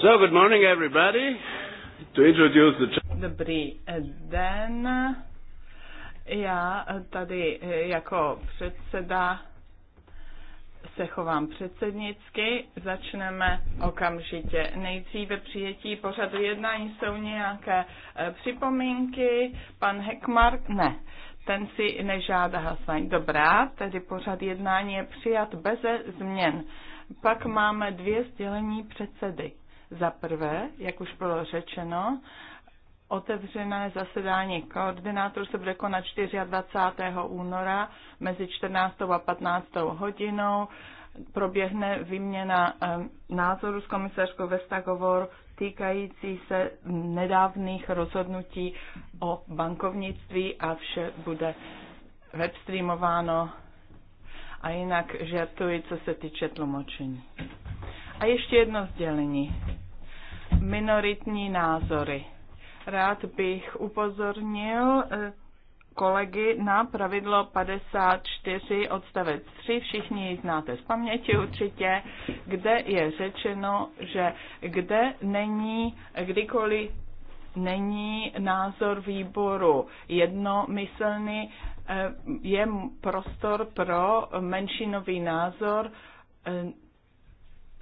So, good morning everybody. To introduce the... Dobrý eh, den. Já eh, tady eh, jako předseda se chovám předsednicky. Začneme okamžitě. Nejdříve přijetí pořadu jednání jsou nějaké připomínky. Pan Hekmark? Ne. Ten si nežádá hlasování. Dobrá, tedy pořad jednání je přijat beze změn. Pak máme dvě sdělení předsedy. Za prvé, jak už bylo řečeno, Otevřené zasedání koordinátorů se bude konat 24. února mezi 14. a 15. hodinou. Proběhne výměna názoru s komisařkou Vestagovor týkající se nedávných rozhodnutí o bankovnictví a vše bude webstreamováno a jinak žertuji, co se týče tlumočení. A ještě jedno sdělení minoritní názory. Rád bych upozornil eh, kolegy na pravidlo 54 odstavec 3, všichni ji znáte z paměti určitě, kde je řečeno, že kde není, kdykoliv není názor výboru jednomyslný, eh, je prostor pro menšinový názor eh,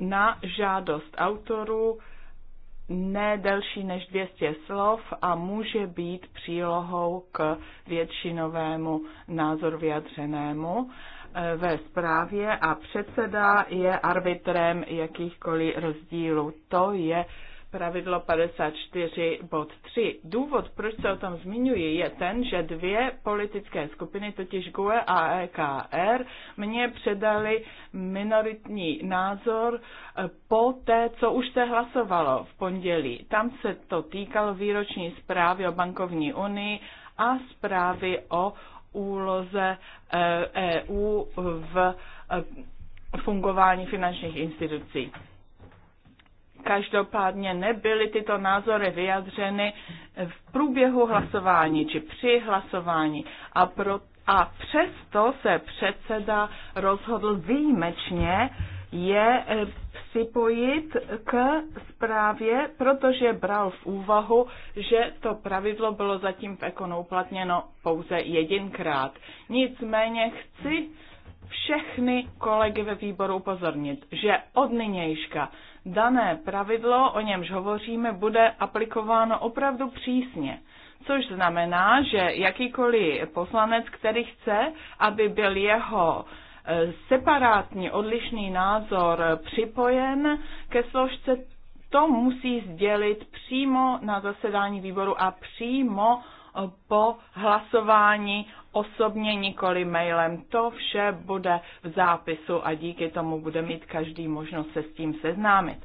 na žádost autorů ne delší než 200 slov a může být přílohou k většinovému názoru vyjadřenému eh, ve zprávě a předseda je arbitrem jakýchkoliv rozdílů. To je pravidlo 54 bod 3. Důvod, proč se o tom zmiňuji, je ten, že dvě politické skupiny, totiž GUE a EKR, mě předali minoritní názor eh, po té, co už se hlasovalo v pondělí. Tam se to týkalo výroční zprávy o bankovní unii a zprávy o úloze EU eh, e v eh, fungování finančních institucí. Každopádně nebyly tyto názory vyjadřeny v průběhu hlasování či při hlasování a, pro, a přesto se předseda rozhodl výjimečně je eh, připojit k zprávě, protože bral v úvahu, že to pravidlo bylo zatím v ekonu uplatněno pouze jedinkrát. Nicméně chci všechny kolegy ve výboru upozornit, že od nynějška dané pravidlo, o němž hovoříme, bude aplikováno opravdu přísně. Což znamená, že jakýkoliv poslanec, který chce, aby byl jeho e, separátní odlišný názor připojen ke složce, to musí sdělit přímo na zasedání výboru a přímo e, po hlasování osobně, nikoli mailem. To vše bude v zápisu a díky tomu bude mít každý možnost se s tím seznámit.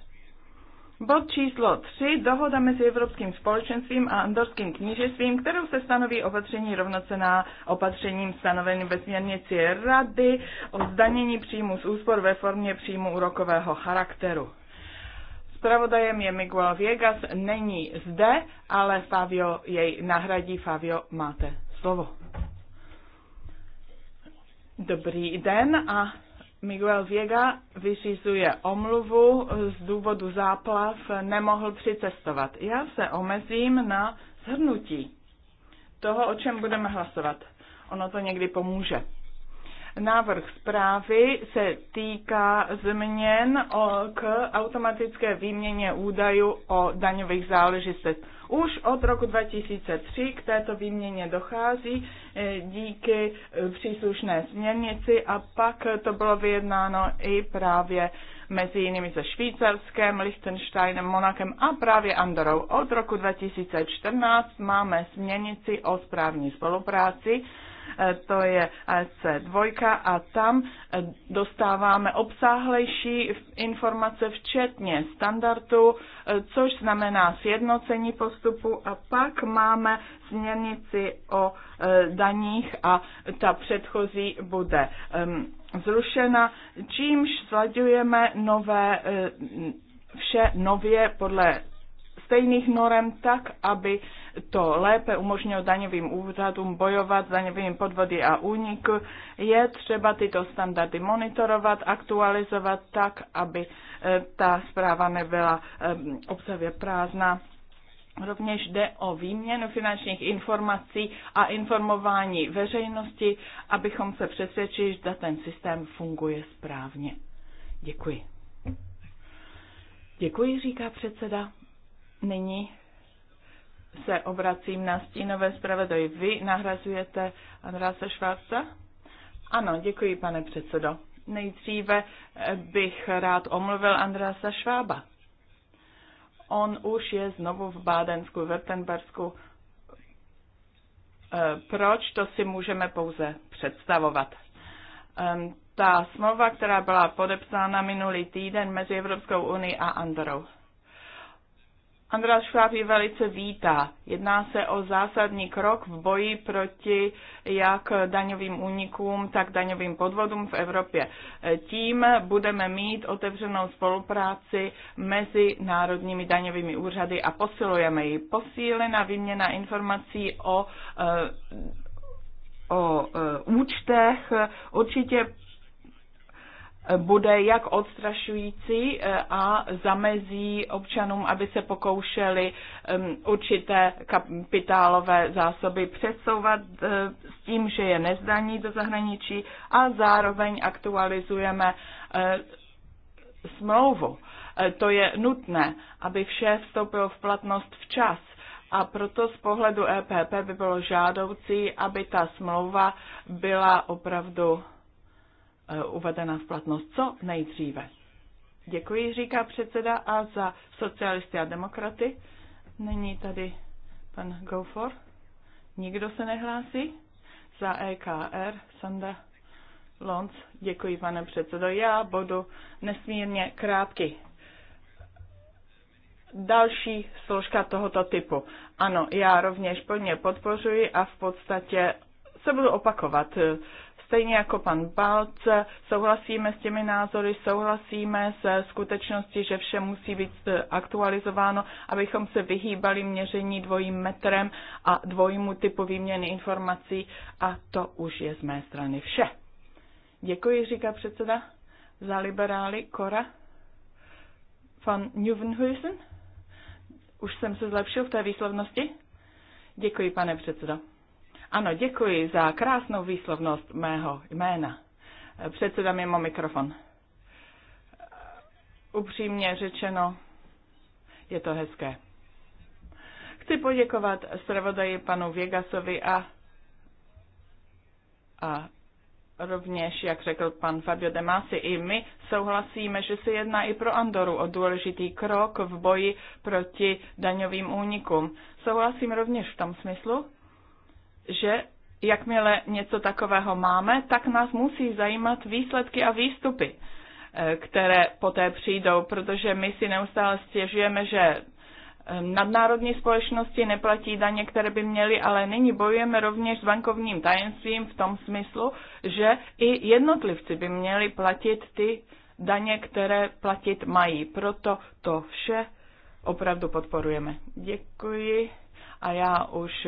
Bod číslo 3. Dohoda mezi Evropským společenstvím a Andorským knížectvím, kterou se stanoví opatření rovnocená opatřením stanoveným ve směrnici Rady o zdanění příjmu z úspor ve formě příjmu úrokového charakteru. Spravodajem je Miguel Viegas, není zde, ale Fabio jej nahradí. Fabio, máte slovo. Dobrý den a Miguel Viega vyřizuje omluvu z důvodu záplav, nemohl přicestovat. Já se omezím na zhrnutí toho, o čem budeme hlasovat. Ono to někdy pomůže. Návrh zprávy se týká změn k automatické výměně údajů o daňových záležitostech už od roku 2003 k této výměně dochází eh, díky eh, příslušné směrnici a pak to bylo vyjednáno i právě mezi jinými se Švýcarskem, Liechtensteinem, Monakem a právě Andorou. Od roku 2014 máme směrnici o správní spolupráci Eh, to je c 2 a tam eh, dostáváme obsáhlejší informace včetně standardu, eh, což znamená sjednocení postupu a pak máme směrnici o daních a ta předchozí bude ehm, zrušena, čímž slaďujeme nové vše nově podle stejných norem tak, aby to lépe umožnilo daňovým úřadům bojovat s daňovými podvody a únik. Je třeba tyto standardy monitorovat, aktualizovat tak, aby e, ta zpráva nebyla e, obsahově prázdná. Rovněž jde o výměnu finančních informací a informování veřejnosti, abychom se přesvědčili, že ten systém funguje správně. Děkuji. Děkuji, říká předseda. Nyní se obracím na stínové zpravodaj. Vy nahrazujete Andráse Švárce? Ano, děkuji, pane předsedo. Nejdříve bych rád omluvil Andrása Švába. On už je znovu v Bádensku, Württembersku. Eh, proč, to si můžeme pouze představovat. Ehm, ta smlouva, která byla podepsána minulý týden mezi Evropskou unii a Andorou András Šváb ji velice vítá. Jedná se o zásadní krok v boji proti jak daňovým únikům, tak daňovým podvodům v Evropě. Tím budeme mít otevřenou spolupráci mezi národními daňovými úřady a posilujeme ji. Posílená výměna informací o eh, o eh, účtech určitě bude jak odstrašující eh, a zamezí občanům, aby se pokoušeli určité kapitálové zásoby přesouvat eh, s tím, že je nezdaní do zahraničí a zároveň aktualizujeme eh, smlouvu. To je nutné, aby vše vstoupilo v platnost včas a proto z pohledu EPP by bylo žádoucí, aby ta smlouva byla opravdu Eh, uvedena v platnost co nejdříve. Děkuji, říká předseda a za socialisty a demokraty. Není tady pan Gofor. Nikdo se nehlásí? Za EKR Sanda Lons. Děkuji, pane předsedo. Já budu nesmírně krátký. Další složka tohoto typu. Ano, já rovněž plně podpořuji a v podstatě se budu opakovat Stejně jako pan Balc, souhlasíme s těmi názory, souhlasíme se skutečností, že vše musí být eh, aktualizováno, abychom se vyhýbali měření dvojím metrem a dvojímu typu výměny informací a to už je z mé strany vše. Děkuji, říká předseda za liberály Kora van Nieuwenhuizen. Už jsem se zlepšil v té výslovnosti? Děkuji, pane předsedo. Ano, děkuji za krásnou výslovnost mého jména. Předseda mimo mikrofon. Upřímně řečeno, je to hezké. Chci poděkovat zpravodaji panu Vegasovi a, a rovněž, jak řekl pan Fabio De Masi, i my souhlasíme, že se jedná i pro Andoru o důležitý krok v boji proti daňovým únikům. Souhlasím rovněž v tom smyslu, že jakmile něco takového máme, tak nás musí zajímat výsledky a výstupy, eh, které poté přijdou, protože my si neustále stěžujeme, že eh, nadnárodní společnosti neplatí daně, které by měly, ale nyní bojujeme rovněž s bankovním tajemstvím v tom smyslu, že i jednotlivci by měli platit ty daně, které platit mají. Proto to vše opravdu podporujeme. Děkuji a já už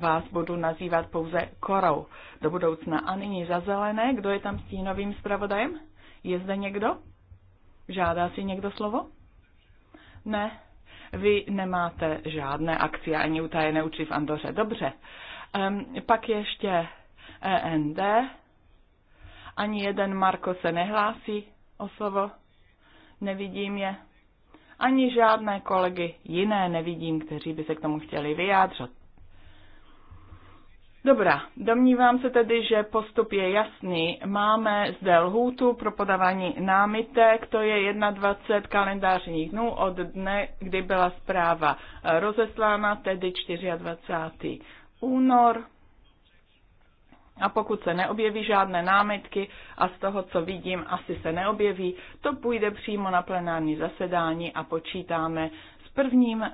vás budu nazývat pouze Korou do budoucna. A nyní za zelené, kdo je tam stínovým zpravodajem? Je zde někdo? Žádá si někdo slovo? Ne, vy nemáte žádné akcie ani utajené uči v Andoře. Dobře. Um, pak ještě END. Ani jeden Marko se nehlásí o slovo. Nevidím je. Ani žádné kolegy jiné nevidím, kteří by se k tomu chtěli vyjádřit. Dobrá, domnívám se tedy, že postup je jasný. Máme zde lhůtu pro podávání námitek, to je 21 kalendářních dnů od dne, kdy byla zpráva rozeslána, tedy 24. únor. A pokud se neobjeví žádné námitky, a z toho, co vidím, asi se neobjeví, to půjde přímo na plenární zasedání a počítáme s prvním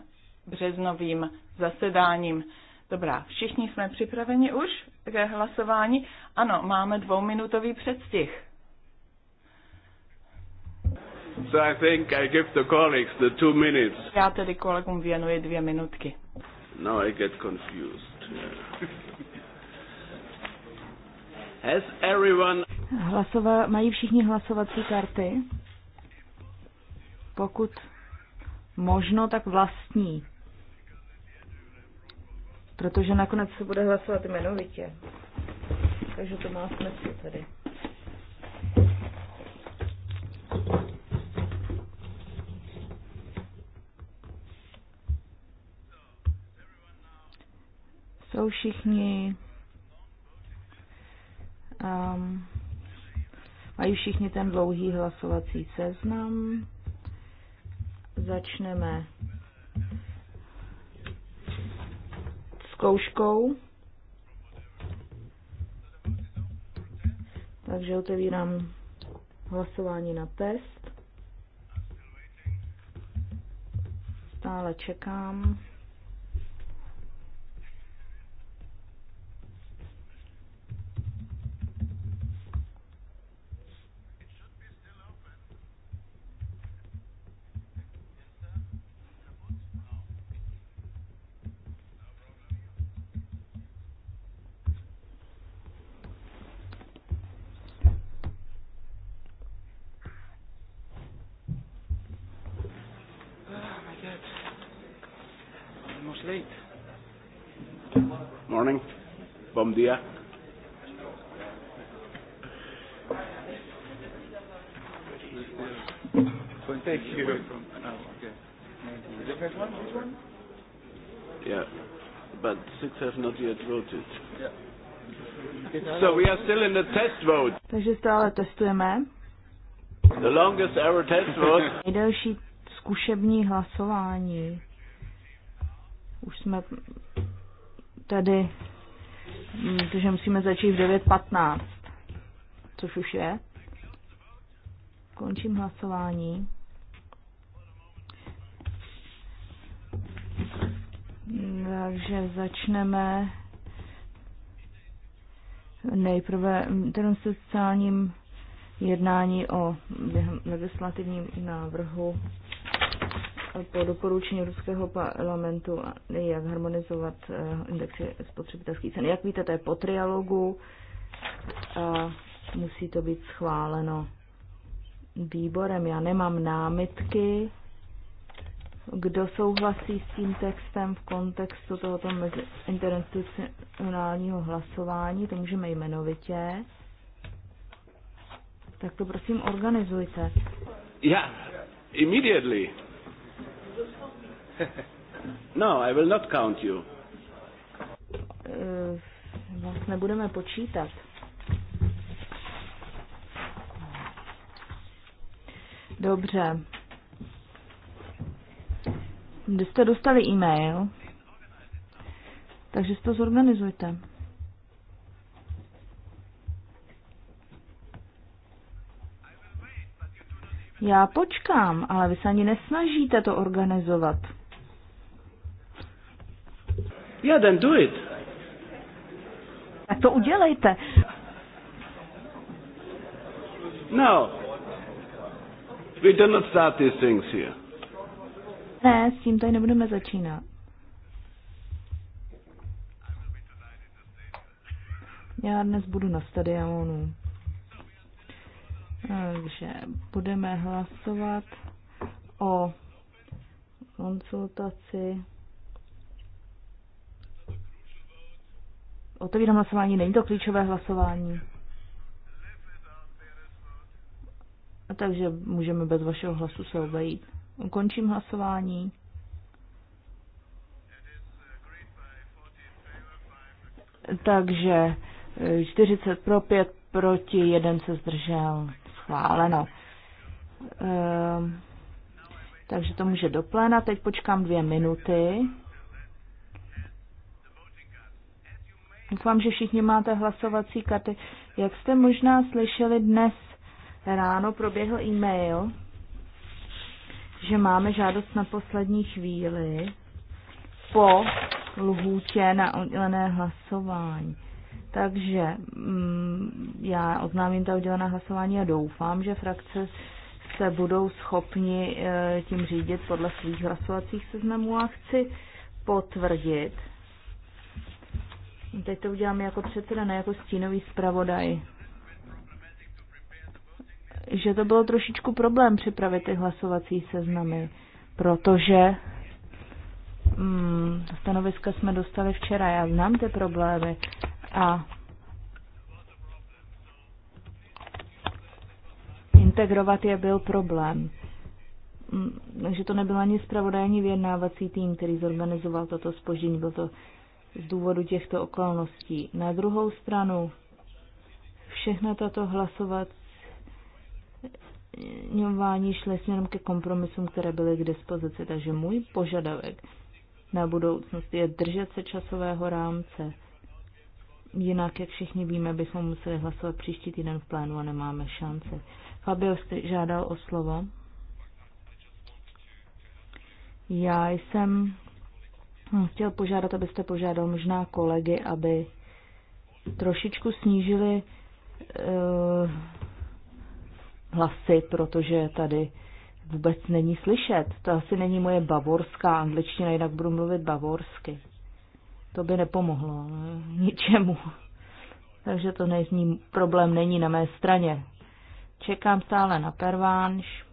březnovým zasedáním. Dobrá, všichni jsme připraveni už ke hlasování? Ano, máme dvouminutový předstih. So I think I give the colleagues the two minutes. Já tedy kolegům věnuji dvě minutky. No, I get confused. Yeah. Has everyone... Hlasova... Mají všichni hlasovací karty? Pokud možno, tak vlastní. Protože nakonec se bude hlasovat jmenovitě. Takže to má smysl tady. Jsou všichni Um, mají všichni ten dlouhý hlasovací seznam. Začneme zkouškou. Takže otevírám hlasování na test. Stále čekám. morning. Bom dia. Thank you. The first one? Which one? Yeah, but six have not yet voted. So we are still in the test vote. Takže stále testujeme. The longest ever test vote. Nejdelší zkušební hlasování. Už jsme tady, protože mm, musíme začít v 9.15, což už je. Končím hlasování. Takže začneme nejprve mm, tedy sociálním jednání o legislativním návrhu po doporučení Ruského parlamentu, jak harmonizovat eh, indexy spotřebitelských cen. Jak víte, to je po trialogu a musí to být schváleno výborem. Já nemám námitky. Kdo souhlasí s tím textem v kontextu tohoto interinstitucionálního hlasování, to můžeme jmenovitě. Tak to prosím organizujte. Yeah, immediately no, I will not count you. Uh, eh, Vás nebudeme počítat. Dobře. Vy jste dostali e-mail, takže si to zorganizujte. Já počkám, ale vy se ani nesnažíte to organizovat. Yeah, then do it. A to udělejte. No. We do not start these things here. Ne, s tím tady nebudeme začínat. Já dnes budu na stadionu. Takže budeme hlasovat o konsultaci Otevírám hlasování, není to klíčové hlasování. Takže můžeme bez vašeho hlasu se obejít. Končím hlasování. Takže 40 eh, pro 5 proti, 1 se zdržel. Schváleno. Ehm, takže to může do pléna. Teď počkám dvě minuty. Doufám, že všichni máte hlasovací karty. Jak jste možná slyšeli dnes ráno, proběhl e-mail, že máme žádost na poslední chvíli po lhůtě na oddělené hlasování. Takže mm, já oznámím ta oddělená hlasování a doufám, že frakce se budou schopni e, tím řídit podle svých hlasovacích seznamů a chci potvrdit, Teď to uděláme jako předseda, ne jako stínový zpravodaj. Že to bylo trošičku problém připravit ty hlasovací seznamy, protože hmm, stanoviska jsme dostali včera, já znám ty problémy a integrovat je byl problém. Mm, takže to nebyl ani zpravodajní ani vyjednávací tým, který zorganizoval toto spoždění. Byl to z důvodu těchto okolností. Na druhou stranu, všechna tato hlasování šly směrem ke kompromisům, které byly k dispozici. Takže můj požadavek na budoucnost je držet se časového rámce. Jinak, jak všichni víme, bychom museli hlasovat příští týden v plénu a nemáme šance. Fabio žádal o slovo. Já jsem Hm, chtěl požádat, abyste požádal možná kolegy, aby trošičku snížili uh, hlasy, protože tady vůbec není slyšet. To asi není moje bavorská angličtina, jinak budu mluvit bavorsky. To by nepomohlo ne? Eh, ničemu. Takže to nezní, problém není na mé straně. Čekám stále na pervánš.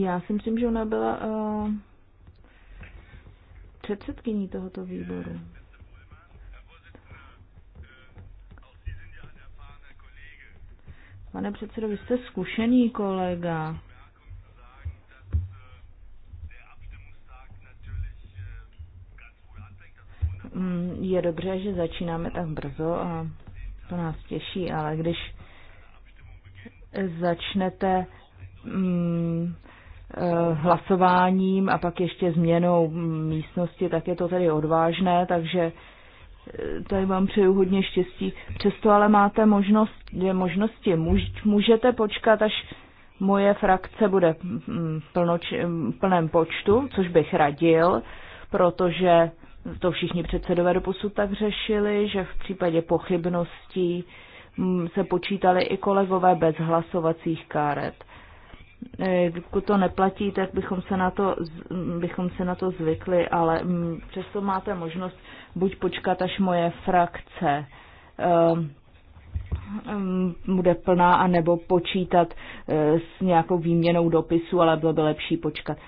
Já si myslím, že ona byla uh, předsedkyní tohoto výboru. Pane předsedo, vy jste zkušený kolega. Mm, je dobře, že začínáme tak brzo a to nás těší, ale když začnete mm, Eh, hlasováním a pak ještě změnou místnosti, tak je to tedy odvážné, takže eh, tady vám přeju hodně štěstí. Přesto ale máte možnost, dvě možnosti. Můžete počkat, až moje frakce bude mm, plnoč, mm, plném počtu, což bych radil, protože to všichni předsedové doposud tak řešili, že v případě pochybností mm, se počítali i kolegové bez hlasovacích karet. Pokud eh, to neplatí, tak bychom se na to, bychom se na to zvykli, ale mm, přesto máte možnost buď počkat, až moje frakce ehm, mm, bude plná, anebo počítat eh, s nějakou výměnou dopisu, ale bylo by lepší počkat.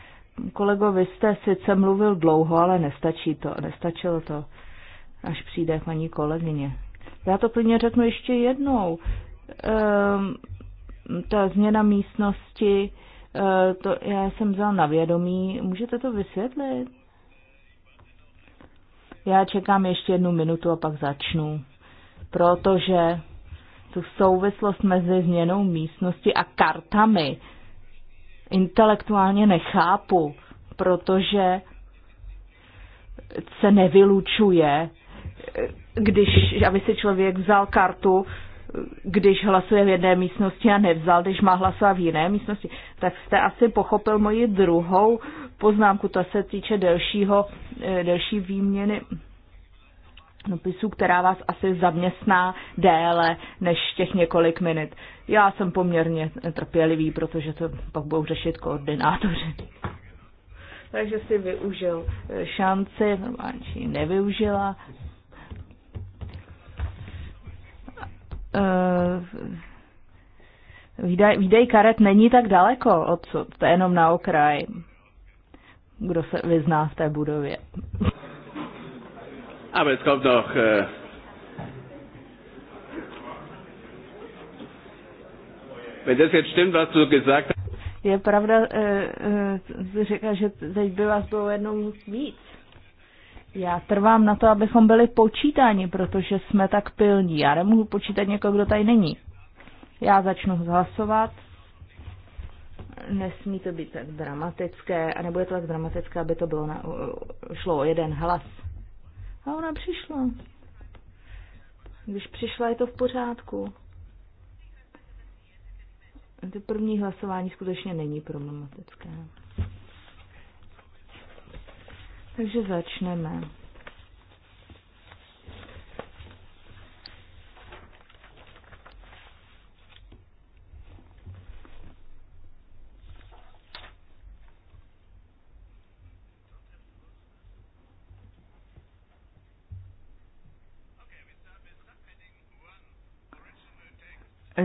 Kolego, vy jste sice mluvil dlouho, ale nestačí to, nestačilo to, až přijde paní kolegyně. Já to plně řeknu ještě jednou. Ehm, ta změna místnosti, eh, to já jsem vzal na vědomí. Můžete to vysvětlit? Já čekám ještě jednu minutu a pak začnu, protože tu souvislost mezi změnou místnosti a kartami intelektuálně nechápu, protože se nevylučuje, když, aby si člověk vzal kartu když hlasuje v jedné místnosti a nevzal, když má hlasovat v jiné místnosti, tak jste asi pochopil moji druhou poznámku. Ta se týče delšího, eh, delší výměny dopisů, která vás asi zaměstná déle než těch několik minut. Já jsem poměrně trpělivý, protože to pak budou řešit koordinátoři. Takže si využil eh, šanci, normálně nevyužila. Eh, výdaj, výdaj karet není tak daleko odsud, to je jenom na okraj, kdo se vyzná v té budově. Aber es kommt noch, äh, eh. wenn das jetzt stimmt, was du gesagt hast. Je pravda, äh, äh, říká, že teď by vás bylo jednou víc. Já trvám na to, abychom byli počítáni, protože jsme tak pilní. Já nemůžu počítat někoho, kdo tady není. Já začnu hlasovat. Nesmí to být tak dramatické, a nebude to tak dramatické, aby to bylo na, šlo o jeden hlas. A ona přišla. Když přišla, je to v pořádku. To první hlasování skutečně není problematické. Takže začneme.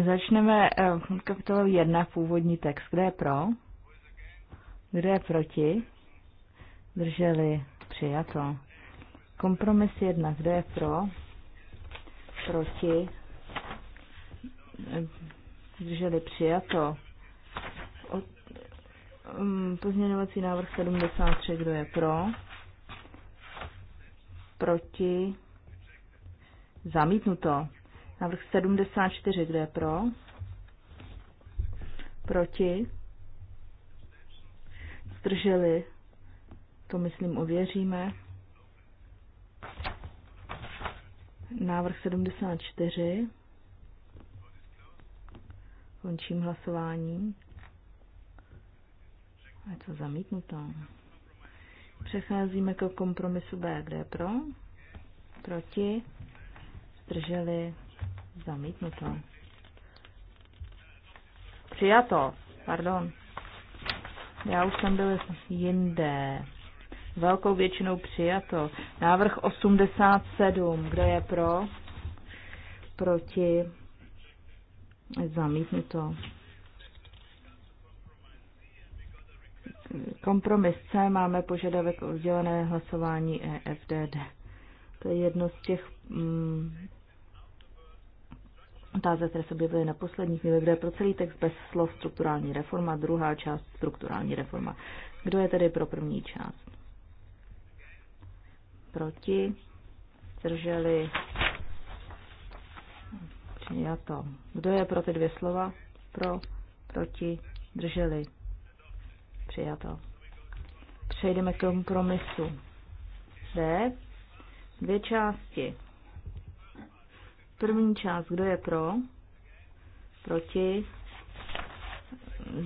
Začneme eh, kapitolou 1, původní text. Kde je pro? Kde je proti? Drželi. Přijato. Kompromis jedna. Kdo je pro? Proti? Drželi. Přijato. Od, um, pozměňovací návrh 73. Kdo je pro? Proti? Zamítnuto. Návrh 74. Kdo je pro? Proti? Zdrželi to, myslím, ověříme. Návrh 74. Končím hlasování. A je to zamítnuto. Přecházíme k kompromisu B, kde je pro, proti, zdrželi, zamítnuto. Přijato, pardon. Já už jsem byl jinde velkou většinou přijato. Návrh 87, kdo je pro? Proti? to. Kompromis C máme požadavek o vzdělené hlasování EFDD. To je jedno z těch mm, otázek, které se objevily na poslední chvíli, kde je pro celý text bez slov strukturální reforma, druhá část strukturální reforma. Kdo je tedy pro první část? proti, zdrželi, přijato. Kdo je pro ty dvě slova? Pro, proti, drželi, přijato. Přejdeme k kompromisu. D. Dvě části. První část, kdo je pro? Proti.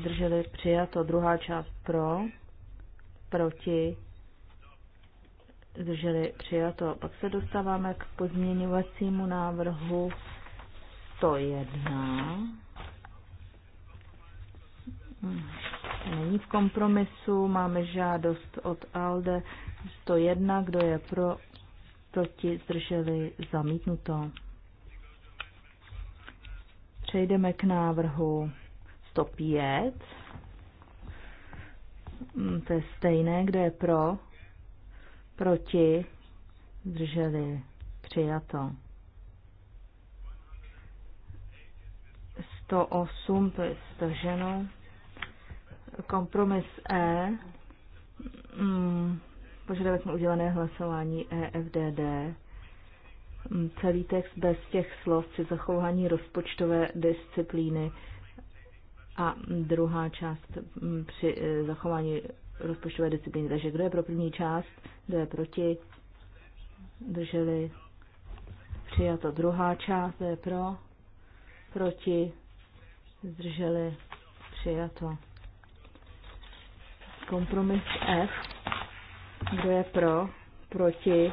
zdrželi přijato. Druhá část pro. Proti zdrželi přijato. Pak se dostáváme k pozměňovacímu návrhu 101. Není v kompromisu, máme žádost od ALDE 101, kdo je pro, proti, zdrželi, zamítnuto. Přejdeme k návrhu 105. Hmm, to je stejné, kdo je pro, proti, zdrželi, přijato. 108 to je staženo. Kompromis E, mm, požadavek na udělené hlasování EFDD, hmm, celý text bez těch slov při zachování rozpočtové disciplíny a druhá část hmm, při eh, zachování rozpočtové disciplíny. Takže kdo je pro první část, kdo je proti, drželi přijato druhá část, kdo je pro, proti, zdrželi přijato. Kompromis F, kdo je pro, proti,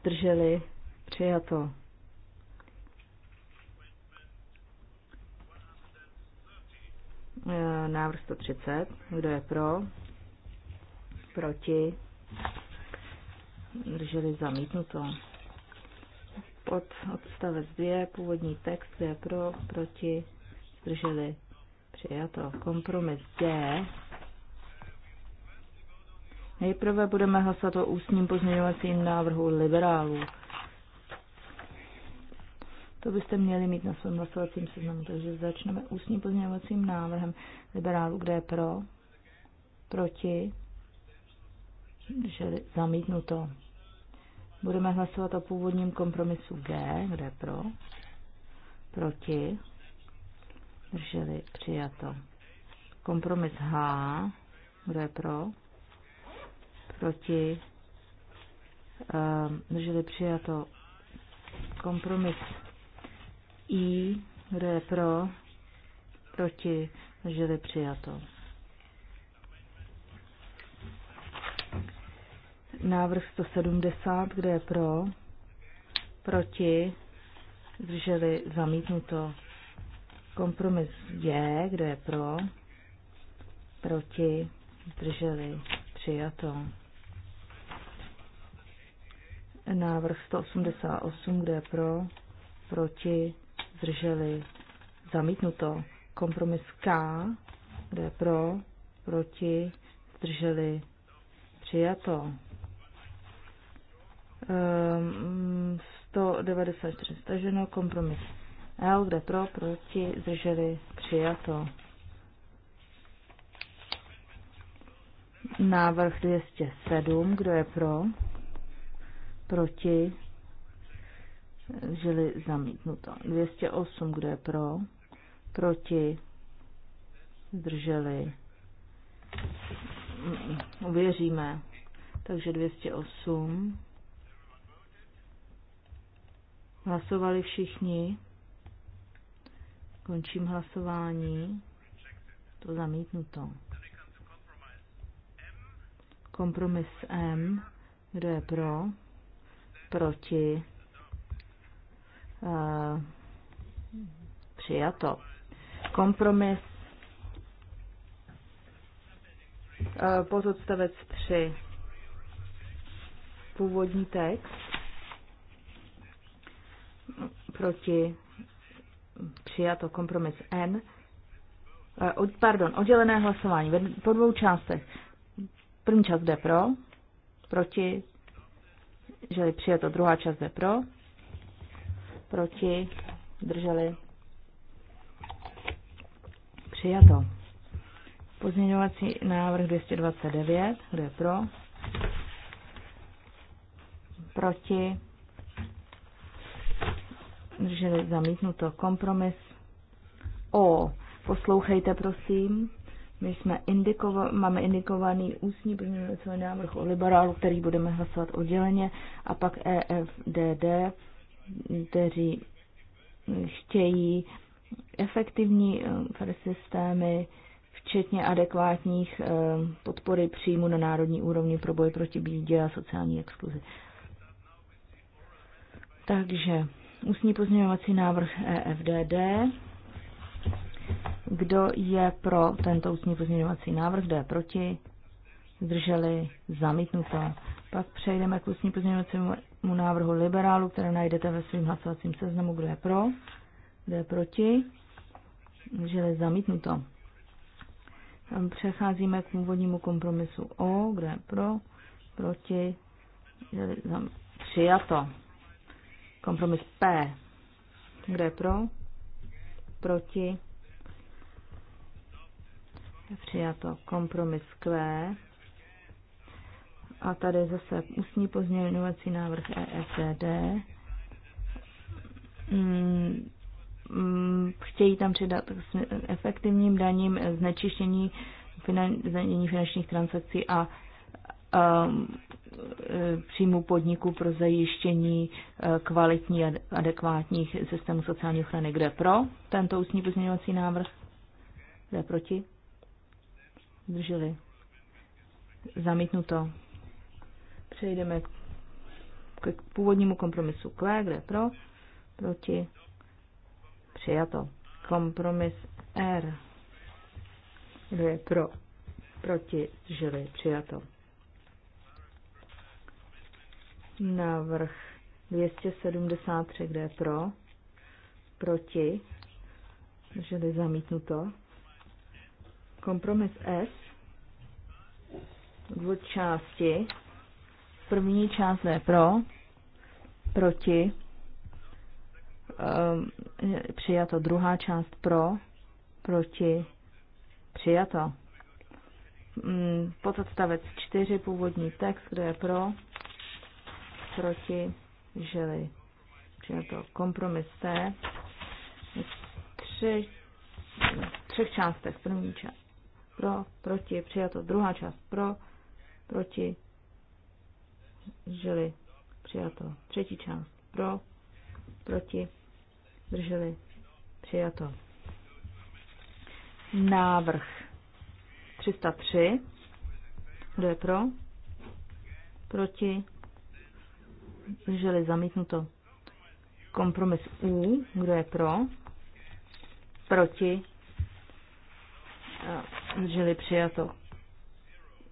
zdrželi přijato. E, návrh 130. Kdo je pro? Proti? Drželi zamítnuto. Pod odstavec 2 původní text je pro, proti, zdrželi přijato. Kompromis D. Nejprve budeme hlasovat o ústním pozměňovacím návrhu liberálů. To byste měli mít na svém hlasovacím seznamu. Takže začneme ústním pozměňovacím návrhem liberálu, kde je pro, proti, že zamítnuto. Budeme hlasovat o původním kompromisu G, kde je pro, proti, drželi přijato. Kompromis H, kde je pro, proti, ehm, drželi přijato. Kompromis i, kdo je pro, proti, zdrželi přijato. Návrh 170, kde je pro, proti, zdrželi zamítnuto. Kompromis je, kdo je pro, proti, zdrželi přijato. Návrh 188, kde je pro, proti, zdrželi, zamítnuto. Kompromis K, kde pro, proti, zdrželi, přijato. 194 ehm, staženo, kompromis L, kde pro, proti, zdrželi, přijato. Návrh 207, kdo je pro, proti, Žili zamítnuto. 208, kdo je pro? Proti? Zdrželi? Uvěříme. Takže 208. Hlasovali všichni. Končím hlasování. To zamítnuto. Kompromis M. Kdo je pro? Proti? Eh, přijato. Kompromis eh, pododstavec 3 původní text proti přijato kompromis N. Eh, pardon, oddělené hlasování po dvou částech. První část jde pro, proti, že přijato druhá část jde pro, proti, drželi, přijato. Pozměňovací návrh 229, kdo je pro, proti, drželi zamítnuto kompromis O. Poslouchejte, prosím. My jsme indikova- máme indikovaný ústní pozměňovací návrh o liberálu, který budeme hlasovat odděleně, a pak EFDD kteří chtějí efektivní eh, systémy, včetně adekvátních eh, podpory příjmu na národní úrovni pro boj proti bídě a sociální exkluzi. Takže ústní pozměňovací návrh EFDD. Kdo je pro tento ústní pozměňovací návrh, kdo je proti? Zdrželi, zamítnuto. Pak přejdeme k ústní pozměňovacímu mu návrhu liberálu, které najdete ve svém hlasovacím seznamu, kdo je pro, kdo je proti, že je zamítnuto. Přecházíme k původnímu kompromisu O, kdo je pro, proti, je přijato. Kompromis P, kdo je pro, proti, přijato. Kompromis Q, a tady zase ústní pozměňovací návrh ESD. E mm, mm, chtějí tam přidat efektivním daním znečištění finan, finančních transakcí a um, e, příjmu podniků pro zajištění e, kvalitní a adekvátních systémů sociální ochrany. Kde pro tento ústní pozměňovací návrh? Kde proti? Zdrželi. Zamítnuto přejdeme k, k původnímu kompromisu K, kde pro, proti, přijato. Kompromis R, kde je pro, proti, zdrželi, přijato. Návrh 273, kde je pro, proti, zdrželi, zamítnuto. Kompromis S, dvou části, První část je pro, proti, ehm, přijato. Druhá část pro, proti, přijato. Mm, Podstavec čtyři původní text, kde je pro, proti, želi, Přijato kompromis C. Tři, třech částech. První část pro, proti, přijato. Druhá část pro, proti, žili přijato. Třetí část pro, proti, drželi, přijato. Návrh 303. Kdo je pro? Proti? Drželi zamítnuto. Kompromis U. Kdo je pro? Proti? Drželi přijato.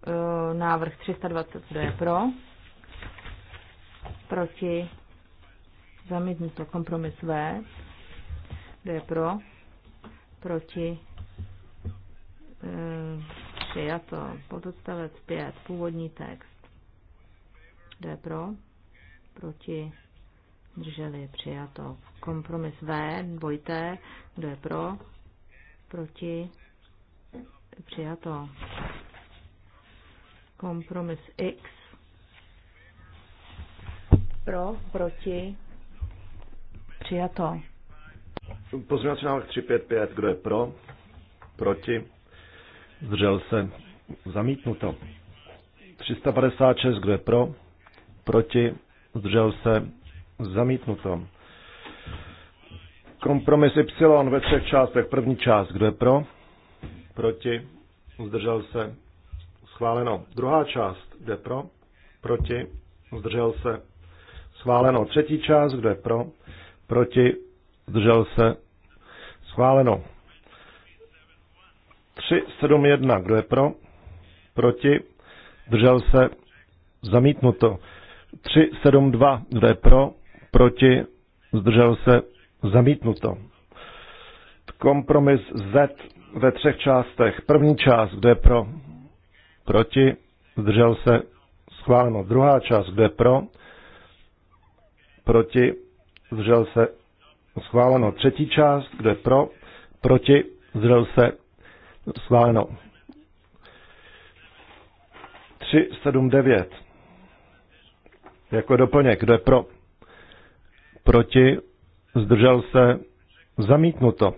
E, návrh 320. Kdo je pro? proti, zamítnuto. Kompromis V, kdo je pro, proti, eh, přijato. Pododstavec 5, původní text. Kdo je pro? Proti? Drželi, přijato. Kompromis V, dvojité. Kdo je pro? Proti? Přijato. Kompromis X, pro, proti, přijato. Pozměňovací návrh 355, kdo je pro, proti, zdržel se, zamítnuto. 356, kdo je pro, proti, zdržel se, zamítnuto. Kompromis Y ve třech částech. První část, kdo je pro, proti, zdržel se, schváleno. Druhá část, kdo je pro, proti, zdržel se, Schváleno. Třetí část, kdo je pro? Proti? Zdržel se? Schváleno. 3, 7, 1, kdo je pro? Proti? Zdržel se? Zamítnuto. 3, 7, 2, kdo je pro? Proti? Zdržel se? Zamítnuto. Kompromis Z ve třech částech. První část, kdo je pro? Proti? Zdržel se? Schváleno. Druhá část, kdo je pro? proti, zdržel se, schváleno. Třetí část, kdo je pro, proti, zdržel se, schváleno. 9. Jako doplněk, kdo je pro, proti, zdržel se, zamítnuto.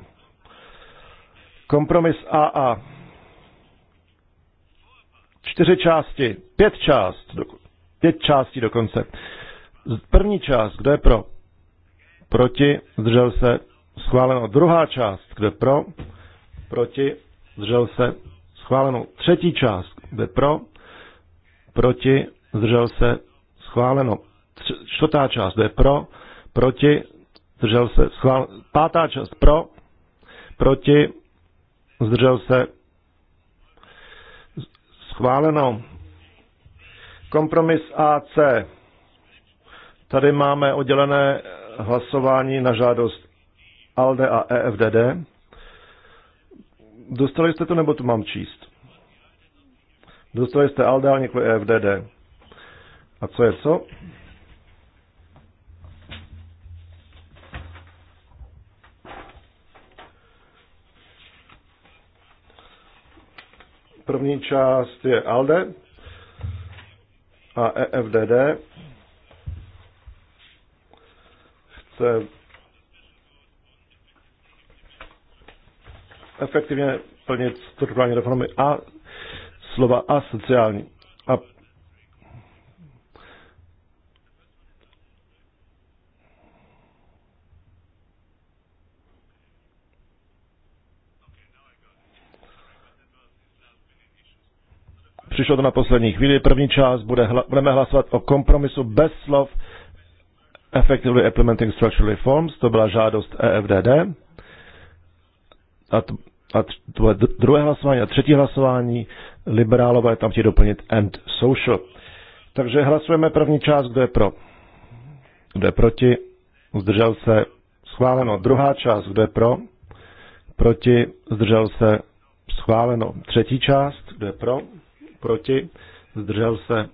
Kompromis AA. Čtyři části, pět část, pět částí dokonce. První část, kdo je pro? Proti, zdržel se, schváleno. Druhá část, kdo je pro? Proti, zdržel se, schváleno. Třetí část, kdo je pro? Proti, zdržel se, schváleno. Tři, čtvrtá část, kdo je pro? Proti, zdržel se, schváleno. Pátá část, pro? Proti, zdržel se, schváleno. Kompromis AC. Tady máme oddělené hlasování na žádost ALDE a EFDD. Dostali jste to, nebo to mám číst? Dostali jste ALDE a nikoli EFDD. A co je co? První část je ALDE a EFDD se efektivně plnit strukturální reformy a slova a sociální. A Přišlo to na poslední chvíli. První část bude, budeme hlasovat o kompromisu bez slov Effectively Implementing Structural Reforms, to byla žádost EFDD. A to, a to bude druhé hlasování a třetí hlasování. Liberálové tam chtějí doplnit and social. Takže hlasujeme první část, kdo je pro. Kdo je proti? Zdržel se. Schváleno. Druhá část, kdo je pro? Proti. Zdržel se. Schváleno. Třetí část, kdo je pro? Proti. Zdržel se.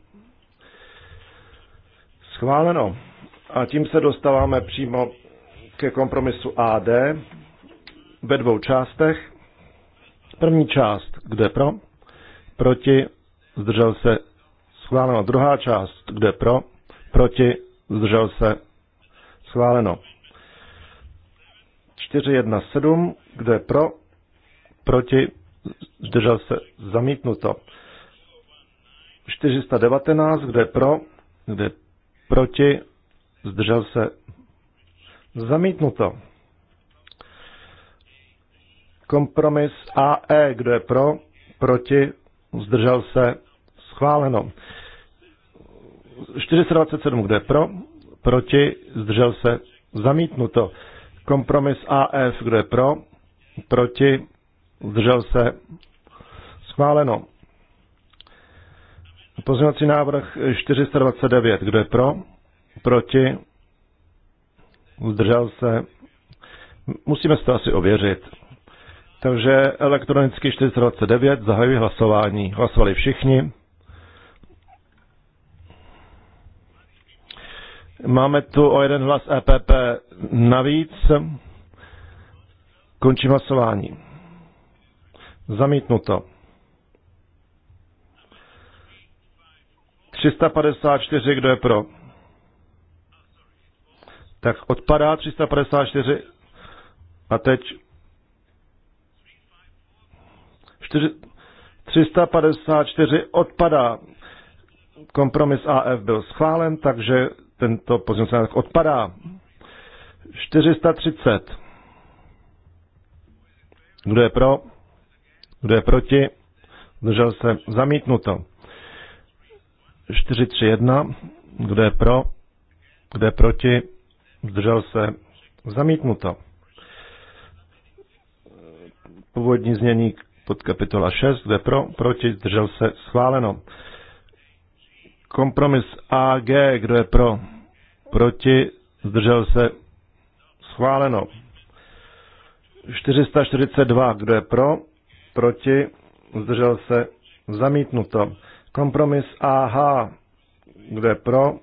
Schváleno. A tím se dostáváme přímo ke kompromisu AD ve dvou částech. První část, kde pro, proti, zdržel se, schváleno. Druhá část, kde pro, proti, zdržel se, schváleno. 417, kde pro, proti, zdržel se, zamítnuto. 419, kde pro, kde proti, zdržel se, zamítnuto. Kompromis AE, kdo je pro, proti, zdržel se, schváleno. 427, kdo je pro, proti, zdržel se, zamítnuto. Kompromis AF, kdo je pro, proti, zdržel se, schváleno. Pozměňovací návrh 429, kdo je pro, proti, zdržel se, musíme si to asi ověřit. Takže elektronicky 429, zahajují hlasování. Hlasovali všichni. Máme tu o jeden hlas EPP navíc. Končím hlasování. Zamítnuto. 354, kdo je pro? tak odpadá 354 a teď 4, 354 odpadá. Kompromis AF byl schválen, takže tento pozměňovací návrh odpadá. 430. Kdo je pro? Kdo je proti? Zdržel se zamítnuto. 431. Kdo je pro? Kdo je proti? zdržel se, zamítnuto. Původní znění pod kapitola 6, kde pro, proti, zdržel se, schváleno. Kompromis AG, kdo je pro, proti, zdržel se, schváleno. 442, kdo je pro, proti, zdržel se, zamítnuto. Kompromis AH, kdo je pro,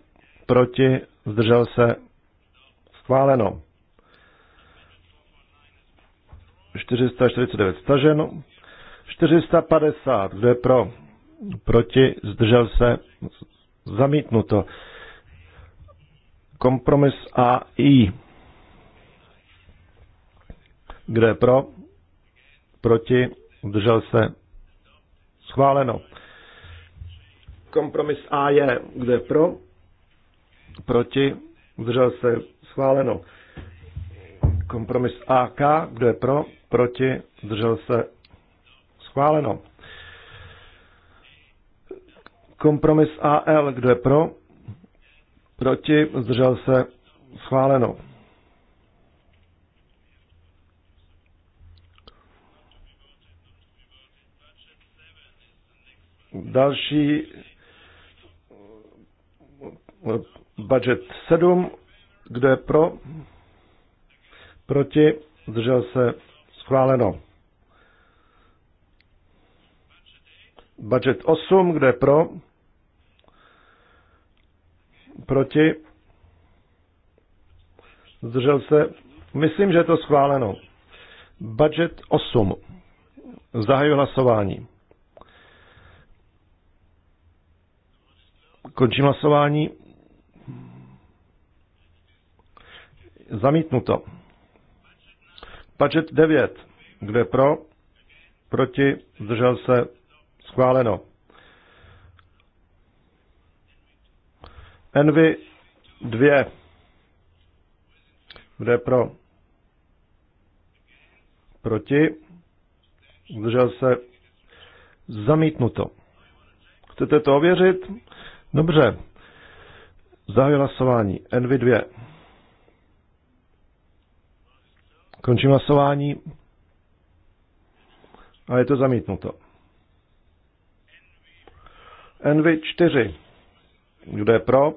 proti, zdržel se, Schváleno. 449 staženo. 450, kdo je pro? Proti, zdržel se, zamítnuto. Kompromis A, I. Kdo je pro? Proti, zdržel se, schváleno. Kompromis A je, kdo je pro? Proti, zdržel se, Schváleno. Kompromis AK, kdo je pro, proti, zdržel se. Schváleno. Kompromis AL, kdo je pro, proti, zdržel se. Schváleno. Další budget 7 kdo je pro? Proti? Zdržel se? Schváleno. Budget 8, kde je pro? Proti? Zdržel se? Myslím, že je to schváleno. Budget 8. Zahaju hlasování. Končím hlasování. Zamítnuto. Pačet 9. Kdo je pro? Proti? Zdržel se? Schváleno. Envy 2. Kdo je pro? Proti? Zdržel se? Zamítnuto. Chcete to ověřit? Dobře. Zahajuji hlasování. Envy 2. Končím hlasování. A je to zamítnuto. Envy 4. Kdo je pro?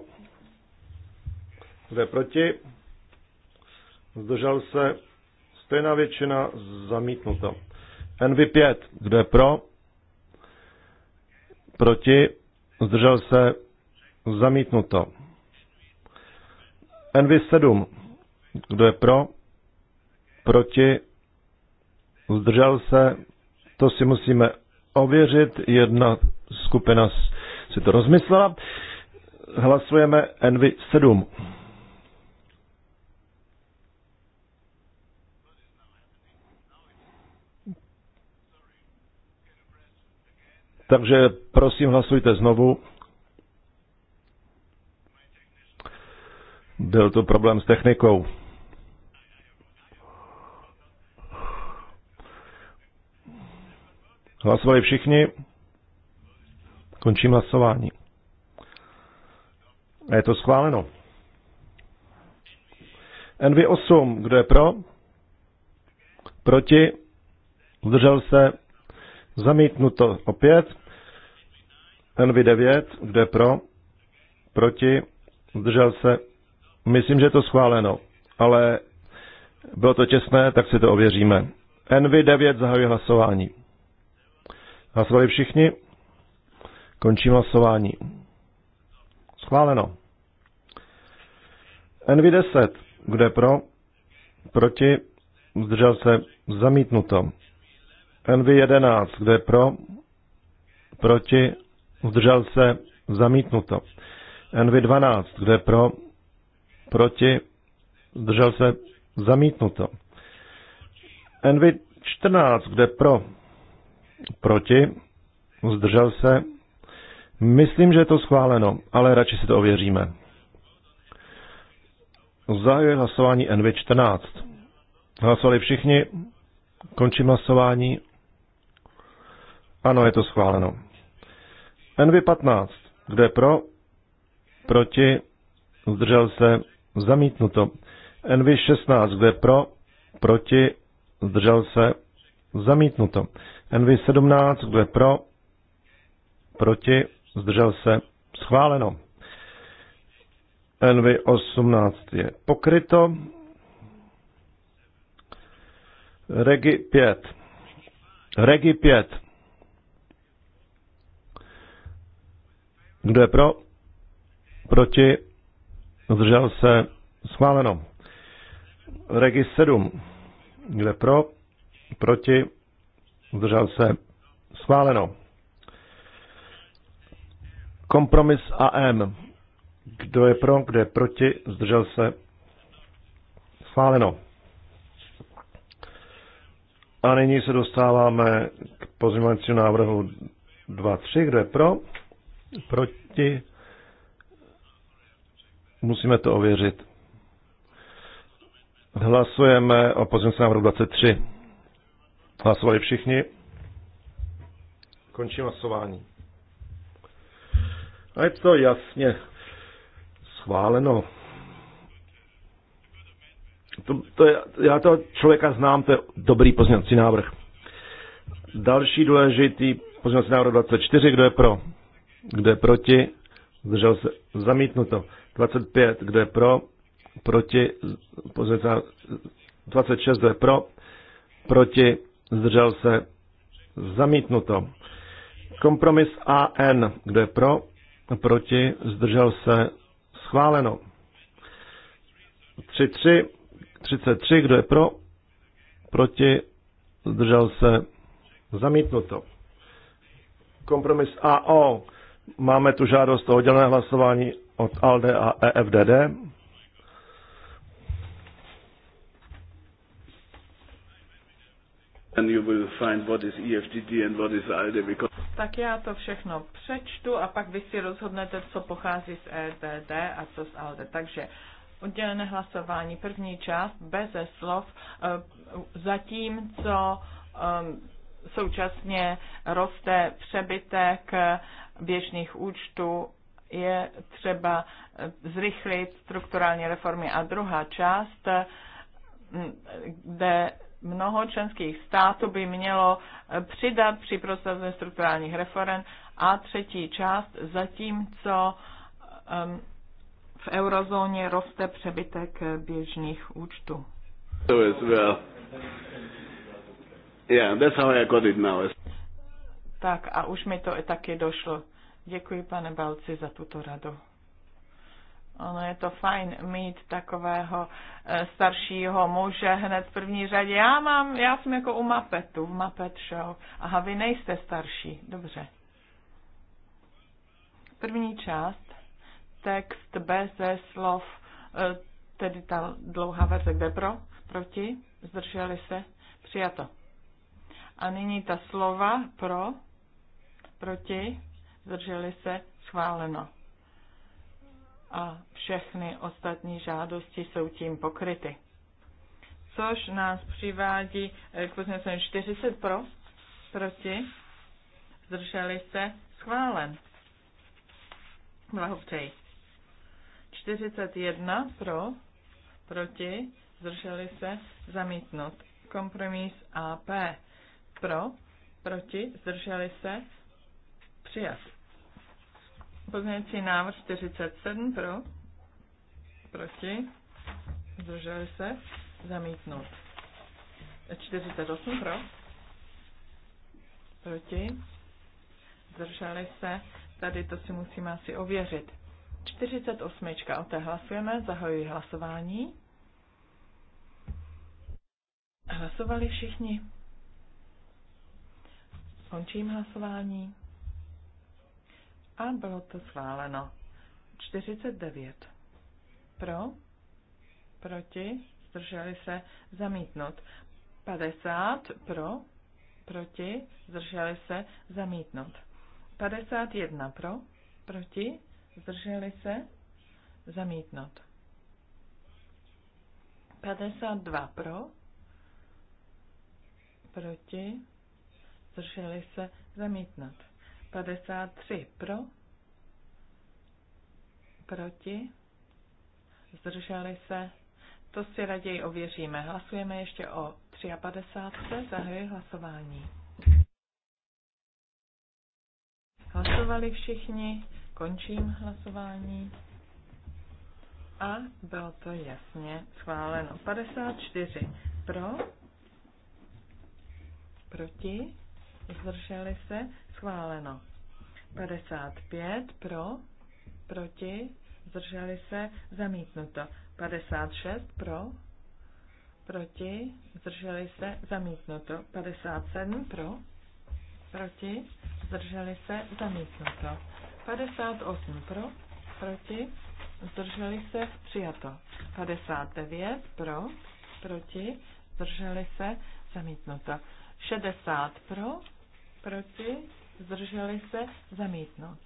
Kdo je proti? Zdržel se stejná většina zamítnuto. Envy 5. Kdo je pro? Proti? Zdržel se zamítnuto. Envy 7. Kdo je pro? proti, zdržel se, to si musíme ověřit, jedna skupina si to rozmyslela. Hlasujeme Envy 7. Takže prosím, hlasujte znovu. Byl to problém s technikou. Hlasovali všichni. Končím hlasování. A je to schváleno. NV8, kdo je pro? Proti? Zdržel se? Zamítnuto opět. NV9, kdo je pro? Proti? Zdržel se? Myslím, že je to schváleno, ale bylo to těsné, tak si to ověříme. NV9 zahajuje hlasování. Hlasovali všichni? Končím hlasování. Schváleno. NV10. Kdo je pro? Proti? Zdržel se? Zamítnuto. NV11. Kdo je pro? Proti? Zdržel se? Zamítnuto. NV12. Kdo je pro? Proti? Zdržel se? Zamítnuto. NV14. Kdo je pro? Proti? Zdržel se? Myslím, že je to schváleno, ale radši si to ověříme. Zahajuje hlasování NV14. Hlasovali všichni. Končím hlasování. Ano, je to schváleno. NV15. Kdo je pro? Proti? Zdržel se? Zamítnuto. NV16. Kdo je pro? Proti? Zdržel se? Zamítnuto. NV 17, kdo je pro? Proti? Zdržel se? Schváleno. NV 18 je pokryto. Regi 5. Regi 5. Kdo je pro? Proti? Zdržel se? Schváleno. Regi 7. Kdo je pro? proti, zdržel se, schváleno. Kompromis AM. Kdo je pro, kdo je proti, zdržel se, schváleno. A nyní se dostáváme k pozměňovacímu návrhu 2.3. Kdo je pro? Proti? Musíme to ověřit. Hlasujeme o pozměňovacím návrhu 23. Hlasovali všichni. Končím hlasování. A je to jasně schváleno. To, to je, já toho člověka znám, to je dobrý pozměnací návrh. Další důležitý pozměnací návrh 24, kdo je pro? Kdo je proti? Zdržel se zamítnuto. 25, kdo je pro? Proti? 26, kdo je pro? Proti? zdržel se, zamítnuto. Kompromis AN, kdo je pro, proti, zdržel se, schváleno. 3-3, 33, kdo je pro, proti, zdržel se, zamítnuto. Kompromis AO, máme tu žádost o oddělené hlasování od ALDE a EFDD. you will find what is EFTD and what is ALDE because... Tak já to všechno přečtu a pak vy si rozhodnete, co pochází z EDD a co z ALDE. Takže oddělené hlasování, první část, bez slov, eh, zatímco ehm, současně roste přebytek běžných účtů, je třeba zrychlit strukturální reformy. A druhá část, mm, kde mnoho členských států by mělo eh, přidat při prosazení strukturálních reform a třetí část, zatímco um, v eurozóně roste přebytek eh, běžných účtů. Yeah, that's how I got it now. Tak a už mi to i taky došlo. Děkuji, pane Balci, za tuto radu. Ono je to fajn mít takového eh, staršího muže hned v první řadě. Já mám, já jsem jako u Mapetu, v Mapet Show. Aha, vy nejste starší, dobře. První část, text bez slov, eh, tedy ta dlouhá verze, kde pro, proti, zdrželi se, přijato. A nyní ta slova pro, proti, zdrželi se, schváleno a všechny ostatní žádosti jsou tím pokryty. Což nás přivádí k pozměnce 40 pro, proti, zdrželi se, schválen. Blahopřeji. 41 pro, proti, zdrželi se, zamítnut. Kompromis AP pro, proti, zdrželi se, přijat. Pozměňující návrh 47 pro, proti, zdrželi se, zamítnout. 48 pro, proti, zdrželi se, tady to si musíme asi ověřit. 48. O té hlasujeme, zahajuji hlasování. Hlasovali všichni. Končím hlasování a bylo to schváleno. 49. Pro, proti, zdrželi se, zamítnout. 50 pro, proti, zdrželi se, zamítnout. 51 pro, proti, zdrželi se, zamítnout. 52 pro, proti, zdrželi se, zamítnout. 53 pro, proti, zdrželi se, to si raději ověříme. Hlasujeme ještě o 53. Zahajuji hlasování. Hlasovali všichni, končím hlasování. A bylo to jasně schváleno. 54 pro, proti, zdrželi se, schváleno. 55 pro, proti, zdrželi se, zamítnuto. 56 pro, proti, zdrželi se, zamítnuto. 57 pro, proti, zdrželi se, zamítnuto. 58 pro, proti, zdrželi se, přijato. 59 pro, proti, zdrželi se, zamítnuto. 60 pro, proti, zdrželi se, zamítnout.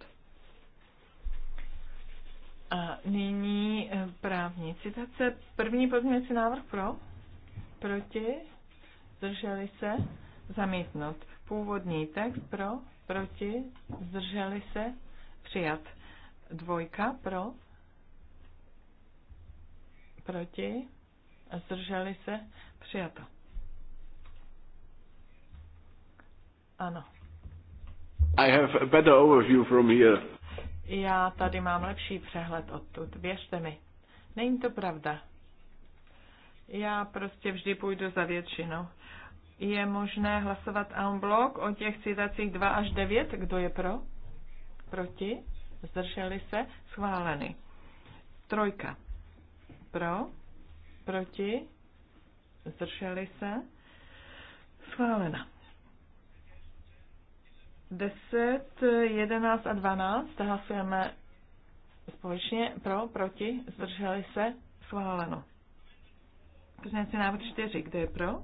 A nyní e, právní citace. První pozměňovací návrh pro, proti, zdrželi se, zamítnout. Původní text pro, proti, zdrželi se, přijat. Dvojka pro, proti, zdrželi se, přijato. Ano. I have a better overview from here. Já tady mám lepší přehled odtud, věřte mi. Není to pravda. Já prostě vždy půjdu za většinou. Je možné hlasovat en blok o těch citacích 2 až 9? Kdo je pro? Proti? Zdrželi se? Schváleny. Trojka. Pro? Proti? Zdrželi se? Schválena. 10, 11 a 12 hlasujeme společně pro, proti, zdrželi se, schváleno. Pozměňovací návrh 4, kde je pro?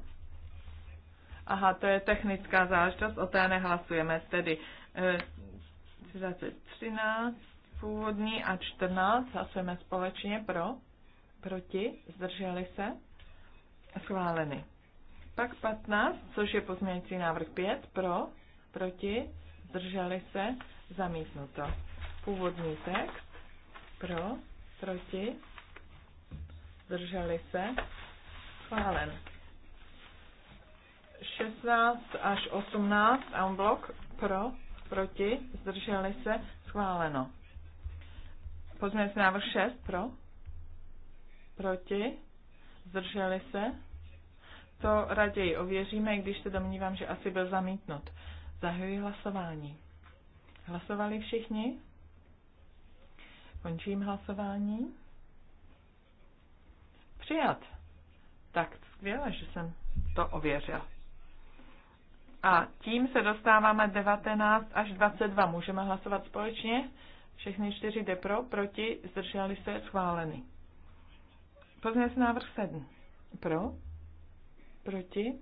Aha, to je technická záležitost, o té nehlasujeme, tedy e, eh, 13 původní a 14 hlasujeme společně pro, proti, zdrželi se, schváleny. Pak 15, což je pozměňující návrh 5, pro, proti, zdrželi se, zamítnuto. Původní text, pro, proti, zdrželi se, schválen. 16 až 18 unblock, pro, proti, zdrželi se, schváleno. Pozměňovací návrh 6 pro, proti, zdrželi se. To raději ověříme, i když se domnívám, že asi byl zamítnut. Zahajuji hlasování. Hlasovali všichni? Končím hlasování. Přijat. Tak skvěle, že jsem to ověřil. A tím se dostáváme 19 až 22. Můžeme hlasovat společně. Všechny čtyři jde pro, proti, zdrželi se, schváleny. Pozměňovací návrh 7. Pro, proti,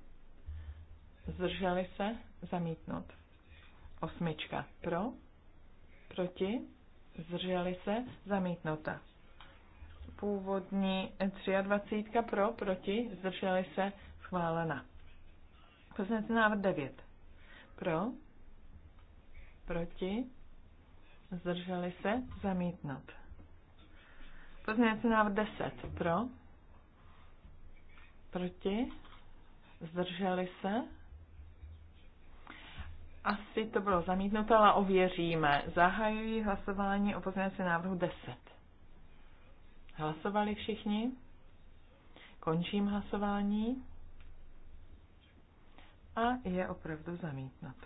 zdrželi se, zamítnout. Osmička pro, proti, zdrželi se, zamítnuta. Původní 23 pro, proti, zdrželi se, schválena. Poslanecí návrh 9. Pro, proti, zdrželi se, zamítnout. Pozměňovací návrh 10. Pro, proti, zdrželi se, asi to bylo zamítnuto, ale ověříme. Zahajuji hlasování o pozměňovacím návrhu 10. Hlasovali všichni? Končím hlasování. A je opravdu zamítnut.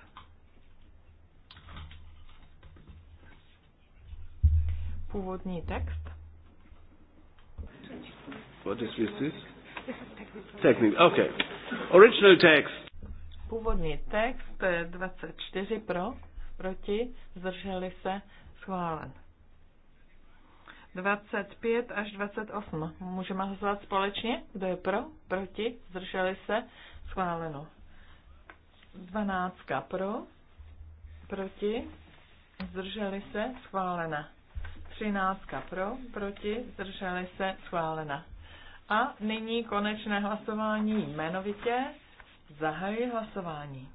Původní text. What is this? Technical. Okay. Original text. Původní text 24 eh, pro, proti, zdrželi se, schválen. 25 až 28. Můžeme hlasovat společně? Kdo je pro? Proti? Zdrželi se? Schváleno. 12 pro, proti, zdrželi se, schválena. 13 pro, proti, zdrželi se, schválena. A nyní konečné hlasování jmenovitě. Zahajuji hlasování.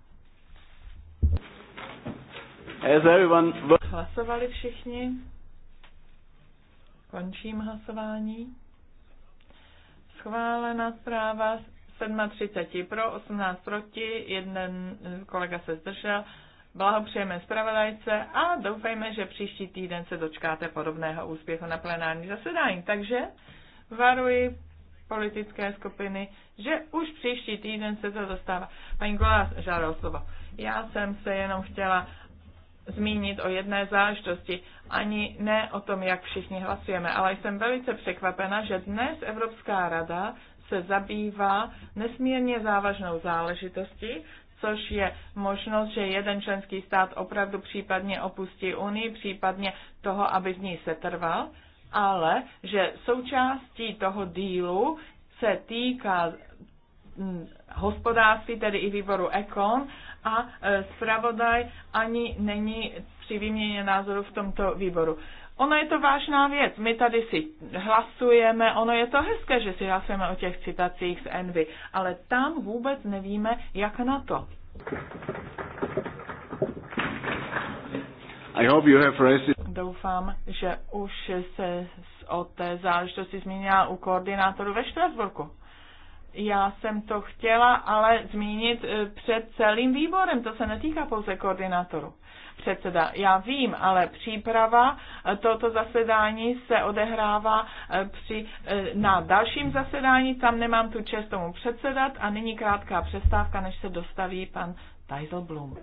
As everyone... Hlasovali všichni? Končím hlasování. Schválena zpráva 37 pro, 18 proti, jeden eh, kolega se zdržel. Blahopřejeme zpravodajce a doufejme, že příští týden se dočkáte podobného úspěchu na plenární zasedání. Takže varuji politické skupiny, že už příští týden se to dostává. Paní Golás žádal slovo. Já jsem se jenom chtěla zmínit o jedné záležitosti, ani ne o tom, jak všichni hlasujeme, ale jsem velice překvapena, že dnes Evropská rada se zabývá nesmírně závažnou záležitostí, což je možnost, že jeden členský stát opravdu případně opustí Unii, případně toho, aby z ní setrval ale že součástí toho dílu se týká mm, hospodářství, tedy i výboru Ekon, a e, zpravodaj ani není při výměně názoru v tomto výboru. Ono je to vážná věc. My tady si hlasujeme, ono je to hezké, že si hlasujeme o těch citacích z Envy, ale tam vůbec nevíme, jak na to. I hope you have doufám, že už se o té záležitosti zmínila u koordinátoru ve Štrasburku. Já jsem to chtěla ale zmínit eh, před celým výborem, to se netýká pouze koordinátoru. Předseda, já vím, ale příprava eh, tohoto zasedání se odehrává eh, při, na dalším zasedání, tam nemám tu čest tomu předsedat a nyní krátká přestávka, než se dostaví pan Blum.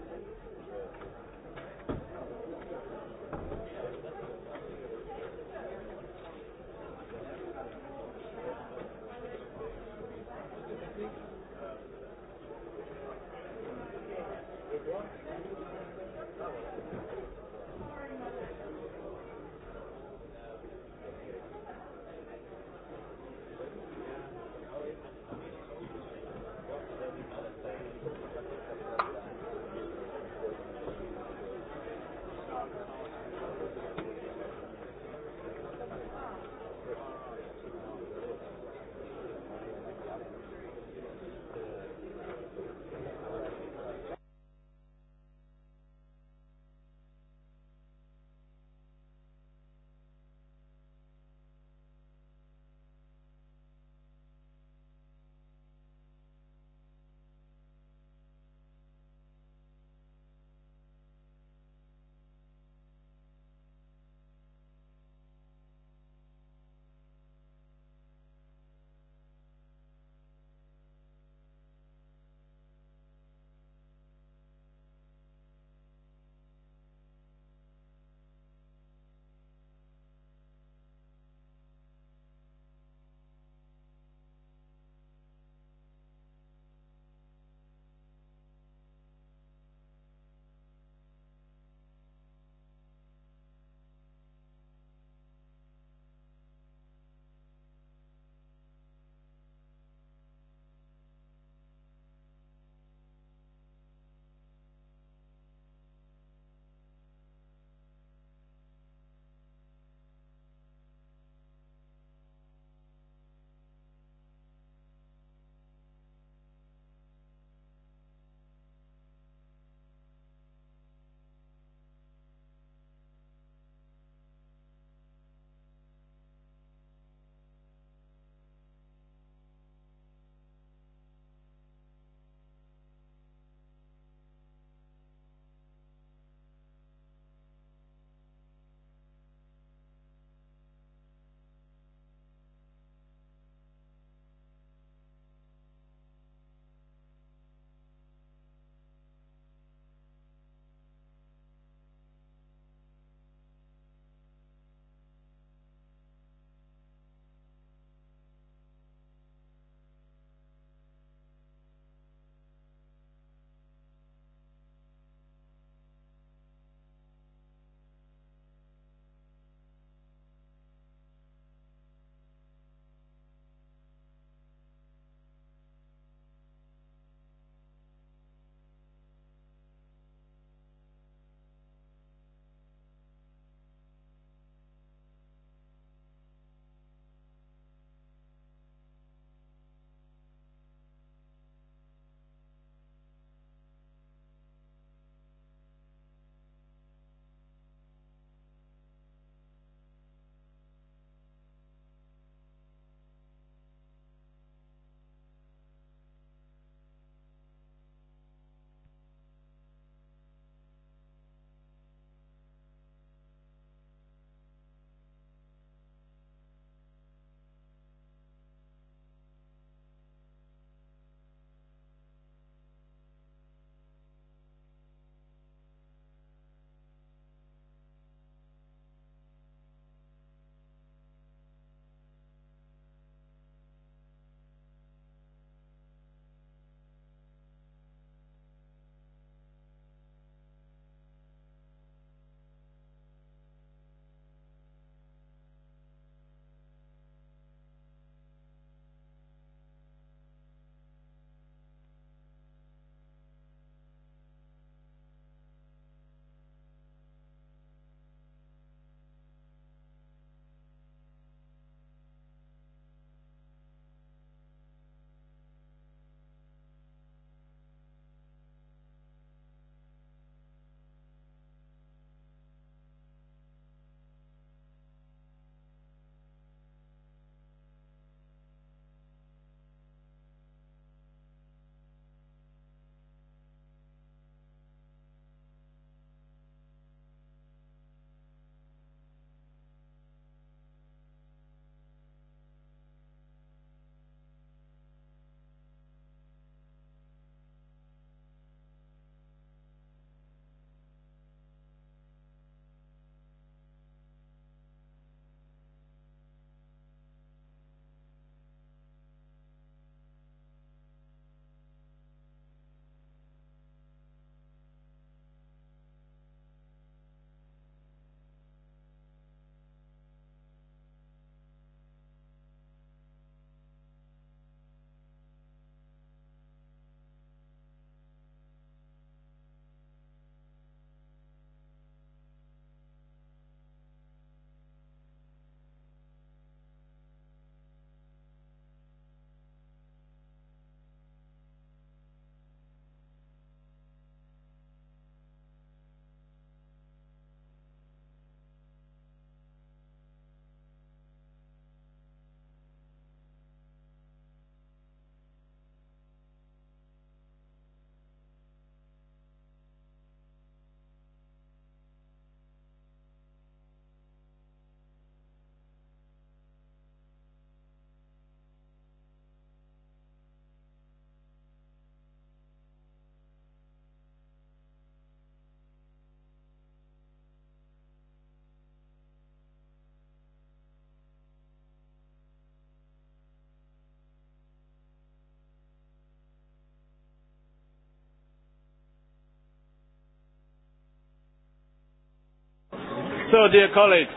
So, dear colleagues.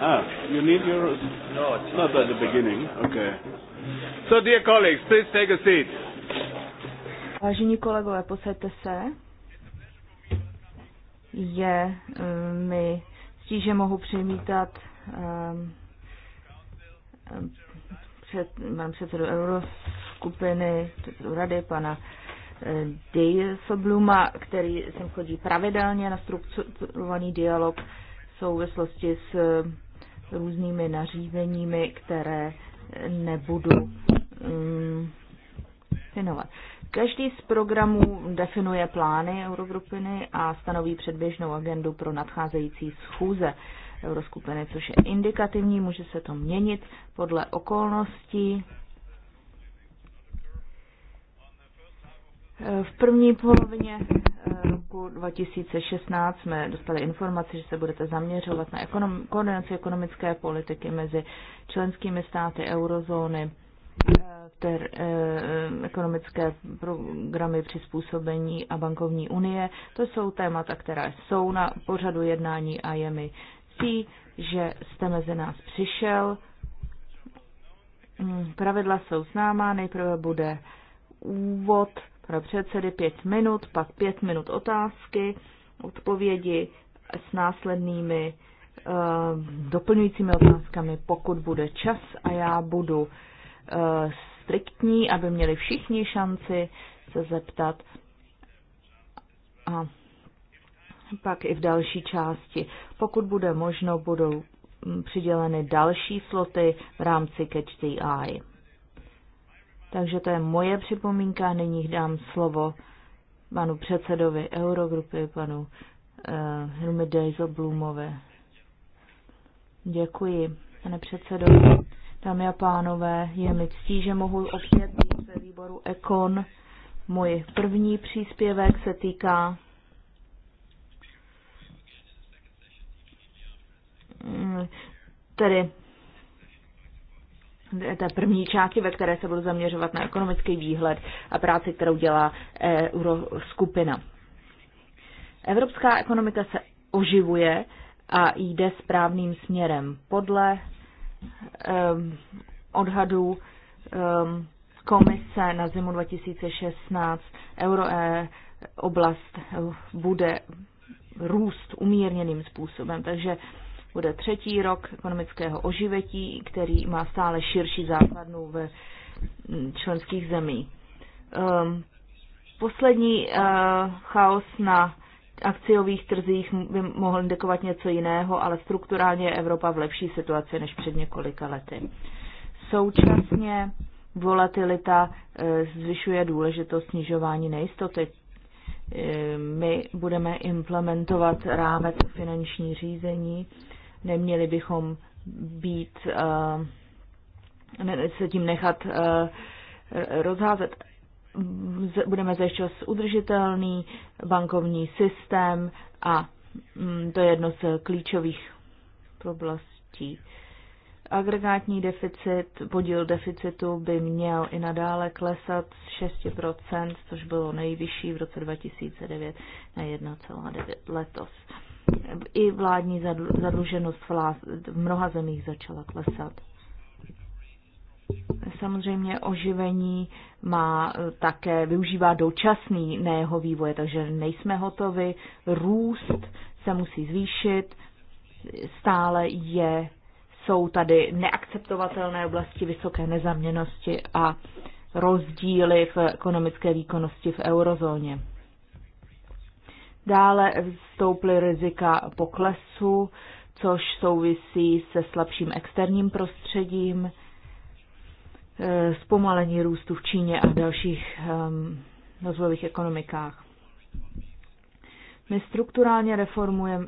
Ah, you need your. No, it's not at the beginning. Okay. So, dear colleagues, please take a seat. Vážení kolegové, posaďte se. Je eh, mi ctí, že mohu přivítat um, před, mám předsedu Euroskupiny, předsedu Rady, pana uh, Dijsselbluma, který sem chodí pravidelně na strukturovaný dialog v souvislosti s různými nařízeními, které nebudu definovat. Mm, Každý z programů definuje plány Eurogrupiny a stanoví předběžnou agendu pro nadcházející schůze Euroskupiny, což je indikativní, může se to měnit podle okolností Eh, v první polovině eh, roku 2016 jsme dostali informaci, že se budete zaměřovat na ekonom- koordinaci ekonomické politiky mezi členskými státy eurozóny, eh, ter, ekonomické programy přizpůsobení a bankovní unie. To jsou témata, která jsou na pořadu jednání a je mi ctí, že jste mezi nás přišel. Mm, pravidla jsou známá, nejprve bude úvod pro předsedy pět minut, pak pět minut otázky, odpovědi s následnými uh, doplňujícími otázkami, pokud bude čas a já budu uh, striktní, aby měli všichni šanci se zeptat. A pak i v další části. Pokud bude možno, budou hm, přiděleny další sloty v rámci Catch the Eye. Takže to je moje připomínka, nyní dám slovo panu předsedovi Eurogrupy, panu uh, Hilmi Dejzelblumovi. Děkuji, pane předsedo. Dámy a pánové, je mi ctí, že mohu opět být ve výboru Ekon. Můj první příspěvek se týká eh, tedy té první části, ve které se budu zaměřovat na ekonomický výhled a práci, kterou dělá euroskupina. Evropská ekonomika se oživuje a jde správným směrem. Podle um, odhadů um, komise na zimu 2016 euro e, oblast e, bude růst umírněným způsobem, takže bude třetí rok ekonomického oživetí, který má stále širší základnu ve členských zemí. Ehm, poslední eh, chaos na akciových trzích by mohl indikovat něco jiného, ale strukturálně je Evropa v lepší situaci než před několika lety. Současně volatilita eh, zvyšuje důležitost snižování nejistoty. Eh, my budeme implementovat rámec finanční řízení, Neměli bychom být, eh, se tím nechat eh, rozházet. Budeme zajišťovat udržitelný bankovní systém a mm, to je jedno z klíčových oblastí. Agregátní deficit, podíl deficitu by měl i nadále klesat z 6%, což bylo nejvyšší v roce 2009 na 1,9 letos i vládní zadluženost v mnoha zemích začala klesat. Samozřejmě oživení má eh, také, využívá dočasný jeho vývoje, takže nejsme hotovi, růst se musí zvýšit, stále je, jsou tady neakceptovatelné oblasti vysoké nezaměnosti a rozdíly v ekonomické výkonnosti v eurozóně. Dále vstouply rizika poklesu, což souvisí se slabším externím prostředím, e, zpomalení růstu v Číně a v dalších rozvojových ekonomikách. My strukturálně reformujeme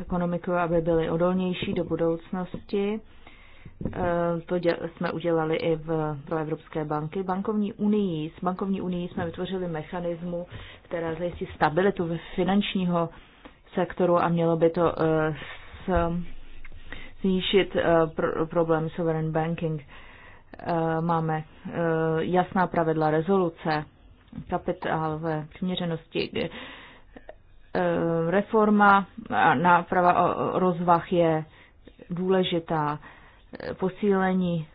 ekonomiku, aby byly odolnější do budoucnosti. Eh, to jsme udělali i v, pro Evropské banky. Bankovní unii, s bankovní unii jsme vytvořili mechanismu, která zajistí stabilitu finančního sektoru a mělo by to eh, s, snížit eh, pr- problém sovereign banking. Máme jasná pravidla rezoluce, kapitál ve přiměřenosti, reforma a náprava rozvah je důležitá posílení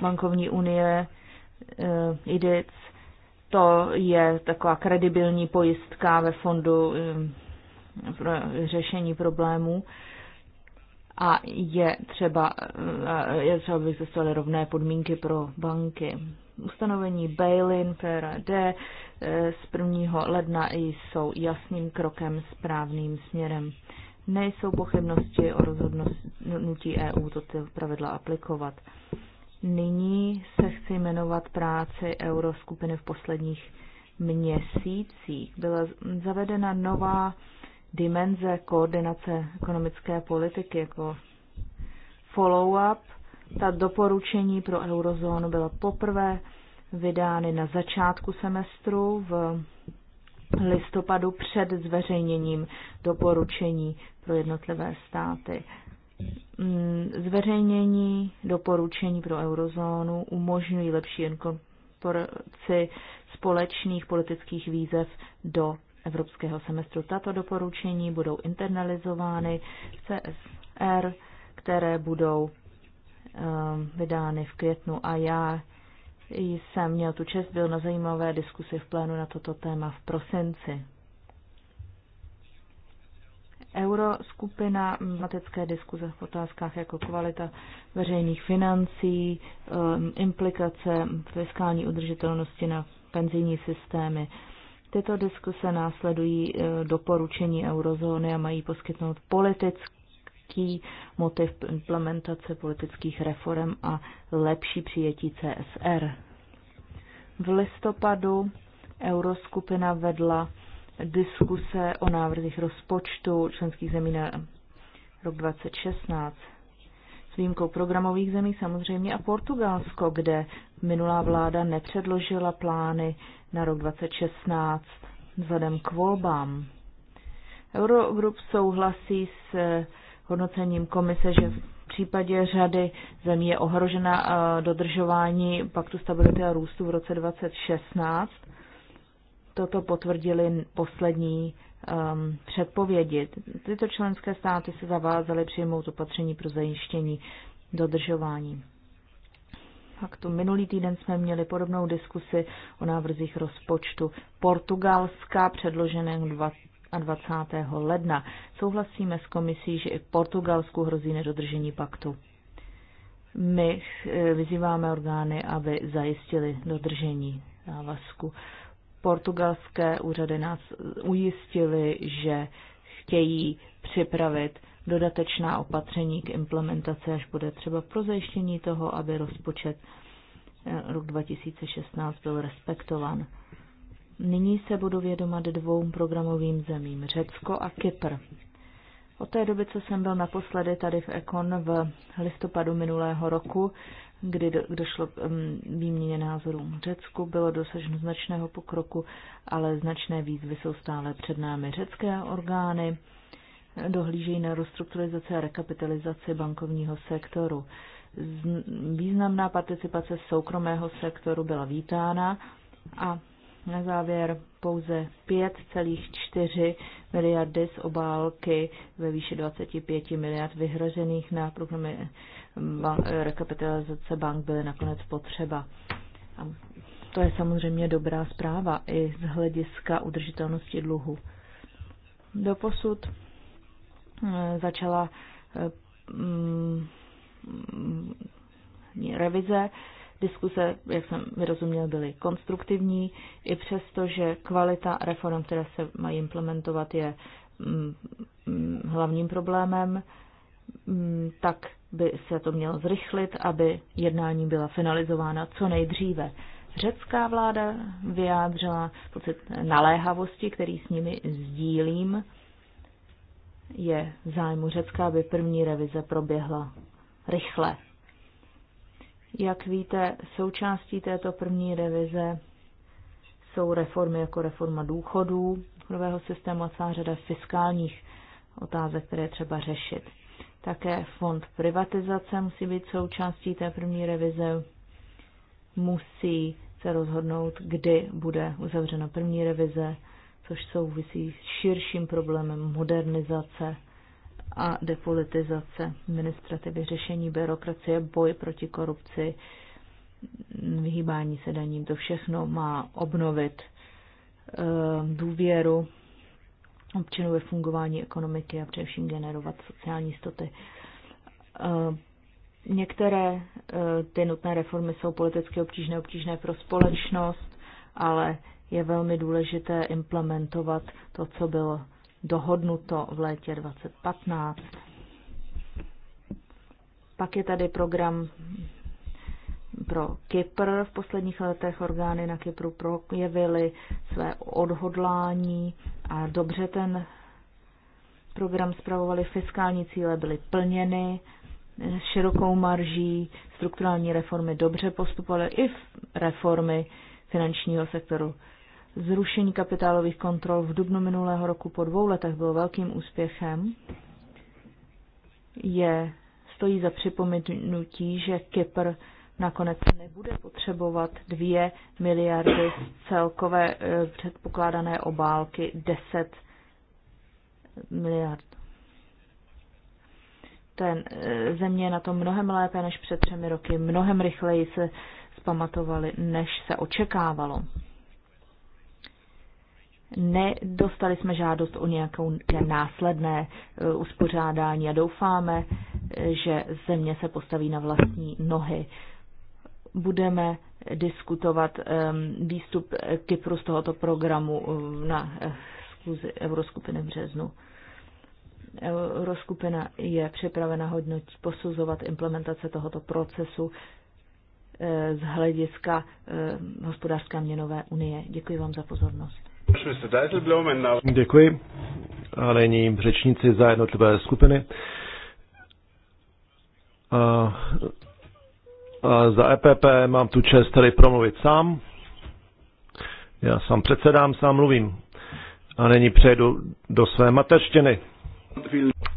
bankovní unie eh, IDIC, to je taková kredibilní pojistka ve fondu eh, pro řešení problémů a je třeba, eh, je třeba by staly rovné podmínky pro banky. Ustanovení bail-in PRD z 1. ledna jsou jasným krokem správným směrem nejsou pochybnosti o rozhodnutí EU toto pravidla aplikovat. Nyní se chci jmenovat práci euroskupiny v posledních měsících. Byla zavedena nová dimenze koordinace ekonomické politiky jako follow-up. Ta doporučení pro eurozónu byla poprvé vydány na začátku semestru v listopadu před zveřejněním doporučení pro jednotlivé státy. Mm, zveřejnění doporučení pro eurozónu umožňují lepší inkorporaci společných politických výzev do evropského semestru. Tato doporučení budou internalizovány v CSR, které budou ehm, vydány v květnu a já jsem měl tu čest, byl na zajímavé diskusi v plénu na toto téma v prosinci. Euroskupina matické diskuze v otázkách jako kvalita veřejných financí, um, implikace fiskální udržitelnosti na penzijní systémy. Tyto diskuse následují uh, doporučení eurozóny a mají poskytnout politické velký motiv implementace politických reform a lepší přijetí CSR. V listopadu euroskupina vedla diskuse o návrzích rozpočtu členských zemí na rok 2016 s výjimkou programových zemí samozřejmě a Portugalsko, kde minulá vláda nepředložila plány na rok 2016 vzhledem k volbám. Eurogroup souhlasí s hodnocením komise, že v případě řady zemí je ohrožena eh, dodržování paktu stability a růstu v roce 2016. Toto potvrdili poslední um, předpovědi. Tyto členské státy se zavázaly přijmout opatření pro zajištění dodržování. Faktu. Minulý týden jsme měli podobnou diskusi o návrzích rozpočtu Portugalska předloženém 20. ledna. Souhlasíme s komisí, že i Portugalsku hrozí nedodržení paktu. My eh, vyzýváme orgány, aby zajistili dodržení závazku. Portugalské úřady nás ujistili, že chtějí připravit dodatečná opatření k implementaci, až bude třeba pro zajištění toho, aby rozpočet eh, rok 2016 byl respektován. Nyní se budu vědomat dvou programovým zemím, Řecko a Kypr. Od té doby, co jsem byl naposledy tady v Ekon v listopadu minulého roku, kdy došlo k mm, výměně názorů v Řecku, bylo dosaženo značného pokroku, ale značné výzvy jsou stále před námi. Řecké orgány dohlížejí na restrukturalizaci a rekapitalizaci bankovního sektoru. Významná participace soukromého sektoru byla vítána a na závěr pouze 5,4 miliardy z obálky ve výši 25 miliard vyhrožených na programy ban- eh, rekapitalizace bank byly nakonec potřeba. A to je samozřejmě dobrá zpráva i z hlediska udržitelnosti dluhu. Doposud eh, začala eh, revize Diskuse, jak jsem vyrozuměl, byly konstruktivní, i přesto, že kvalita reform, které se mají implementovat, je mm, mm, hlavním problémem, mm, tak by se to mělo zrychlit, aby jednání byla finalizována co nejdříve. Řecká vláda vyjádřila pocit naléhavosti, který s nimi sdílím. Je zájmu Řecka, aby první revize proběhla rychle. Jak víte, součástí této první revize jsou reformy jako reforma důchodů, důchodového systému a celá řada fiskálních otázek, které třeba řešit. Také fond privatizace musí být součástí té první revize. Musí se rozhodnout, kdy bude uzavřena první revize, což souvisí s širším problémem modernizace a depolitizace administrativy, řešení byrokracie, boj proti korupci, vyhýbání se daním. To všechno má obnovit eh, důvěru občanů ve fungování ekonomiky a především generovat sociální jistoty. Eh, některé eh, ty nutné reformy jsou politicky obtížné, obtížné pro společnost, ale je velmi důležité implementovat to, co bylo dohodnuto v létě 2015. Pak je tady program pro Kypr. V posledních letech orgány na Kypru projevily své odhodlání a dobře ten program zpravovali. Fiskální cíle byly plněny s širokou marží, strukturální reformy dobře postupovaly i v reformy finančního sektoru Zrušení kapitálových kontrol v dubnu minulého roku po dvou letech bylo velkým úspěchem. Je, stojí za připomenutí, že Kypr nakonec nebude potřebovat 2 miliardy z celkové eh, předpokládané obálky 10 miliard. Ten eh, země je na tom mnohem lépe než před třemi roky, mnohem rychleji se zpamatovali, než se očekávalo. Nedostali jsme žádost o nějakou následné e, uspořádání a doufáme, že země se postaví na vlastní nohy. Budeme diskutovat výstup Kypru z tohoto programu e, na e, schůzi Euroskupiny v březnu. Euroskupina je připravena hodnotit, posuzovat implementace tohoto procesu z hlediska hospodářské měnové unie. Děkuji vám za pozornost. Děkuji. A nyní řečníci za jednotlivé skupiny. A, a za EPP mám tu čest tady promluvit sám. Já sám předsedám, sám mluvím. A nyní přejdu do své mateřštiny.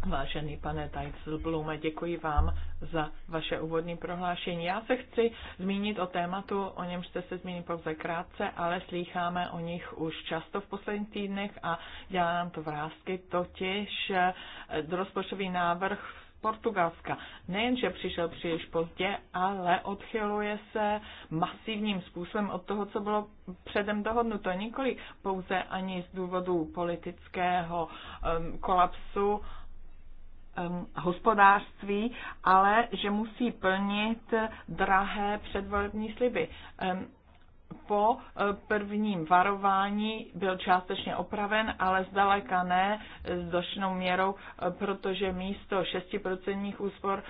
Vážený pane Tajcelblume, děkuji vám za vaše úvodní prohlášení. Já se chci zmínit o tématu, o němž jste se zmínil pouze krátce, ale slýcháme o nich už často v posledních týdnech a dělá nám to vrázky, totiž eh, rozpočtový návrh Portugalska. Nejenže přišel příliš pozdě, ale odchyluje se masivním způsobem od toho, co bylo předem dohodnuto. Nikoli pouze ani z důvodu politického um, kolapsu Um, hospodářství, ale že musí plnit drahé předvolební sliby. Um, po eh, prvním varování byl částečně opraven, ale zdaleka ne s došnou měrou, eh, protože místo 6% úspor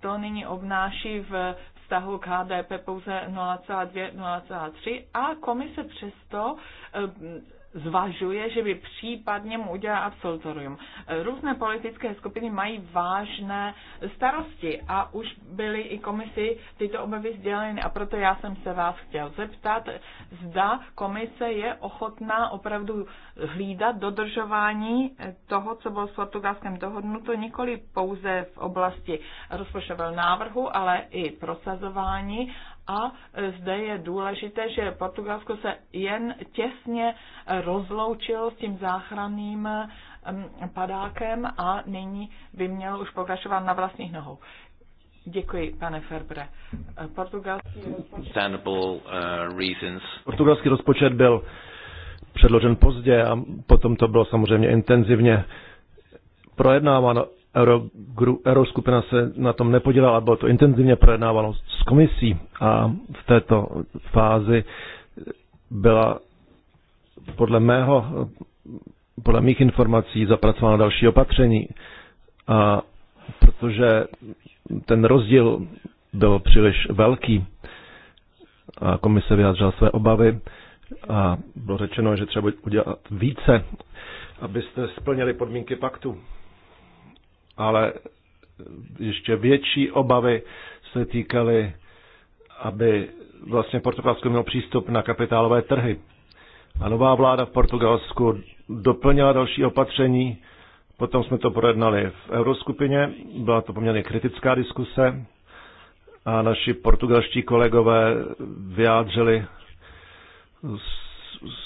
to nyní obnáší v vztahu k HDP pouze 0,2-0,3 a komise přesto eh, zvažuje, že by případně mu udělal absolutorium. Různé politické skupiny mají vážné starosti a už byly i komisi tyto obavy sděleny a proto já jsem se vás chtěl zeptat, zda komise je ochotná opravdu hlídat dodržování toho, co bylo s Portugalskem dohodnuto, nikoli pouze v oblasti rozpočtového návrhu, ale i prosazování a e, zde je důležité, že Portugalsko se jen těsně rozloučilo s tím záchranným padákem a nyní by měl už pokračovat na vlastních nohou. Děkuji, pane Ferbre. Portugalský rozpočet, uh, Portugalský rozpočet byl předložen pozdě a potom to bylo samozřejmě intenzivně projednáváno Euroskupina se na tom nepodělala, bylo to intenzivně projednávalo s komisí a v této fázi byla podle mého, podle mých informací zapracována další opatření, a protože ten rozdíl byl příliš velký a komise vyjádřila své obavy a bylo řečeno, že třeba udělat více, abyste splnili podmínky paktu ale ještě větší obavy se týkaly, aby vlastně Portugalsko mělo přístup na kapitálové trhy. A nová vláda v Portugalsku doplnila další opatření, potom jsme to projednali v euroskupině, byla to poměrně kritická diskuse a naši portugalští kolegové vyjádřili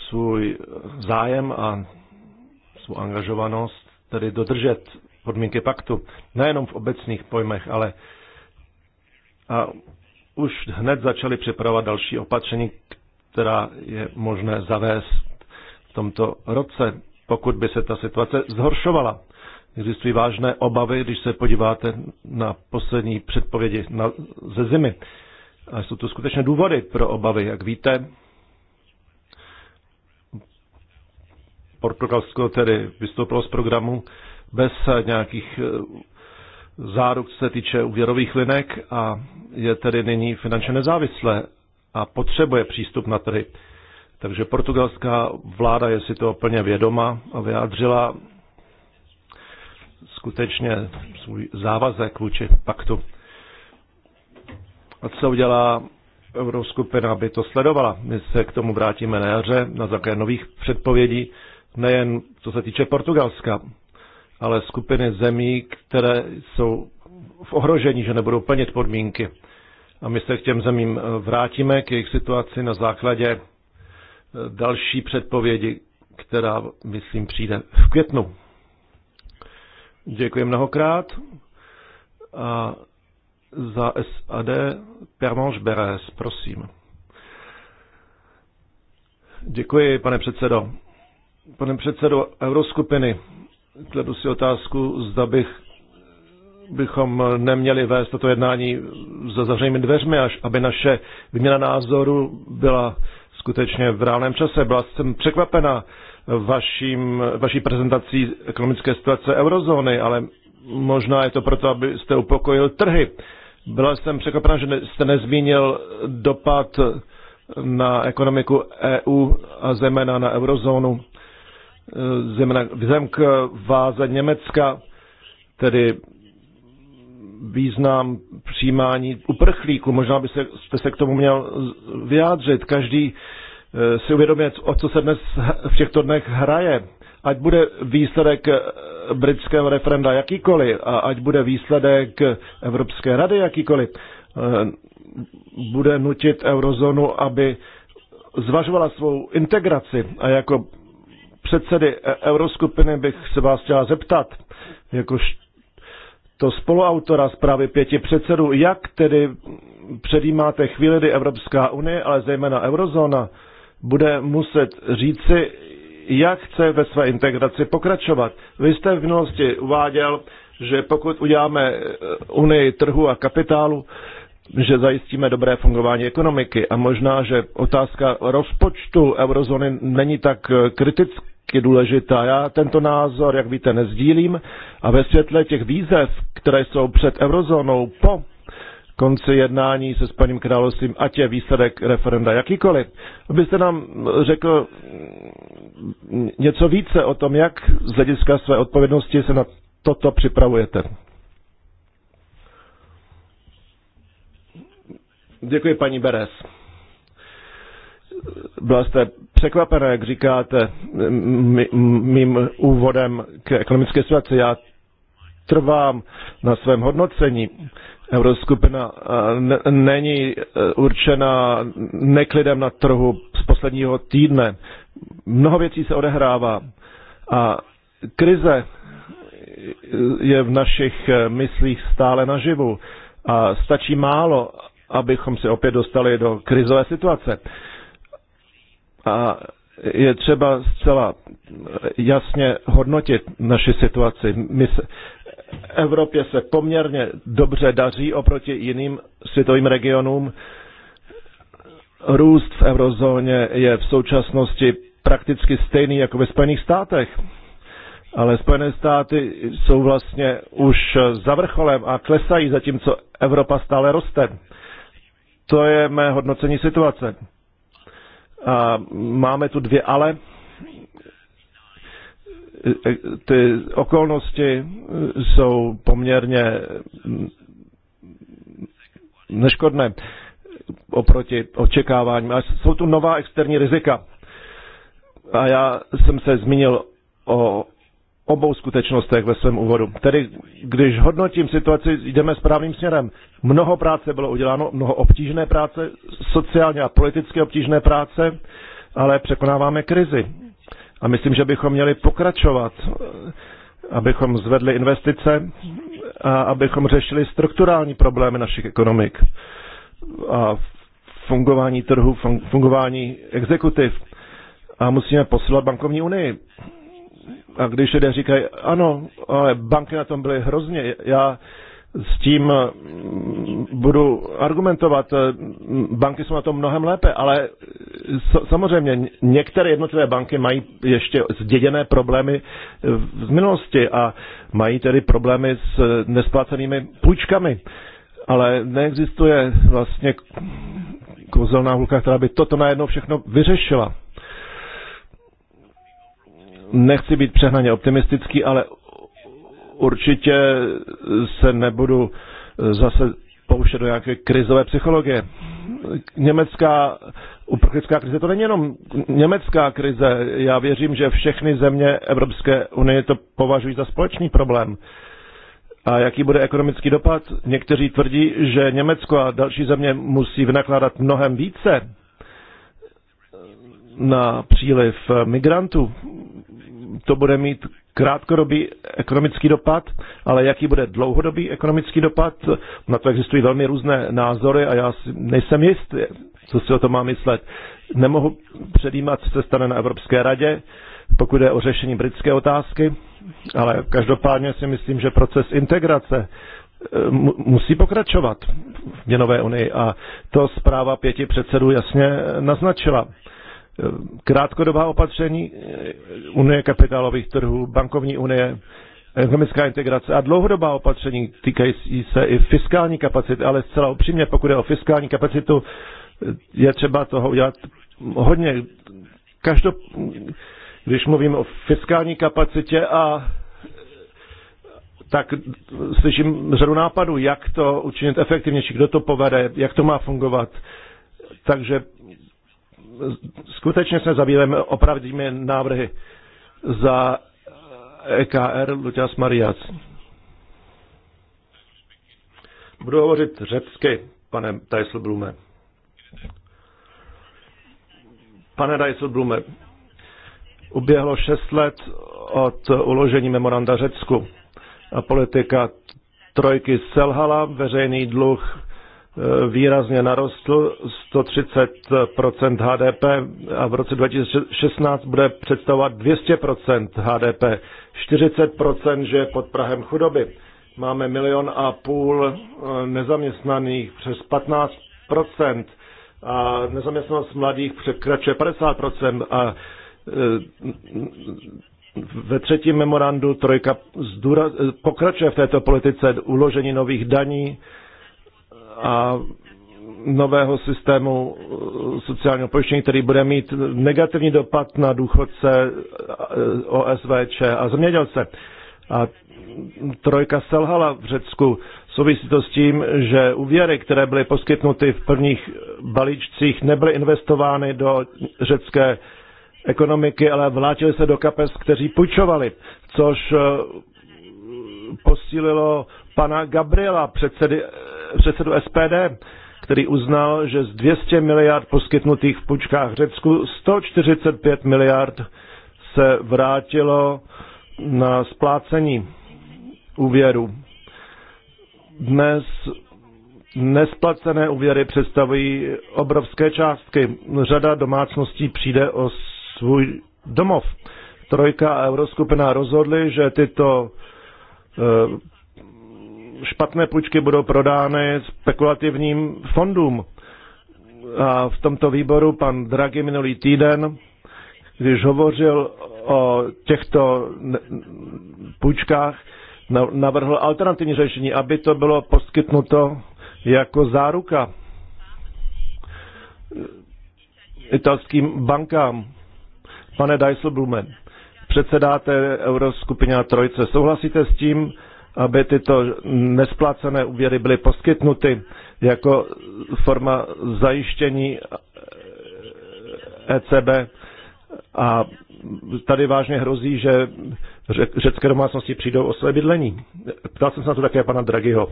svůj zájem a svou angažovanost, tedy dodržet podmínky paktu. Nejenom v obecných pojmech, ale a už hned začali připravovat další opatření, která je možné zavést v tomto roce, pokud by se ta situace zhoršovala. Existují vážné obavy, když se podíváte na poslední předpovědi na, ze zimy. A jsou to skutečně důvody pro obavy. Jak víte, Portugalsko tedy vystoupilo z programu bez nějakých eh, záruk, co se týče úvěrových linek a je tedy nyní finančně nezávislé a potřebuje přístup na trhy. Takže portugalská vláda je si to plně vědoma a vyjádřila skutečně svůj závazek vůči paktu. A co udělá Euroskupina, aby to sledovala? My se k tomu vrátíme na jaře na základě nových předpovědí, nejen co se týče Portugalska, ale skupiny zemí, které jsou v ohrožení, že nebudou plnit podmínky. A my se k těm zemím eh, vrátíme, k jejich situaci na základě eh, další předpovědi, která, myslím, přijde v květnu. Děkuji mnohokrát. A za SAD Permanche Beres, prosím. Děkuji, pane předsedo. Pane předsedo Euroskupiny, kladu si otázku, zda bych, bychom neměli vést toto jednání za zavřenými dveřmi, až aby naše výměna názoru byla skutečně v reálném čase. Byla jsem překvapena vaším, vaší prezentací ekonomické situace eurozóny, ale možná je to proto, abyste upokojil trhy. Byla jsem překvapena, že jste nezmínil dopad na ekonomiku EU a zejména na eurozónu Eh, vzhledem k váze Německa, tedy význam přijímání uprchlíků. Možná by se, se k tomu měl vyjádřit. Každý eh, si uvědomuje, o co se dnes v těchto dnech hraje. Ať bude výsledek eh, britského referenda jakýkoliv a ať bude výsledek Evropské rady jakýkoliv, bude nutit eurozónu, aby zvažovala svou integraci a jako předsedy e- Euroskupiny bych se vás chtěla zeptat, jakož to spoluautora zprávy pěti předsedů, jak tedy předjímáte chvíli, kdy Evropská unie, ale zejména eurozóna, bude muset říci, jak chce ve své integraci pokračovat. Vy jste v minulosti uváděl, že pokud uděláme e, unii trhu a kapitálu, že zajistíme dobré fungování ekonomiky a možná, že otázka rozpočtu eurozóny není tak e, kritická, je důležitá. Já tento názor, jak víte, nezdílím a ve světle těch výzev, které jsou před eurozónou po konci jednání se s paním královstvím, ať je výsledek referenda jakýkoliv. Abyste nám řekl něco více o tom, jak z hlediska své odpovědnosti se na toto připravujete. Děkuji, paní Beres. Byla jste překvapená, jak říkáte, mým úvodem k ekonomické situaci. Já trvám na svém hodnocení. Euroskupina eh, není eh, určena neklidem na trhu z posledního týdne. Mnoho věcí se odehrává a krize je v našich eh, myslích stále naživu a stačí málo, abychom se opět dostali do krizové situace. A je třeba zcela jasně hodnotit naši situaci. My se, Evropě se poměrně dobře daří oproti jiným světovým regionům. Růst v eurozóně je v současnosti prakticky stejný jako ve Spojených státech. Ale Spojené státy jsou vlastně už za vrcholem a klesají, zatímco Evropa stále roste. To je mé hodnocení situace. A máme tu dvě ale. Ty okolnosti jsou poměrně neškodné oproti očekáváním. A jsou tu nová externí rizika. A já jsem se zmínil o obou skutečnostech ve svém úvodu. Tedy, když hodnotím situaci, jdeme správným směrem. Mnoho práce bylo uděláno, mnoho obtížné práce, sociálně a politicky obtížné práce, ale překonáváme krizi. A myslím, že bychom měli pokračovat, abychom zvedli investice a abychom řešili strukturální problémy našich ekonomik a fungování trhu, fungování exekutiv. A musíme posilovat bankovní unii a když lidé říkají, ano, ale banky na tom byly hrozně, já s tím mm, budu argumentovat, banky jsou na tom mnohem lépe, ale samozřejmě některé jednotlivé banky mají ještě zděděné problémy z minulosti a mají tedy problémy s nesplácenými půjčkami. Ale neexistuje vlastně kouzelná hulka, která by toto najednou všechno vyřešila. Nechci být přehnaně optimistický, ale určitě se nebudu zase pouštět do nějaké krizové psychologie. Německá uprchlická krize, to není jenom německá krize. Já věřím, že všechny země Evropské unie to považují za společný problém. A jaký bude ekonomický dopad? Někteří tvrdí, že Německo a další země musí vynakládat mnohem více na příliv migrantů to bude mít krátkodobý ekonomický dopad, ale jaký bude dlouhodobý ekonomický dopad, na to existují velmi různé názory a já si nejsem jist, co si o to mám myslet. Nemohu předjímat, co se stane na Evropské radě, pokud je o řešení britské otázky, ale každopádně si myslím, že proces integrace eh, musí pokračovat v měnové unii a to zpráva pěti předsedů jasně naznačila krátkodobá opatření, eh, unie kapitálových trhů, bankovní unie, ekonomická integrace a dlouhodobá opatření týkající se i fiskální kapacity, ale zcela upřímně, pokud je o fiskální kapacitu, eh, je třeba toho udělat hodně. Každop, když mluvím o fiskální kapacitě a tak slyším řadu nápadů, jak to učinit efektivnější, kdo to povede, jak to má fungovat. Takže skutečně se zabýváme opravdými návrhy za EKR eh, e Luťas Mariac. Budu hovořit řecky, pane Dijsselblume. Pane Dijsselblume, uběhlo šest let od uložení memoranda Řecku. A politika trojky selhala, veřejný dluh Eh, výrazně narostl 130 HDP a v roce 2016 bude představovat 200 HDP, 40 že je pod Prahem chudoby. Máme milion a půl eh, nezaměstnaných, přes 15 a nezaměstnanost mladých překračuje 50 a eh, ve třetím memorandu Trojka pokračuje v této politice uložení nových daní, a nového systému eh, sociálního pojištění, který bude mít negativní dopad na důchodce, eh, OSVČ a zemědělce. A trojka selhala v Řecku. Souvisí to s tím, že úvěry, které byly poskytnuty v prvních balíčcích, nebyly investovány do řecké ekonomiky, ale vlátily se do kapes, kteří půjčovali, což eh, posílilo pana Gabriela, předsedy předsedu SPD, který uznal, že z 200 miliard poskytnutých v půjčkách Řecku 145 miliard se vrátilo na splácení úvěru. Dnes nesplacené úvěry představují obrovské částky. Řada domácností přijde o svůj domov. Trojka a Euroskupina rozhodly, že tyto eh, špatné půjčky budou prodány spekulativním fondům. A v tomto výboru pan Draghi minulý týden, když hovořil o těchto půjčkách, navrhl alternativní řešení, aby to bylo poskytnuto jako záruka italským bankám. Pane Dijsselblumen, předsedáte Euroskupině a Trojce. Souhlasíte s tím, aby tyto nesplácené úvěry byly poskytnuty jako forma zajištění ECB. A tady vážně hrozí, že řecké domácnosti přijdou o své bydlení. Ptal jsem se na to také pana Dragiho.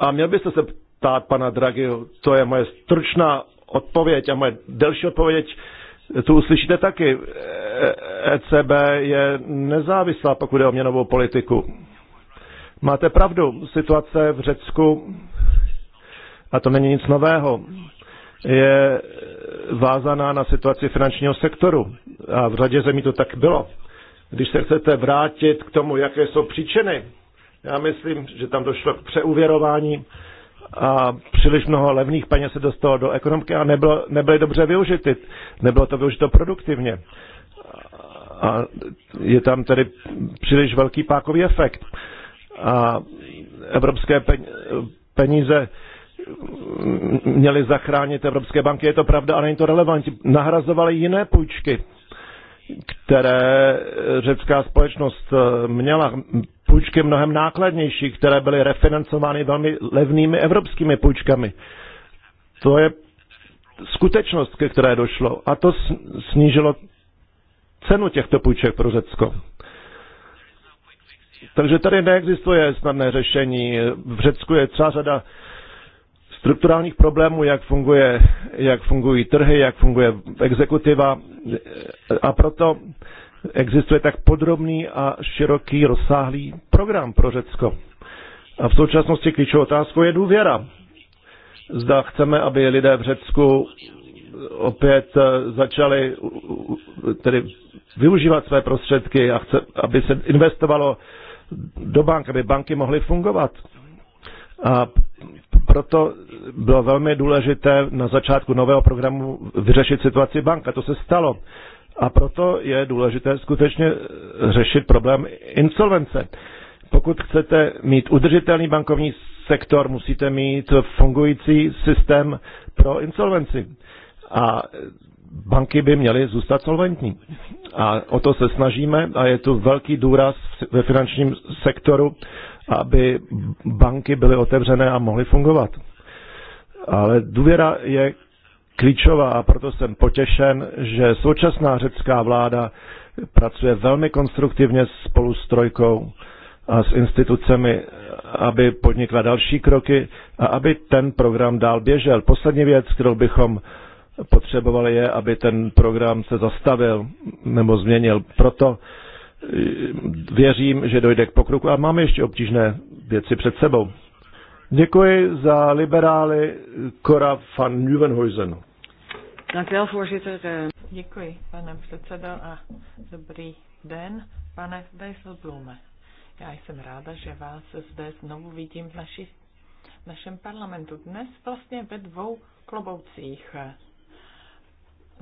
A měl byste se ptát pana Dragiho, to je moje stručná odpověď a moje delší odpověď to uslyšíte taky. ECB e, e je nezávislá, pokud je o měnovou politiku. Máte pravdu, situace v Řecku, a to není nic nového, je vázaná na situaci finančního sektoru. A v řadě zemí to tak bylo. Když se chcete vrátit k tomu, jaké jsou příčiny, já myslím, že tam došlo k přeuvěrování a příliš mnoho levných peněz se dostalo do ekonomiky a nebylo, nebyly dobře využity. Nebylo to využito produktivně. A je tam tedy příliš velký pákový efekt. A evropské peníze měly zachránit evropské banky, je to pravda, a není to relevantní. Nahrazovaly jiné půjčky, které řecká společnost eh, měla půjčky mnohem nákladnější, které byly refinancovány velmi levnými evropskými půjčkami. To je skutečnost, ke které došlo. A to snížilo cenu těchto půjček pro Řecko. Takže tady neexistuje snadné řešení. V Řecku je celá řada strukturálních problémů, jak, funguje, jak fungují trhy, jak funguje exekutiva. A proto existuje tak podrobný a široký, rozsáhlý program pro Řecko. A v současnosti klíčovou otázkou je důvěra. Zda chceme, aby lidé v Řecku opět eh, začali tedy využívat své prostředky a chce, aby se investovalo do bank, aby banky mohly fungovat. A proto bylo velmi důležité na začátku nového programu vyřešit situaci bank a to se stalo. A proto je důležité skutečně eh, řešit problém insolvence. Pokud chcete mít udržitelný bankovní sektor, musíte mít fungující systém pro insolvenci. A banky by měly zůstat solventní. A o to se snažíme a je tu velký důraz ve finančním sektoru, aby banky byly otevřené a mohly fungovat. Ale důvěra je klíčová a proto jsem potěšen, že současná řecká vláda pracuje velmi konstruktivně spolu s Trojkou a s institucemi, aby podnikla další kroky a aby ten program dál běžel. Poslední věc, kterou bychom potřebovali, je, aby ten program se zastavil nebo změnil. Proto eh, věřím, že dojde k pokroku a máme ještě obtížné věci před sebou. Děkuji za liberály Cora van Nieuwenhuizen. Dank wel, voorzitter. Eh, Děkuji, pane předsedo, a dobrý den, pane Dijsselblume. Já jsem ráda, že vás zde znovu vidím v, naši, v našem parlamentu. Dnes vlastně ve dvou kloboucích.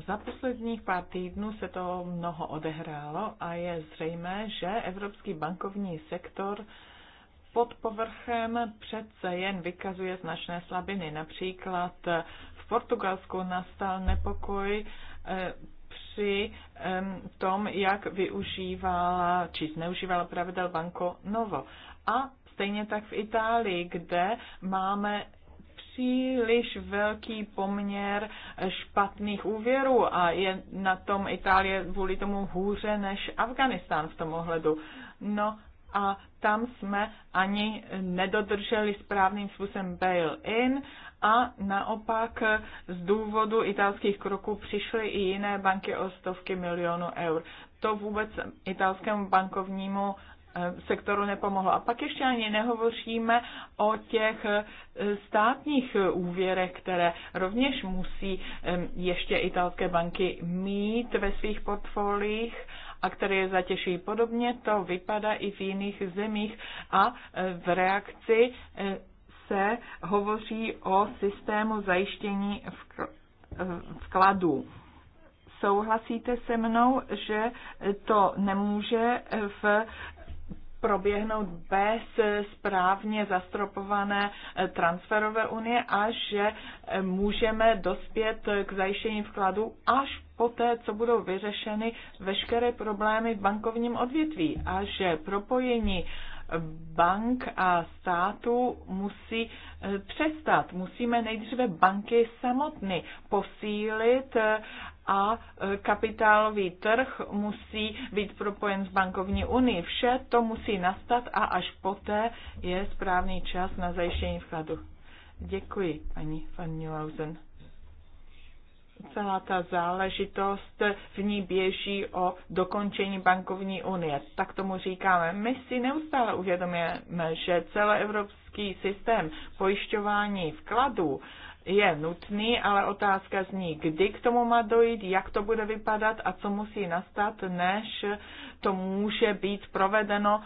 Za posledních pár týdnů se to mnoho odehrálo a je zřejmé, že evropský bankovní sektor pod povrchem přece jen vykazuje značné slabiny. Například v Portugalsku nastal nepokoj eh, při tom, jak využívala či zneužívala pravidel Banco Novo. A stejně tak v Itálii, kde máme příliš velký poměr špatných úvěrů a je na tom Itálie vůli tomu hůře než Afganistán v tom ohledu. No, a tam jsme ani nedodrželi správným způsobem bail-in a naopak z důvodu italských kroků přišly i jiné banky o stovky milionů eur. To vůbec italskému bankovnímu eh, sektoru nepomohlo. A pak ještě ani nehovoříme o těch eh, státních úvěrech, které rovněž musí eh, ještě italské banky mít ve svých portfoliích a které je zatěší. Podobně to vypadá i v jiných zemích a e, v reakci e, se hovoří o systému zajištění e, vkladů. Souhlasíte se mnou, že to nemůže v proběhnout bez správně zastropované transferové unie a že můžeme dospět k zajištění vkladu až poté, co budou vyřešeny veškeré problémy v bankovním odvětví a že propojení bank a státu musí eh, přestat. Musíme nejdříve banky samotny posílit eh, a eh, kapitálový trh musí být propojen s bankovní unii. Vše to musí nastat a až poté je správný čas na zajištění vkladu. Děkuji, paní van Nieuhausen celá ta záležitost v ní běží o dokončení bankovní unie. Tak tomu říkáme. My si neustále uvědomujeme, že celoevropský systém pojišťování vkladů je nutný, ale otázka zní, kdy k tomu má dojít, jak to bude vypadat a co musí nastat, než to může být provedeno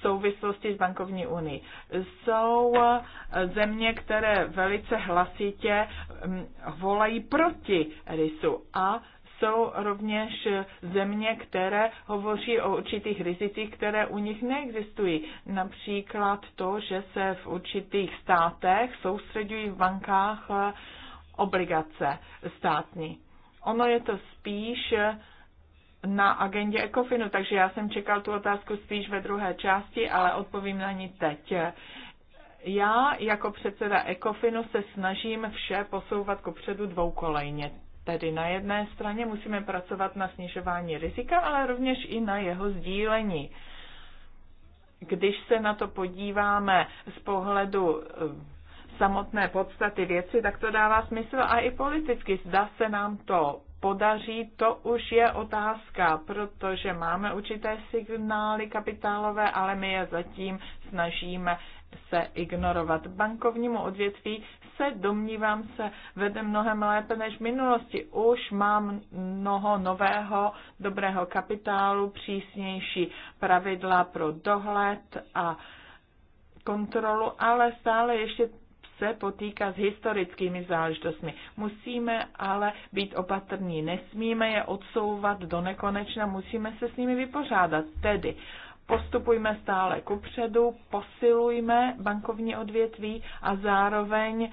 souvislosti s bankovní unii. Jsou eh, země, které velice hlasitě mm, volají proti RISu a jsou rovněž země, které hovoří o určitých rizicích, které u nich neexistují. Například to, že se v určitých státech soustředují v bankách eh, obligace státní. Ono je to spíš eh, na agendě Ecofinu, takže já jsem čekal tu otázku spíš ve druhé části, ale odpovím na ní teď. Já jako předseda Ekofinu se snažím vše posouvat kopředu dvoukolejně. Tedy na jedné straně musíme pracovat na snižování rizika, ale rovněž i na jeho sdílení. Když se na to podíváme z pohledu eh, samotné podstaty věci, tak to dává smysl a i politicky. Zda se nám to podaří, to už je otázka, protože máme určité signály kapitálové, ale my je zatím snažíme se ignorovat. Bankovnímu odvětví se, domnívám se, vede mnohem lépe než v minulosti. Už mám mnoho nového dobrého kapitálu, přísnější pravidla pro dohled a kontrolu, ale stále ještě se potýká s historickými záležitostmi. Musíme ale být opatrní, nesmíme je odsouvat do nekonečna, musíme se s nimi vypořádat. Tedy postupujme stále kupředu, posilujme bankovní odvětví a zároveň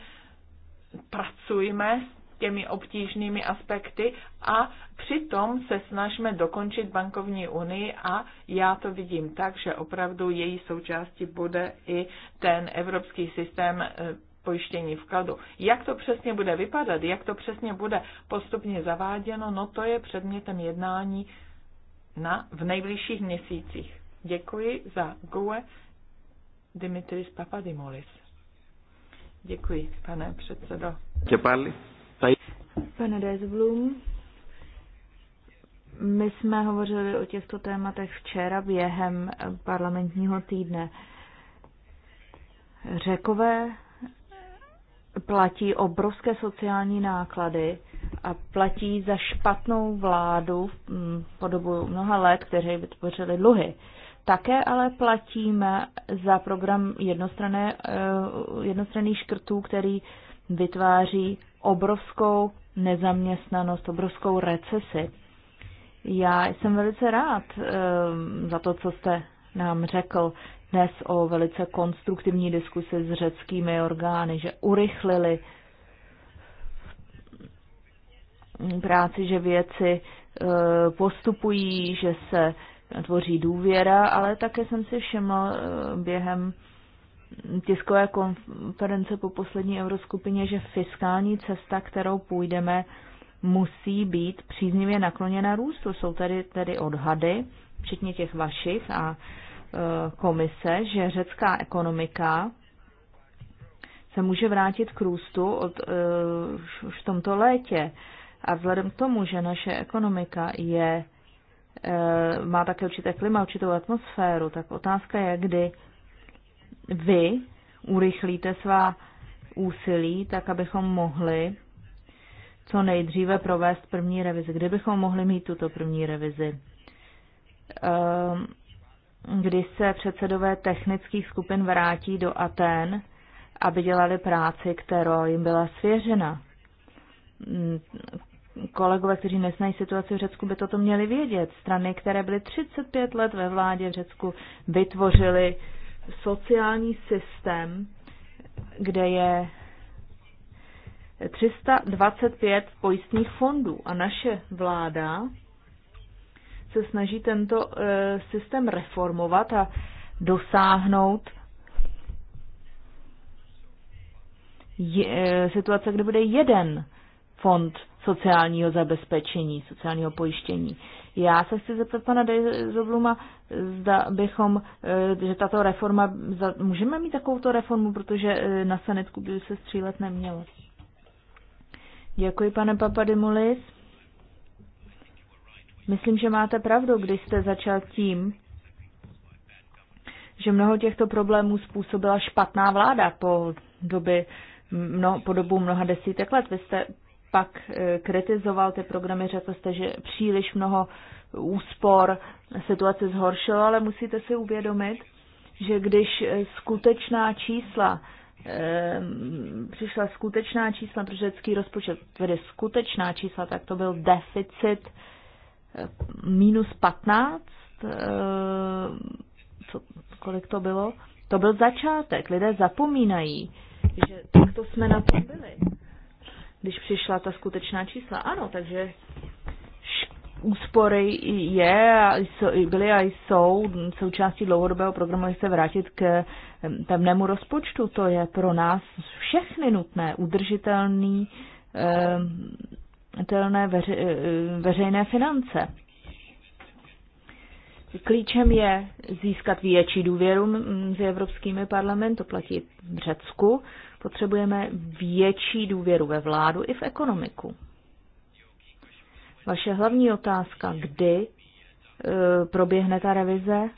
pracujme s těmi obtížnými aspekty a přitom se snažíme dokončit bankovní unii a já to vidím tak, že opravdu její součástí bude i ten evropský systém eh, pojištění vkladu. Jak to přesně bude vypadat, jak to přesně bude postupně zaváděno, no to je předmětem jednání na, v nejbližších měsících. Děkuji za GUE Dimitris Papadimolis. Děkuji, pane předsedo. Děkuji. Pane Dezblum, my jsme hovořili o těchto tématech včera během parlamentního týdne. Řekové platí obrovské sociální náklady a platí za špatnou vládu mm, po dobu mnoha let, kteří vytvořili dluhy. Také ale platíme za program jednostranné, eh, jednostranných škrtů, který vytváří obrovskou nezaměstnanost, obrovskou recesi. Já jsem velice rád eh, za to, co jste nám řekl dnes o velice konstruktivní diskusi s řeckými orgány, že urychlili práci, že věci e, postupují, že se tvoří důvěra, ale také jsem si všiml e, během tiskové konference po poslední euroskupině, že fiskální cesta, kterou půjdeme, musí být příznivě nakloněna růstu. Jsou tady, tady odhady, včetně těch vašich, a Eh, komise, že řecká ekonomika se může vrátit k růstu od, uh, už v tomto létě. A vzhledem k tomu, že naše ekonomika je, uh, má také určité klima, určitou atmosféru, tak otázka je, kdy vy urychlíte svá úsilí, tak abychom mohli co nejdříve provést první revizi. Kdybychom mohli mít tuto první revizi? Uh, kdy se předsedové technických skupin vrátí do Aten, aby dělali práci, kterou jim byla svěřena. Mm, kolegové, kteří neznají situaci v Řecku, by toto měli vědět. Strany, které byly 35 let ve vládě v Řecku, vytvořily sociální systém, kde je 325 pojistných fondů a naše vláda se snaží tento eh, systém reformovat a dosáhnout je, eh, situace, kde bude jeden fond sociálního zabezpečení, sociálního pojištění. Já se chci zeptat pana Dejzobluma, zda bychom, eh, že tato reforma, můžeme mít takovouto reformu, protože na sanitku by se střílet nemělo. Děkuji, pane Papadimulis. Myslím, že máte pravdu, když jste začal tím, že mnoho těchto problémů způsobila špatná vláda po, doby, mno, po dobu mnoha desítek let. Vy jste pak eh, kritizoval ty programy, řekl jste, že příliš mnoho úspor, situace zhoršila, ale musíte si uvědomit, že když eh, skutečná čísla, eh, přišla skutečná čísla pro řecký rozpočet, tedy skutečná čísla, tak to byl deficit minus 15, eh, co, kolik to bylo, to byl začátek. Lidé zapomínají, že takto jsme na tom byli, když přišla ta skutečná čísla. Ano, takže úspory je, byly a jsou součástí dlouhodobého programu, se vrátit k eh, pevnému rozpočtu. To je pro nás všechny nutné, udržitelný eh, telné veře, eh, veřejné finance. Klíčem je získat větší důvěru s Evropskými parlamenty, to platí v Řecku. Potřebujeme větší důvěru ve vládu i v ekonomiku. Vaše hlavní otázka, kdy eh, proběhne ta revize?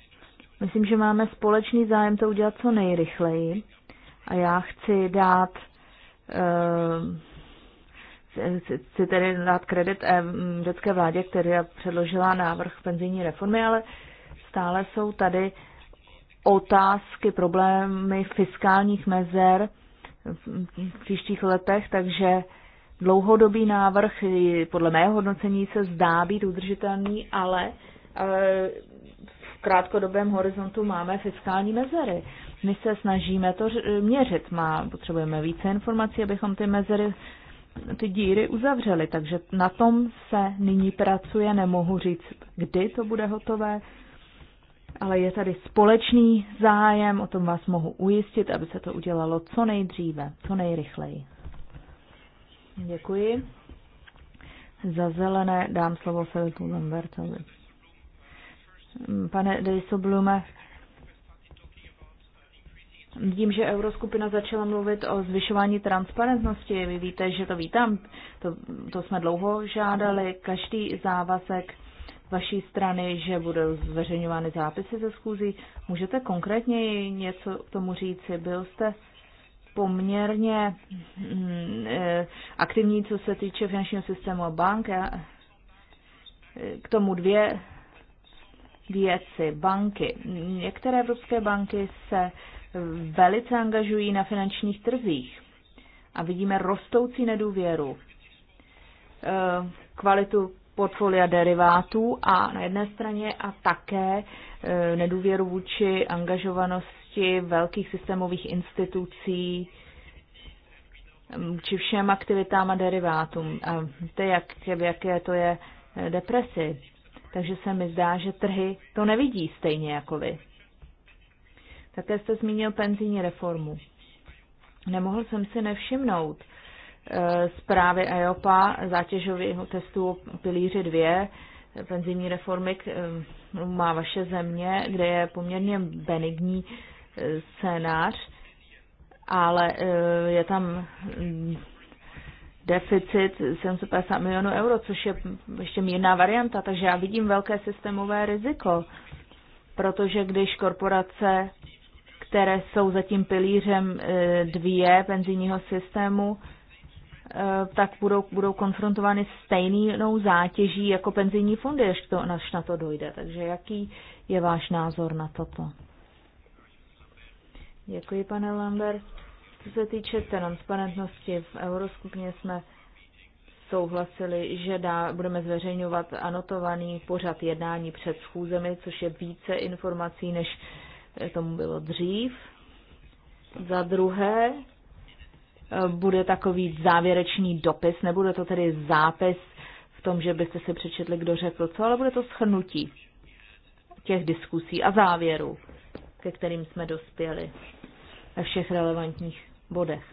Myslím, že máme společný zájem to udělat co nejrychleji. A já chci dát eh, chci tedy dát kredit eh, řecké vládě, která předložila návrh penzijní reformy, ale stále jsou tady otázky, problémy fiskálních mezer v příštích letech, takže dlouhodobý návrh podle mého hodnocení se zdá být udržitelný, ale eh, v krátkodobém horizontu máme fiskální mezery. My se snažíme to měřit. Má, potřebujeme více informací, abychom ty mezery ty díry uzavřeli, takže na tom se nyní pracuje, nemohu říct, kdy to bude hotové, ale je tady společný zájem, o tom vás mohu ujistit, aby se to udělalo co nejdříve, co nejrychleji. Děkuji. Za zelené dám slovo Filipu Lambertovi. Pane Dejsoblume, vidím, že Euroskupina začala mluvit o zvyšování transparentnosti, vy víte, že to vítám, to, to jsme dlouho žádali, každý závazek vaší strany, že budou zveřejňovány zápisy ze schůzí. Můžete konkrétně něco k tomu říci? Byl jste poměrně mm, eh, aktivní, co se týče finančního systému a bank. Eh, k tomu dvě věci. Banky. Některé evropské banky se velice angažují na finančních trzích a vidíme rostoucí nedůvěru, eh, kvalitu portfolia derivátů a na jedné straně a také eh, nedůvěru vůči angažovanosti velkých systémových institucí mm, či všem aktivitám a derivátům. A víte, jak, v jaké to je eh, depresi. Takže se mi zdá, že trhy to nevidí stejně jako vy. Také jste zmínil penzijní reformu. Nemohl jsem si nevšimnout eh, zprávy EOPA zátěžového testu pilíře 2 penzijní reformy eh, má vaše země, kde je poměrně benigní eh, scénář, ale je tam mm, deficit 750 milionů euro, což je ještě mírná varianta, takže já vidím velké systémové riziko, protože když korporace které jsou zatím pilířem eh, dvě penzijního systému, eh, tak budou, budou konfrontovány stejnou zátěží jako penzijní fondy, až, to, až na to dojde. Takže jaký je váš názor na toto? Děkuji, pane Lambert. Co se týče transparentnosti, v Euroskupině jsme souhlasili, že dá, budeme zveřejňovat anotovaný pořad jednání před schůzemi, což je více informací než tomu bylo dřív. Za druhé, bude takový závěrečný dopis, nebude to tedy zápis v tom, že byste si přečetli, kdo řekl co, ale bude to shrnutí těch diskusí a závěrů, ke kterým jsme dospěli ve všech relevantních bodech.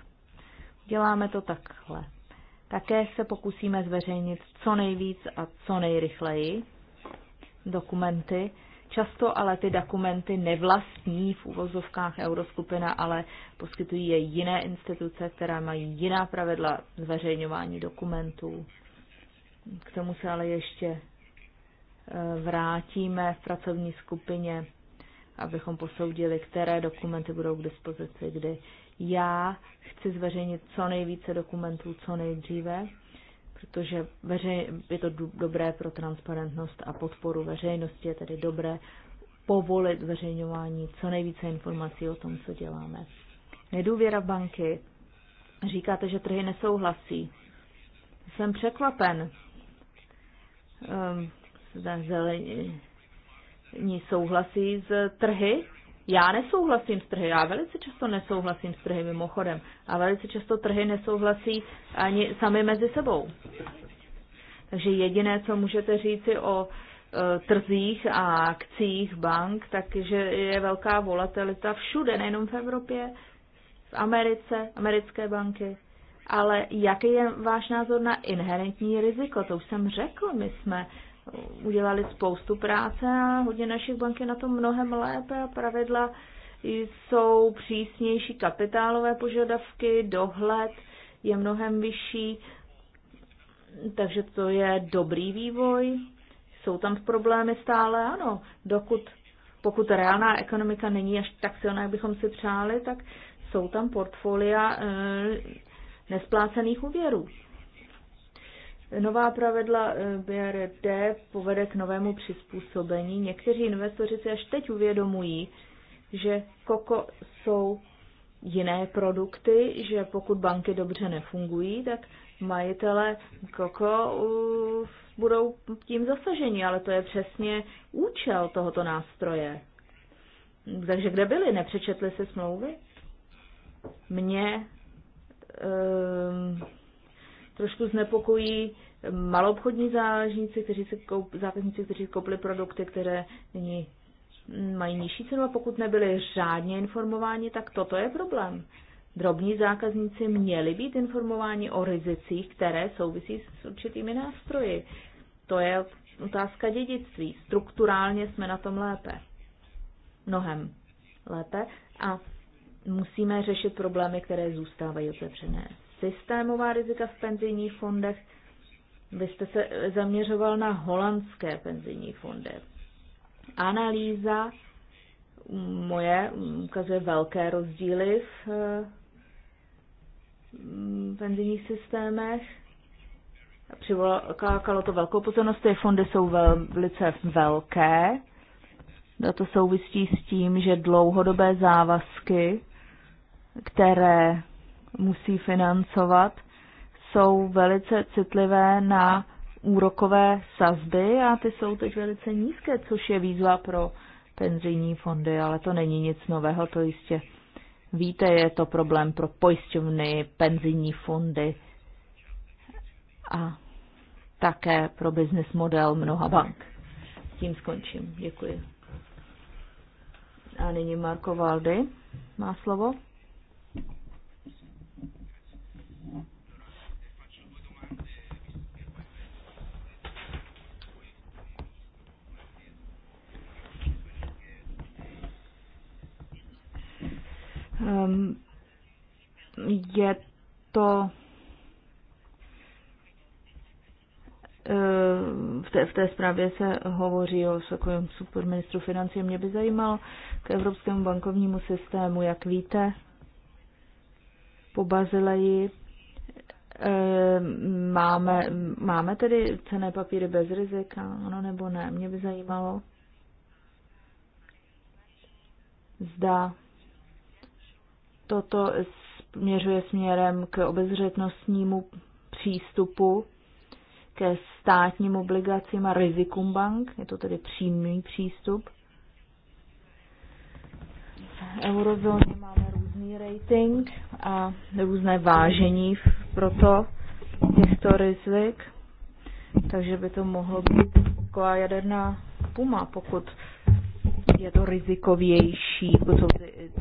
Děláme to takhle. Také se pokusíme zveřejnit co nejvíc a co nejrychleji dokumenty, Často ale ty dokumenty nevlastní v uvozovkách Euroskupina, ale poskytují je jiné instituce, které mají jiná pravidla zveřejňování dokumentů. K tomu se ale ještě eh, vrátíme v pracovní skupině, abychom posoudili, které dokumenty budou k dispozici, kdy já chci zveřejnit co nejvíce dokumentů co nejdříve, protože veřej, je to dobré pro transparentnost a podporu veřejnosti, je tedy dobré povolit veřejňování co nejvíce informací o tom, co děláme. Nedůvěra v banky. Říkáte, že trhy nesouhlasí. Jsem překvapen. Um, zelení souhlasí s trhy, já nesouhlasím s trhy, já velice často nesouhlasím s trhy mimochodem a velice často trhy nesouhlasí ani sami mezi sebou. Takže jediné, co můžete říci o e, trzích a akcích bank, takže je velká volatilita všude, nejenom v Evropě, v Americe, americké banky. Ale jaký je váš názor na inherentní riziko? To už jsem řekl, my jsme udělali spoustu práce a hodně našich bank je na tom mnohem lépe a pravidla jsou přísnější kapitálové požadavky, dohled je mnohem vyšší, takže to je dobrý vývoj. Jsou tam problémy stále, ano. Dokud, pokud reálná ekonomika není až tak silná, jak bychom si přáli, tak jsou tam portfolia e, nesplácených úvěrů. Nová pravidla eh, BRD povede k novému přizpůsobení. Někteří investoři si až teď uvědomují, že koko jsou jiné produkty, že pokud banky dobře nefungují, tak majitele koko eh, budou tím zasaženi, ale to je přesně účel tohoto nástroje. Takže kde byli? Nepřečetli se smlouvy? Mně um, trošku znepokojí maloobchodní zákazníci, kteří si koup, zákazníci, kteří koupili produkty, které nyní mají nižší cenu a pokud nebyli řádně informováni, tak toto je problém. Drobní zákazníci měli být informováni o rizicích, které souvisí s určitými nástroji. To je otázka dědictví. Strukturálně jsme na tom lépe. Mnohem lépe. A musíme řešit problémy, které zůstávají otevřené systémová rizika v penzijních fondech. Vy jste se zaměřoval na holandské penzijní fondy. Analýza mm, moje mm, ukazuje velké rozdíly v mm, penzijních systémech. Přivolalo to velkou pozornost, ty fondy jsou velice velké. A to souvisí s tím, že dlouhodobé závazky, které musí financovat, jsou velice citlivé na úrokové sazby a ty jsou teď velice nízké, což je výzva pro penzijní fondy, ale to není nic nového, to jistě víte, je to problém pro pojišťovny, penzijní fondy a také pro business model mnoha bank. Tím skončím. Děkuji. A nyní Marko Valdy má slovo. Ehm, je to ehm, v té, v té zprávě se hovoří o takovém superministru financí. Mě by zajímal k Evropskému bankovnímu systému, jak víte, po Bazileji ehm, máme, máme tedy cené papíry bez rizika, ano nebo ne? Mě by zajímalo, zda Toto směřuje směrem k obezřetnostnímu přístupu ke státním obligacím a rizikum bank, je to tedy přímý přístup. V eurozóně máme různý rating a různé vážení proto těchto rizik, takže by to mohlo být taková jaderná puma, pokud je to rizikovější, pokud jsou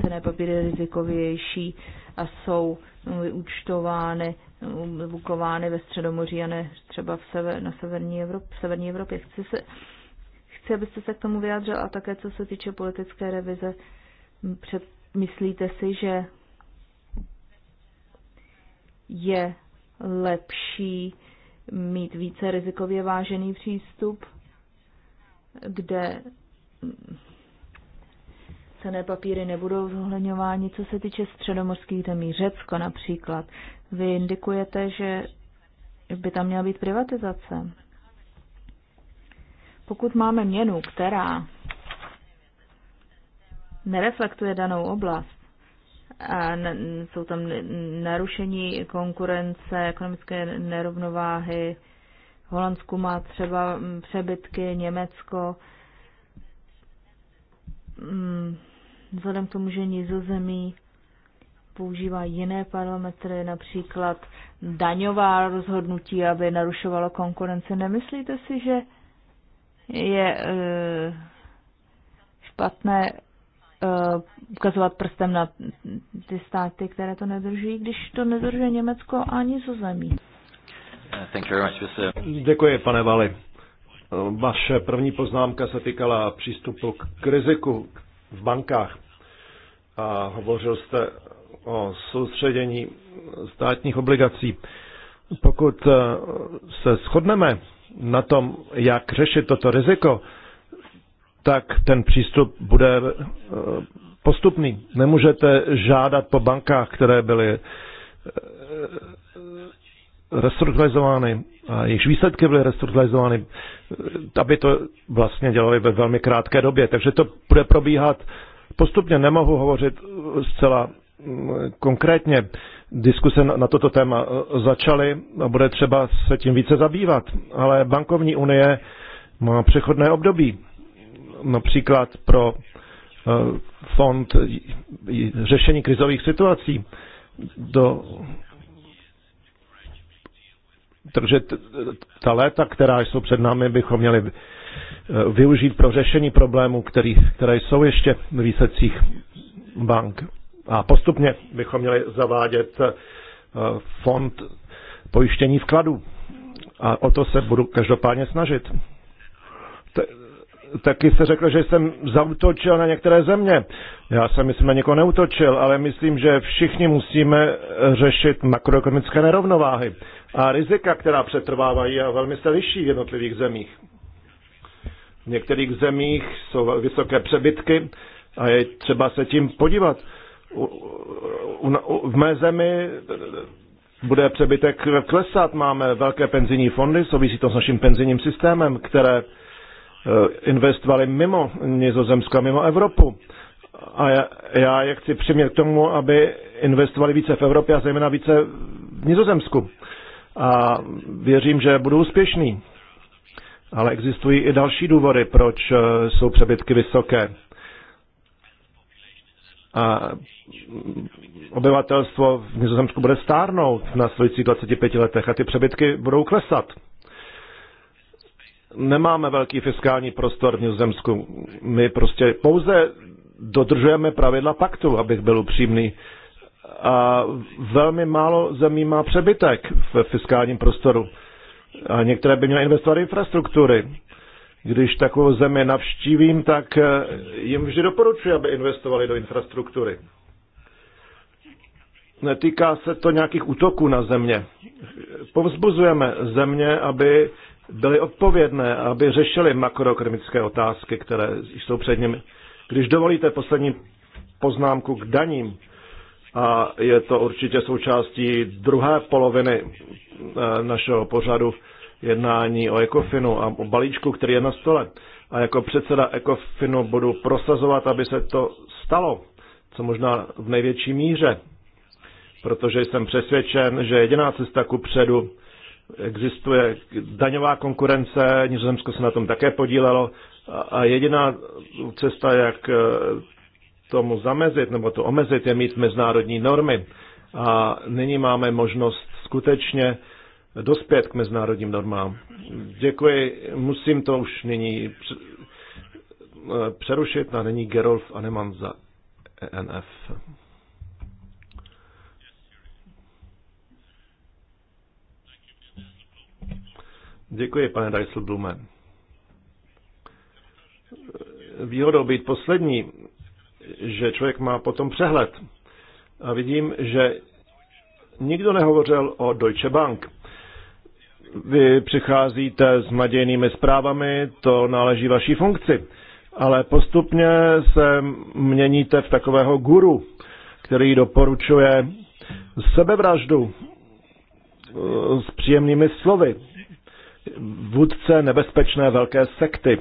cené papíry rizikovější a jsou no, vyúčtovány, no, bukovány ve Středomoří a ne třeba v sever, na severní, Evropě, v severní Evropě. Chci, se, chci, abyste se k tomu vyjádřil a také co se týče politické revize. Před, myslíte si, že je lepší mít více rizikově vážený přístup, kde cené papíry nebudou zohledňováni. Co se týče středomorských zemí, Řecko například, vy indikujete, že by tam měla být privatizace. Pokud máme měnu, která nereflektuje danou oblast, a jsou tam narušení konkurence, ekonomické nerovnováhy, Holandsku má třeba mm, přebytky, Německo, mm, Vzhledem k tomu, že nizozemí používá jiné parametry, například daňová rozhodnutí, aby narušovalo konkurence. nemyslíte si, že je eh, špatné eh, ukazovat prstem na ty státy, které to nedrží, když to nedrží Německo a Nizozemí? Děkuji, pane Vali. Vaše první poznámka se týkala přístupu k riziku, v bankách. A hovořil jste o soustředění státních obligací. Pokud eh, se shodneme na tom, jak řešit toto riziko, tak ten přístup bude eh, postupný. Nemůžete žádat po bankách, které byly eh, restrukturalizovány, a jejichž výsledky byly restrukturalizovány, eh, aby to vlastně dělali ve velmi krátké době. Takže to bude probíhat postupně, nemohu hovořit eh, zcela mm, konkrétně. Diskuse na toto téma eh, začaly a bude třeba se tím více zabývat, ale bankovní unie má přechodné období. Například pro fond řešení krizových situací do takže ta léta, která jsou před námi, bychom měli eh, využít pro řešení problémů, který, které jsou ještě v výsledcích bank. A postupně bychom měli zavádět eh, fond pojištění vkladů. A o to se budu každopádně snažit taky se řeklo, že jsem zautočil na některé země. Já jsem, myslím, na někoho neutočil, ale myslím, že všichni musíme řešit makroekonomické nerovnováhy a rizika, která přetrvávají a velmi se liší v jednotlivých zemích. V některých zemích jsou vysoké přebytky a je třeba se tím podívat. U, u, u, v mé zemi bude přebytek klesat, máme velké penzijní fondy, souvisí to s naším penzijním systémem, které Eh, investovali mimo Nizozemsko, mimo Evropu. A já, já je chci přimět k tomu, aby investovali více v Evropě a zejména více v Nizozemsku. A věřím, že budou úspěšní. Ale existují i další důvody, proč eh, jsou přebytky vysoké. A obyvatelstvo v Nizozemsku bude stárnout v následujících 25 letech a ty přebytky budou klesat nemáme velký fiskální prostor v Nizozemsku. My prostě pouze dodržujeme pravidla paktu, abych byl upřímný. A velmi málo zemí má přebytek v fiskálním prostoru. A některé by měly investovat infrastruktury. Když takovou zemi navštívím, tak eh, jim vždy doporučuji, aby investovali do infrastruktury. Netýká se to nějakých útoků na země. Povzbuzujeme země, aby byly odpovědné, aby řešili makroekonomické otázky, které jsou před nimi. Když dovolíte poslední poznámku k daním, a je to určitě součástí druhé poloviny e, našeho pořadu jednání o ECOFINu a o balíčku, který je na stole. A jako předseda ECOFINu budu prosazovat, aby se to stalo, co možná v největší míře, protože jsem přesvědčen, že jediná cesta ku předu existuje daňová konkurence, Nizozemsko se na tom také podílelo a jediná cesta, jak eh, tomu zamezit nebo to omezit, je mít mezinárodní normy. A nyní máme možnost skutečně dospět k mezinárodním normám. Děkuji, musím to už nyní eh, přerušit na nyní Gerolf nemám za ENF. Děkuji, pane Dijsselblume. Výhodou být poslední, že člověk má potom přehled. A vidím, že nikdo nehovořil o Deutsche Bank. Vy přicházíte s nadějnými zprávami, to náleží vaší funkci. Ale postupně se měníte v takového guru, který doporučuje sebevraždu eh, s příjemnými slovy vůdce nebezpečné velké sekty.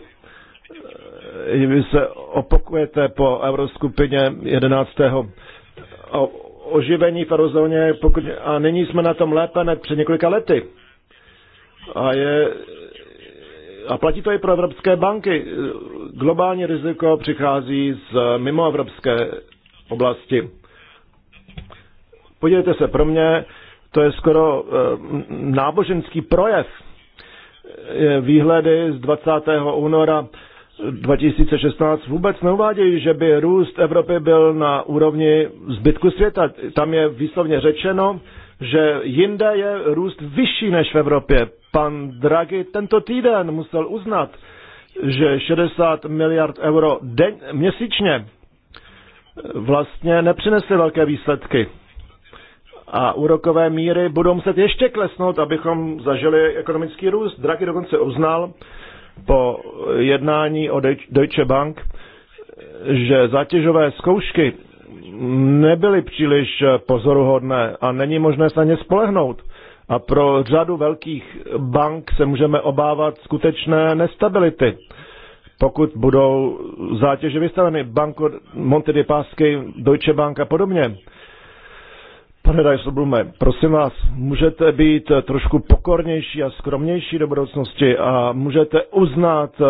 Vy se opakujete po euroskupině 11. o oživení v eurozóně pokud, a nyní jsme na tom lépe než před několika lety. A, je, a platí to i pro evropské banky. Globální riziko přichází z mimoevropské oblasti. Podívejte se, pro mě to je skoro eh, náboženský projev výhledy z 20. února 2016 vůbec neuvádějí, že by růst Evropy byl na úrovni zbytku světa. Tam je výslovně řečeno, že jinde je růst vyšší než v Evropě. Pan Draghi tento týden musel uznat, že 60 miliard euro den, měsíčně vlastně nepřinesly velké výsledky a úrokové míry budou muset ještě klesnout, abychom zažili ekonomický růst. Draghi dokonce uznal po jednání o Deutsche Bank, že zátěžové zkoušky nebyly příliš pozoruhodné a není možné se na ně spolehnout. A pro řadu velkých bank se můžeme obávat skutečné nestability, pokud budou zátěže vystaveny. Banko Monte de Pásky, Deutsche Bank a podobně. Pane Dajsoblume, prosím vás, můžete být trošku pokornější a skromnější do budoucnosti a můžete uznat eh,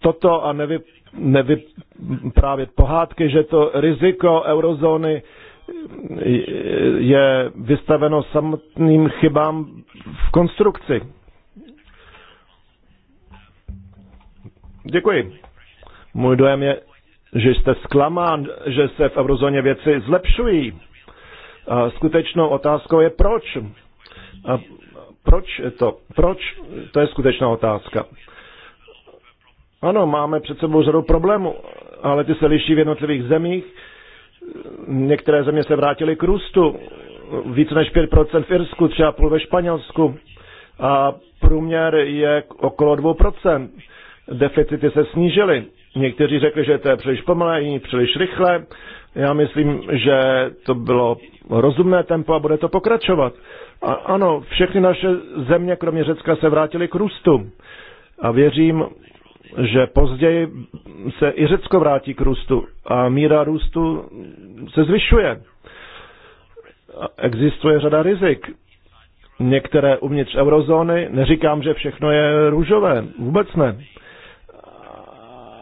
toto a nevy, nevyprávět pohádky, že to riziko eurozóny eh, je vystaveno samotným chybám v konstrukci. Děkuji. Můj dojem je, že jste zklamán, že se v eurozóně věci zlepšují Eh, skutečnou otázkou je proč. A eh, proč to? Proč? To je skutečná otázka. Ano, máme před sebou řadu problémů, ale ty se liší v jednotlivých zemích. Některé země se vrátily k růstu, více než 5% v Irsku, třeba půl ve Španělsku a průměr je okolo 2%. Deficity se snížily. Někteří řekli, že to je příliš pomalé, jiní příliš rychle já myslím, že to bylo rozumné tempo a bude to pokračovat. A ano, všechny naše země, kromě Řecka, se vrátily k růstu. A věřím, že později se i Řecko vrátí k růstu a míra růstu se zvyšuje. Existuje řada rizik. Některé uvnitř eurozóny, neříkám, že všechno je růžové, vůbec ne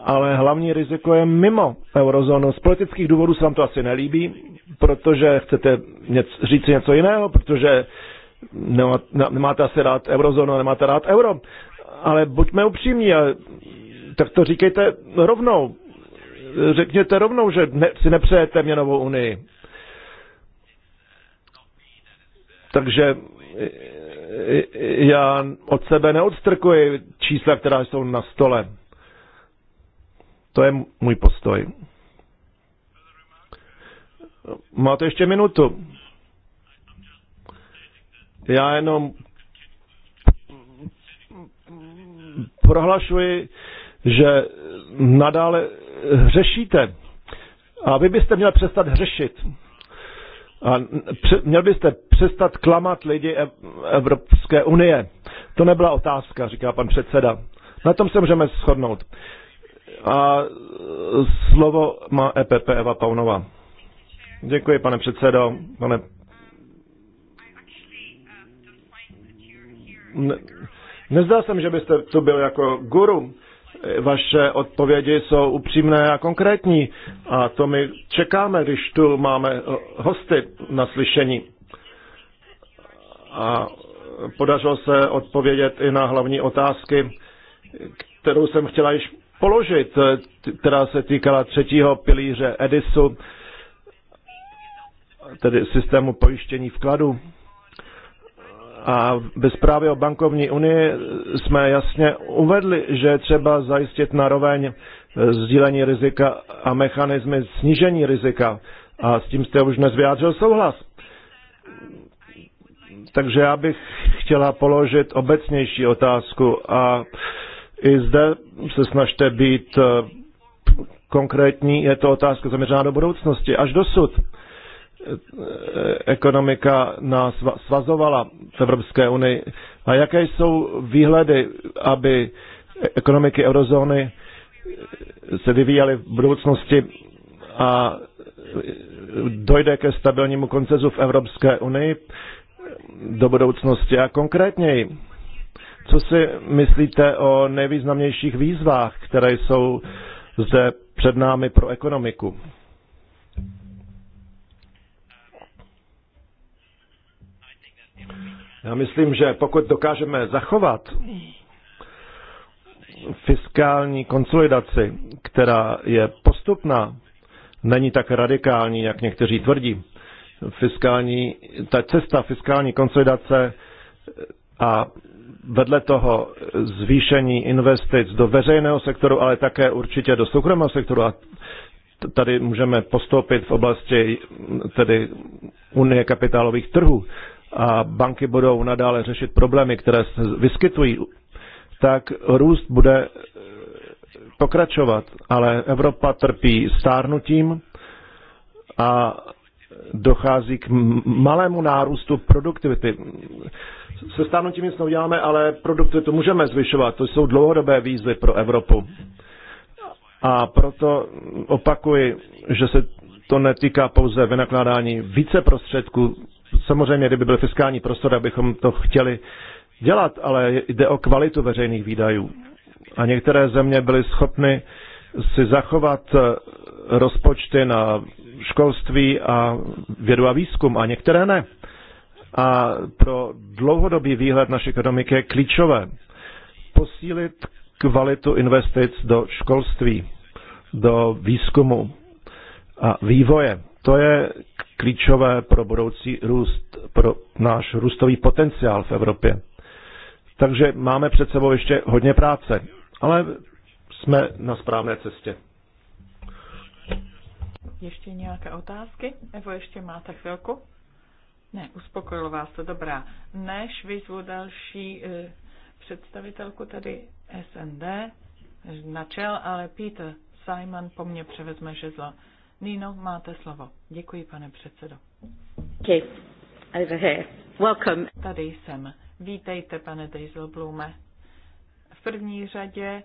ale hlavní riziko je mimo eurozónu. Z politických důvodů se vám to asi nelíbí, protože chcete něco, říct něco jiného, protože nemáte asi rád eurozónu, nemáte rád euro. Ale buďme upřímní, tak to říkejte rovnou. Řekněte rovnou, že ne, si nepřejete měnovou unii. Takže já od sebe neodstrkuji čísla, která jsou na stole. To je můj postoj. Máte ještě minutu. Já jenom prohlašuji, že nadále hřešíte. A vy byste měli přestat hřešit. A měl byste přestat klamat lidi Evropské unie. To nebyla otázka, říká pan předseda. Na tom se můžeme shodnout. A e, slovo má EPP Eva Paunova. Děkuji, pane předsedo. Pane... Ne, nezdá jsem, že byste tu byl jako guru. Vaše odpovědi jsou upřímné a konkrétní a to my čekáme, když tu máme e, hosty na slyšení. A podařilo se odpovědět i na hlavní otázky, kterou jsem chtěla již položit, eh, která se týkala třetího pilíře Edisu, tedy systému pojištění vkladu. A ve zprávě o bankovní unii jsme jasně uvedli, že třeba zajistit naroveň eh, sdílení rizika a mechanizmy snížení rizika. A s tím jste už dnes vyjádřil souhlas. Takže já bych chtěla položit obecnější otázku a i zde se snažte být eh, konkrétní, je to otázka zaměřená do budoucnosti. Až dosud eh, eh, ekonomika nás svazovala v Evropské unii. A jaké jsou výhledy, aby ekonomiky eurozóny se vyvíjely v budoucnosti a dojde ke stabilnímu koncezu v Evropské unii do budoucnosti a konkrétněji co si myslíte o nejvýznamnějších výzvách, které jsou zde před námi pro ekonomiku? Já myslím, že pokud dokážeme zachovat fiskální konsolidaci, která je postupná, není tak radikální, jak někteří tvrdí. Fiskální, ta cesta fiskální konsolidace a vedle toho zvýšení investic do veřejného sektoru, ale také určitě do soukromého sektoru a tady můžeme postoupit v oblasti tedy unie kapitálových trhů a banky budou nadále řešit problémy, které se vyskytují, tak růst bude e, pokračovat, ale Evropa trpí stárnutím a dochází k malému nárůstu produktivity. Se tím nic neuděláme, ale produktivitu můžeme zvyšovat. To jsou dlouhodobé výzvy pro Evropu. A proto opakuji, že se to netýká pouze vynakládání více prostředků. Samozřejmě, kdyby byl fiskální prostor, abychom to chtěli dělat, ale jde o kvalitu veřejných výdajů. A některé země byly schopny uh, si zachovat eh, rozpočty na školství a vědu a výzkum a některé ne. A pro dlouhodobý výhled naší ekonomiky je klíčové posílit kvalitu investic do školství, do výzkumu a vývoje. To je klíčové pro budoucí růst, pro náš růstový potenciál v Evropě. Takže máme před sebou ještě hodně práce. Ale jsme na správné cestě. Ještě nějaké otázky? Nebo ještě máte chvilku? Ne, uspokojilo vás to, dobrá. Než vyzvu další e, představitelku tady SND, načel, ale Peter Simon po mně převezme žezlo. Nino, máte slovo. Děkuji, pane předsedo. Okay. Over here. Welcome. Tady jsem. Vítejte, pane Blume. V první řadě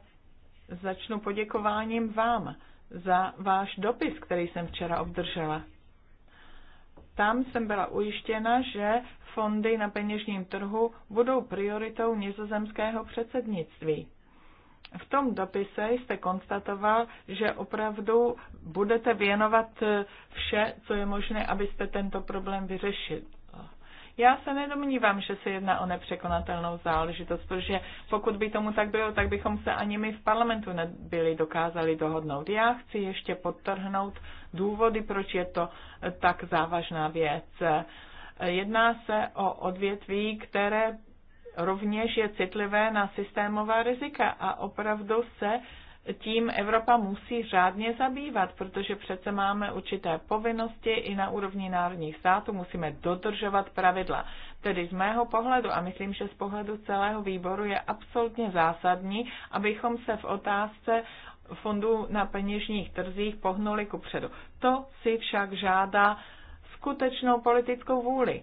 Začnu poděkováním vám za váš dopis, který jsem včera obdržela. Tam jsem byla ujištěna, že fondy na peněžním trhu budou prioritou nizozemského předsednictví. V tom dopise jste konstatoval, že opravdu budete věnovat vše, co je možné, abyste tento problém vyřešil. Já se nedomnívám, že se jedná o nepřekonatelnou záležitost, protože pokud by tomu tak bylo, tak bychom se ani my v parlamentu nebyli dokázali dohodnout. Já chci ještě podtrhnout důvody, proč je to tak závažná věc. Jedná se o odvětví, které rovněž je citlivé na systémová rizika a opravdu se tím Evropa musí řádně zabývat, protože přece máme určité povinnosti i na úrovni národních států, musíme dodržovat pravidla. Tedy z mého pohledu a myslím, že z pohledu celého výboru je absolutně zásadní, abychom se v otázce fondů na peněžních trzích pohnuli ku předu. To si však žádá skutečnou politickou vůli.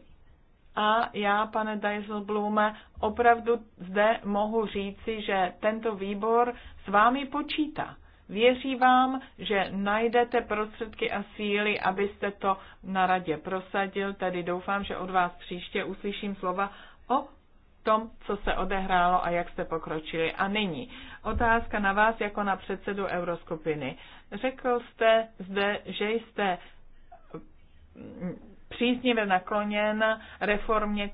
A já, pane Dijsselblume, opravdu zde mohu říci, že tento výbor s vámi počítá. Věří vám, že najdete prostředky a síly, abyste to na radě prosadil, tedy doufám, že od vás příště uslyším slova o tom, co se odehrálo a jak jste pokročili. A nyní otázka na vás jako na předsedu Euroskupiny. Řekl jste zde, že jste příznivě nakloněn reformě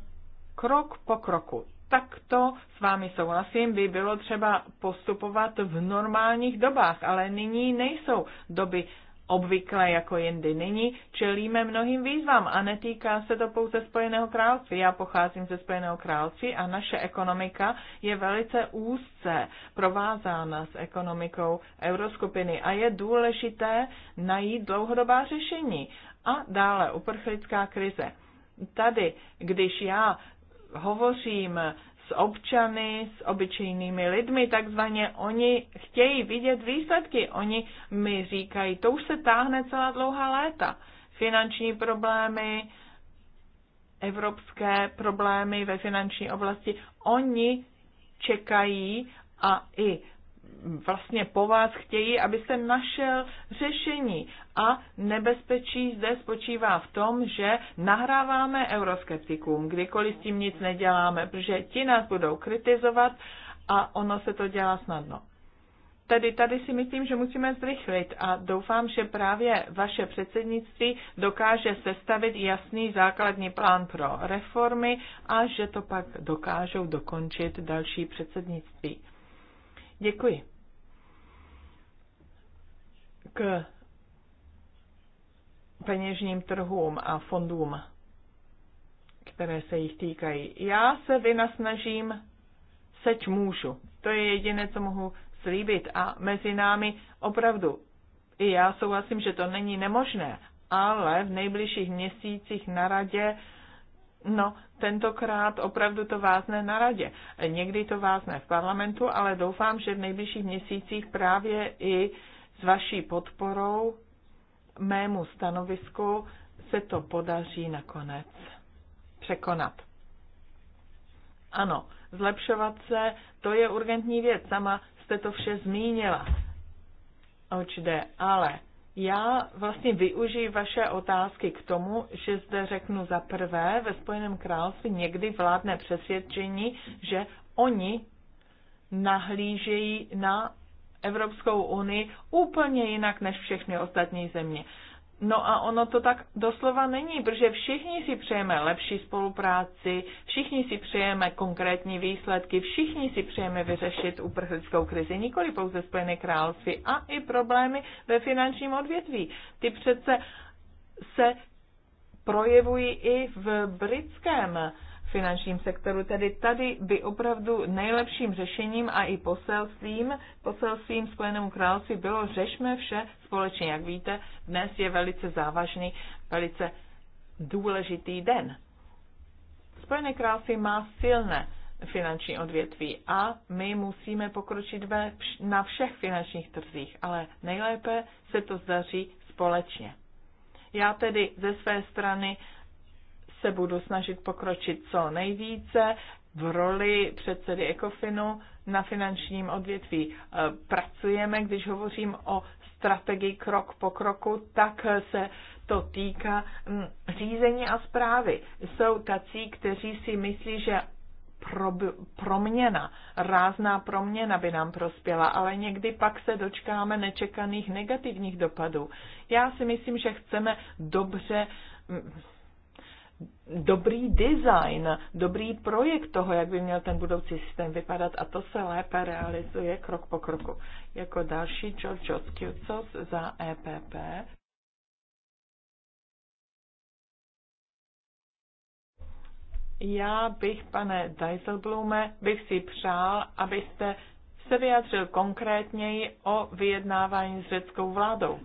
krok po kroku. Takto s vámi souhlasím, by bylo třeba postupovat v normálních dobách, ale nyní nejsou doby obvykle jako jindy. Nyní čelíme mnohým výzvám a netýká se to pouze Spojeného království. Já pocházím ze Spojeného království a naše ekonomika je velice úzce provázána s ekonomikou euroskupiny a je důležité najít dlouhodobá řešení. A dále uprchlická krize. Tady, když já hovořím s občany, s obyčejnými lidmi, takzvaně oni chtějí vidět výsledky. Oni mi říkají, to už se táhne celá dlouhá léta. Finanční problémy, evropské problémy ve finanční oblasti, oni čekají a i vlastně po vás chtějí, abyste našel řešení. A nebezpečí zde spočívá v tom, že nahráváme euroskeptikům, kdykoliv s tím nic neděláme, protože ti nás budou kritizovat a ono se to dělá snadno. Tedy tady si myslím, že musíme zrychlit a doufám, že právě vaše předsednictví dokáže sestavit jasný základní plán pro reformy a že to pak dokážou dokončit další předsednictví. Děkuji k peněžním trhům a fondům, které se jich týkají. Já se vynasnažím, seč můžu. To je jediné, co mohu slíbit. A mezi námi opravdu, i já souhlasím, že to není nemožné, ale v nejbližších měsících na radě No, tentokrát opravdu to vázne na radě. Někdy to vázne v parlamentu, ale doufám, že v nejbližších měsících právě i s vaší podporou mému stanovisku se to podaří nakonec překonat. Ano, zlepšovat se, to je urgentní věc. Sama jste to vše zmínila. Oč jde, ale já vlastně využiji vaše otázky k tomu, že zde řeknu za prvé, ve Spojeném království někdy vládne přesvědčení, že oni nahlížejí na Evropskou unii úplně jinak než všechny ostatní země. No a ono to tak doslova není, protože všichni si přejeme lepší spolupráci, všichni si přejeme konkrétní výsledky, všichni si přejeme vyřešit uprchlickou krizi, nikoli pouze Spojené království a i problémy ve finančním odvětví. Ty přece se projevují i v britském uh, finančním sektoru. Tedy tady by opravdu nejlepším řešením a i poselstvím, poselstvím Spojenému království bylo řešme vše společně. Jak víte, dnes je velice závažný, velice důležitý den. Spojené království má silné finanční odvětví a my musíme pokročit ve, na všech finančních trzích, ale nejlépe se to zdaří společně. Já tedy ze své strany se budu snažit pokročit co nejvíce v roli předsedy Ekofinu na finančním odvětví. E, pracujeme, když hovořím o strategii krok po kroku, tak se to týká řízení a zprávy. Jsou tací, kteří si myslí, že pro, proměna, rázná proměna by nám prospěla, ale někdy pak se dočkáme nečekaných negativních dopadů. Já si myslím, že chceme dobře dobrý design, dobrý projekt toho, jak by měl ten budoucí systém vypadat a to se lépe realizuje krok po kroku. Jako další George Oskiucos za EPP. Já bych, pane Dijsselblume, bych si přál, abyste se vyjádřil konkrétněji o vyjednávání s řeckou vládou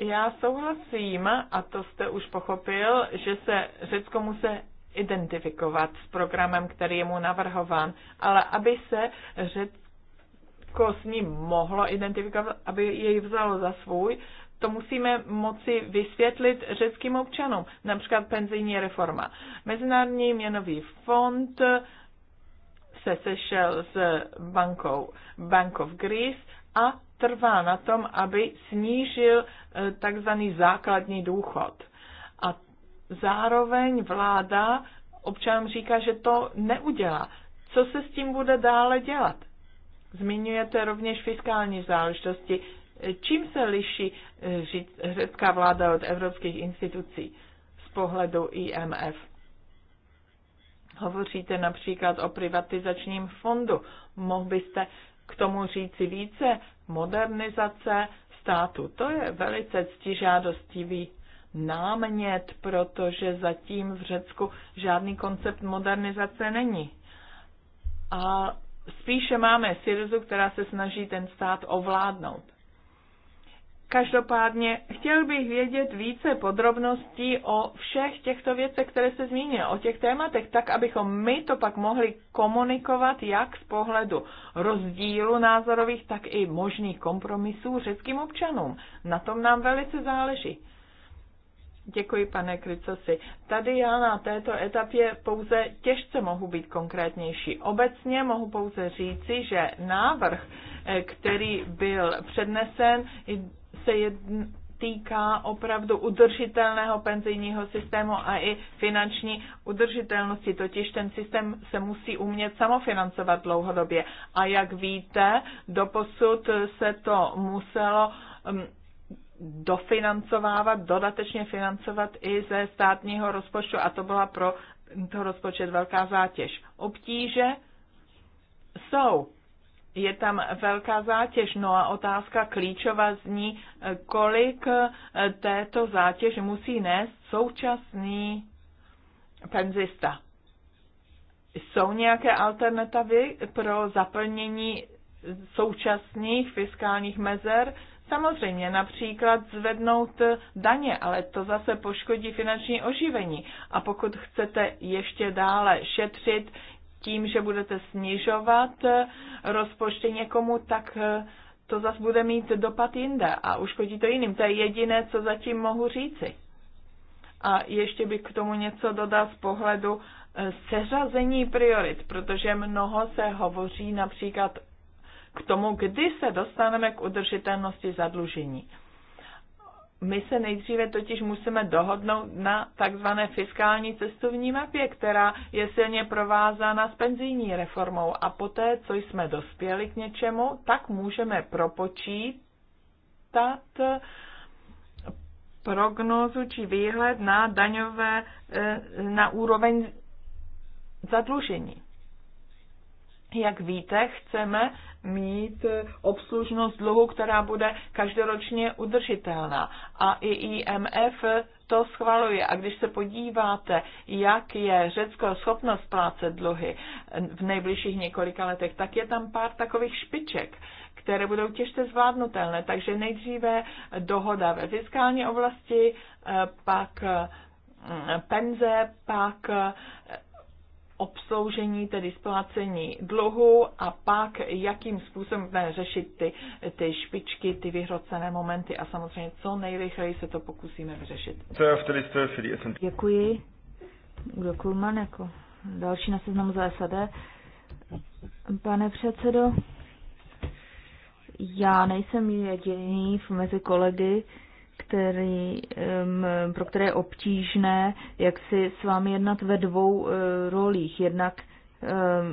já souhlasím, a to jste už pochopil, že se Řecko musí identifikovat s programem, který je mu navrhován, ale aby se Řecko s ním mohlo identifikovat, aby jej vzalo za svůj, to musíme moci vysvětlit řeckým občanům, například penzijní reforma. Mezinárodní měnový fond se sešel s bankou Bank of Greece a trvá na tom, aby snížil e, takzvaný základní důchod. A zároveň vláda občanům říká, že to neudělá. Co se s tím bude dále dělat? Zmiňujete rovněž fiskální záležitosti. E, čím se liší e, řecká vláda od evropských institucí z pohledu IMF? Hovoříte například o privatizačním fondu. Mohl byste k tomu říci více, modernizace státu. To je velice ctižádostivý námět, protože zatím v Řecku žádný koncept modernizace není. A spíše máme Syrizu, která se snaží ten stát ovládnout. Každopádně chtěl bych vědět více podrobností o všech těchto věcech, které se zmínil, o těch tématech, tak abychom my to pak mohli komunikovat jak z pohledu rozdílu názorových, tak i možných kompromisů řeckým občanům. Na tom nám velice záleží. Děkuji, pane Krycosi. Tady já na této etapě pouze těžce mohu být konkrétnější. Obecně mohu pouze říci, že návrh, eh, který byl přednesen, se týká opravdu udržitelného penzijního systému a i finanční udržitelnosti, totiž ten systém se musí umět samofinancovat dlouhodobě. A jak víte, doposud se to muselo um, dofinancovávat, dodatečně financovat i ze státního rozpočtu a to byla pro to rozpočet velká zátěž. Obtíže jsou je tam velká zátěž. No a otázka klíčová zní, kolik eh, této zátěž musí nést současný penzista. Jsou nějaké alternativy pro zaplnění současných fiskálních mezer? Samozřejmě, například zvednout daně, ale to zase poškodí finanční oživení. A pokud chcete ještě dále šetřit, tím, že budete snižovat eh, rozpočty někomu, tak eh, to zas bude mít dopad jinde a uškodí to jiným. To je jediné, co zatím mohu říci. A ještě bych k tomu něco dodal z pohledu eh, seřazení priorit, protože mnoho se hovoří například k tomu, kdy se dostaneme k udržitelnosti zadlužení. My se nejdříve totiž musíme dohodnout na takzvané fiskální cestovní mapě, která je silně provázána s penzijní reformou. A poté, co jsme dospěli k něčemu, tak můžeme propočítat prognózu či výhled na daňové, eh, na úroveň zadlužení. Jak víte, chceme mít obslužnost dluhu, která bude každoročně udržitelná. A i IMF to schvaluje. A když se podíváte, jak je Řecko schopno splácet dluhy v nejbližších několika letech, tak je tam pár takových špiček, které budou těžce zvládnutelné. Takže nejdříve dohoda ve fiskální oblasti, eh, pak mm, penze, pak eh, obsloužení, tedy splácení dluhu a pak jakým způsobem řešit ty, ty špičky, ty vyhrocené momenty a samozřejmě co nejrychleji se to pokusíme vyřešit. Děkuji. Udo Kulman jako další na seznamu za SAD. Pane předsedo, já nejsem jediný mezi kolegy, který, pro které je obtížné, jak si s vámi jednat ve dvou eh, rolích. Jednak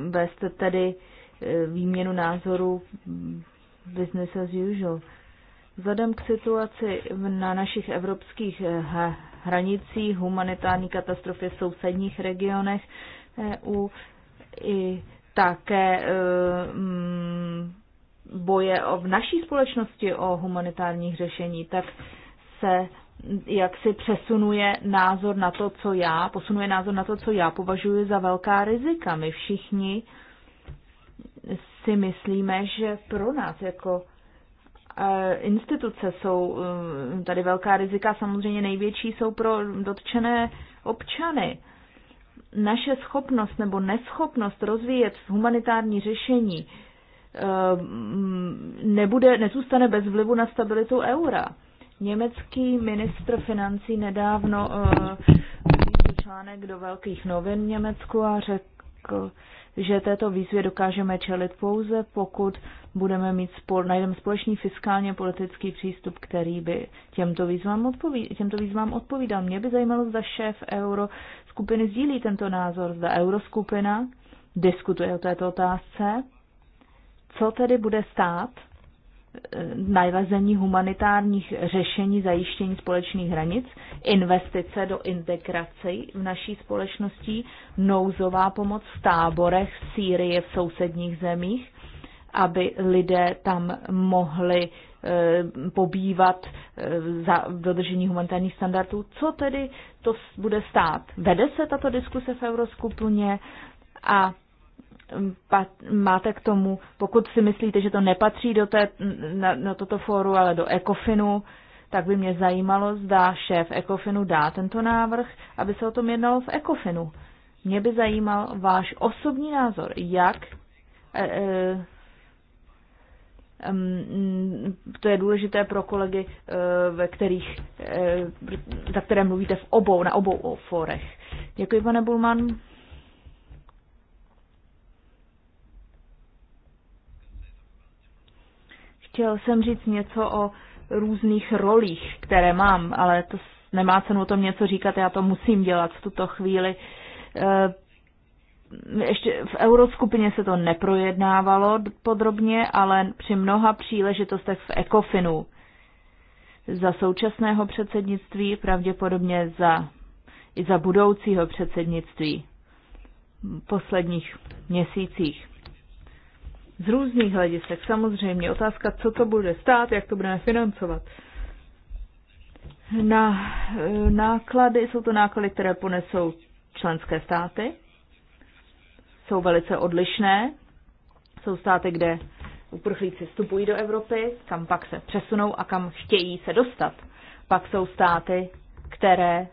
vést tedy eh, výměnu názorů mm, business as usual. Vzhledem k situaci na našich evropských eh, hranicích, humanitární katastrofě v sousedních regionech EU i také mm, boje v naší společnosti o humanitárních řešení, tak se jak si přesunuje názor na to, co já, posunuje názor na to, co já považuji za velká rizika. My všichni si myslíme, že pro nás jako eh, instituce jsou eh, tady velká rizika, samozřejmě největší jsou pro dotčené občany. Naše schopnost nebo neschopnost rozvíjet humanitární řešení eh, nebude, nezůstane bez vlivu na stabilitu eura. Německý ministr financí nedávno uh, článek do velkých novin v Německu a řekl, že této výzvě dokážeme čelit pouze, pokud budeme mít spol, najdeme společný fiskálně politický přístup, který by těmto výzvám, odpoví, těmto výzvám odpovídal. Mě by zajímalo, zda šéf euro skupiny sdílí tento názor, zda euroskupina diskutuje o této otázce, co tedy bude stát Eh, najvazení humanitárních řešení zajištění společných hranic, investice do integrace v naší společnosti, nouzová pomoc v táborech v Sýrii v sousedních zemích, aby lidé tam mohli eh, pobývat eh, za dodržení humanitárních standardů. Co tedy to bude stát? Vede se tato diskuse v Euroskupině a máte k tomu, pokud si myslíte, že to nepatří do té, na, na toto fóru, ale do ECOFINu, tak by mě zajímalo, zda šéf ECOFINu dá tento návrh, aby se o tom jednalo v ECOFINu. Mě by zajímal váš osobní názor, jak e, e, to je důležité pro kolegy, e, ve kterých, e, za které mluvíte v obou, na obou fórech. Děkuji, pane Bulman. Chtěl jsem říct něco o různých rolích, které mám, ale to nemá cenu o tom něco říkat, já to musím dělat v tuto chvíli. Eh, ještě v euroskupině se to neprojednávalo podrobně, ale při mnoha příležitostech v ECOFINu za současného předsednictví, pravděpodobně za, i za budoucího předsednictví v posledních měsících z různých hledisek. Samozřejmě otázka, co to bude stát, jak to budeme financovat. Na e, náklady jsou to náklady, které ponesou členské státy. Jsou velice odlišné. Jsou státy, kde uprchlíci vstupují do Evropy, kam pak se přesunou a kam chtějí se dostat. Pak jsou státy, které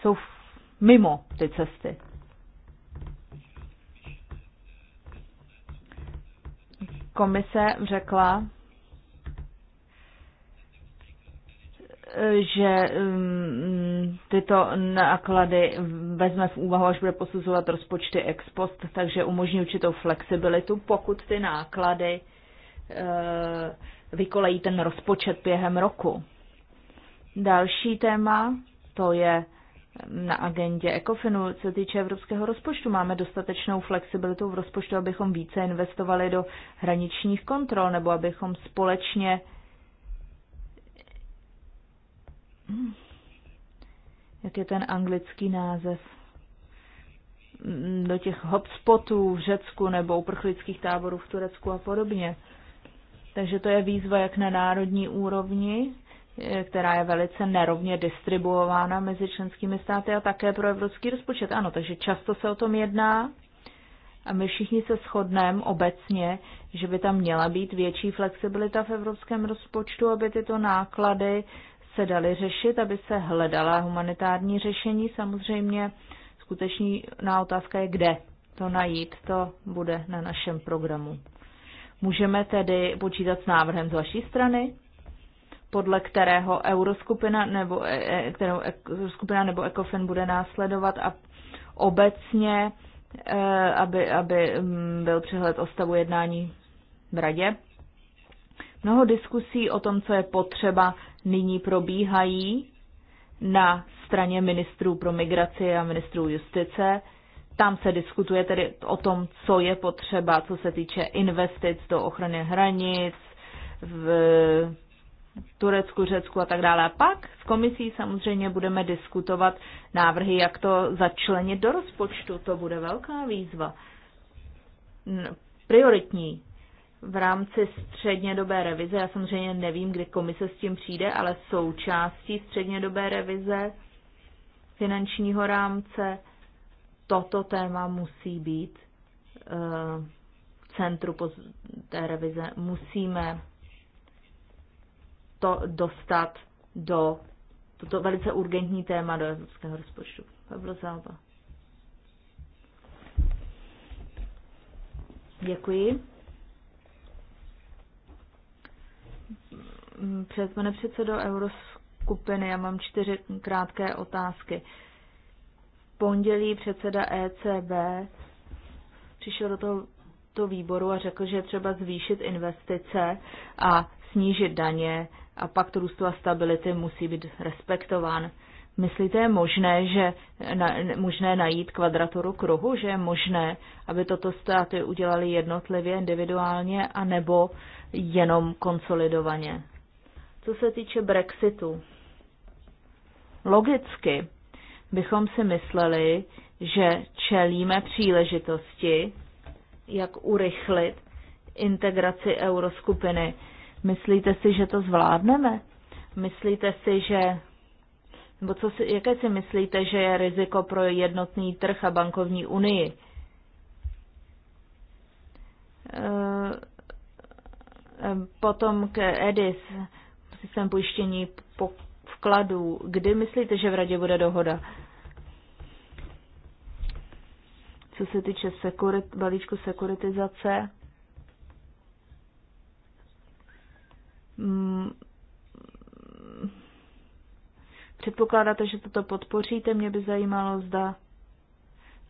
jsou mimo ty cesty. Komise řekla, že mm, tyto náklady vezme v úvahu, až bude posuzovat rozpočty ex post, takže umožní určitou flexibilitu, pokud ty náklady e, vykolejí ten rozpočet během roku. Další téma, to je na agendě ECOFINu. Co týče evropského rozpočtu, máme dostatečnou flexibilitu v rozpočtu, abychom více investovali do hraničních kontrol nebo abychom společně jak je ten anglický název, do těch hotspotů v Řecku nebo uprchlických táborů v Turecku a podobně. Takže to je výzva jak na národní úrovni, Eh, která je velice nerovně distribuována mezi členskými státy a také pro evropský rozpočet. Ano, takže často se o tom jedná a my všichni se shodneme obecně, že by tam měla být větší flexibilita v evropském rozpočtu, aby tyto náklady se daly řešit, aby se hledala humanitární řešení. Samozřejmě skutečná otázka je, kde to najít, to bude na našem programu. Můžeme tedy počítat s návrhem z vaší strany? podle kterého euroskupina nebo, e, e, kterou euroskupina nebo ECOFIN bude následovat a obecně, e, aby, aby mm, byl přehled o stavu jednání v radě. Mnoho diskusí o tom, co je potřeba, nyní probíhají na straně ministrů pro migraci a ministrů justice. Tam se diskutuje tedy o tom, co je potřeba, co se týče investic do ochrany hranic, v Turecku, Řecku a tak dále. A pak s komisí samozřejmě budeme diskutovat návrhy, jak to začlenit do rozpočtu. To bude velká výzva. Prioritní v rámci střednědobé revize, já samozřejmě nevím, kdy komise s tím přijde, ale součástí střednědobé revize finančního rámce toto téma musí být v eh, centru té revize. Musíme to dostat do toto velice urgentní téma do evropského rozpočtu. Pavlo Zába. Děkuji. Před, pane předsedo Euroskupiny, já mám čtyři krátké otázky. V pondělí předseda ECB přišel do toho to výboru a řekl, že je třeba zvýšit investice a snížit daně a pakt růstu a stability musí být respektován. Myslíte, je možné, že na, možné najít kvadraturu kruhu, že je možné, aby toto státy udělali jednotlivě, individuálně, anebo jenom konsolidovaně? Co se týče Brexitu, logicky bychom si mysleli, že čelíme příležitosti, jak urychlit integraci euroskupiny Myslíte si, že to zvládneme? Myslíte si, že nebo co si, jaké si myslíte, že je riziko pro jednotný trh a bankovní unii? Eh, eh, potom k EDIS, systém pojištění po vkladů. Kdy myslíte, že v radě bude dohoda? Co se týče sekurit, balíčku sekuritizace, Mm, předpokládáte, že toto podpoříte? Mě by zajímalo, zda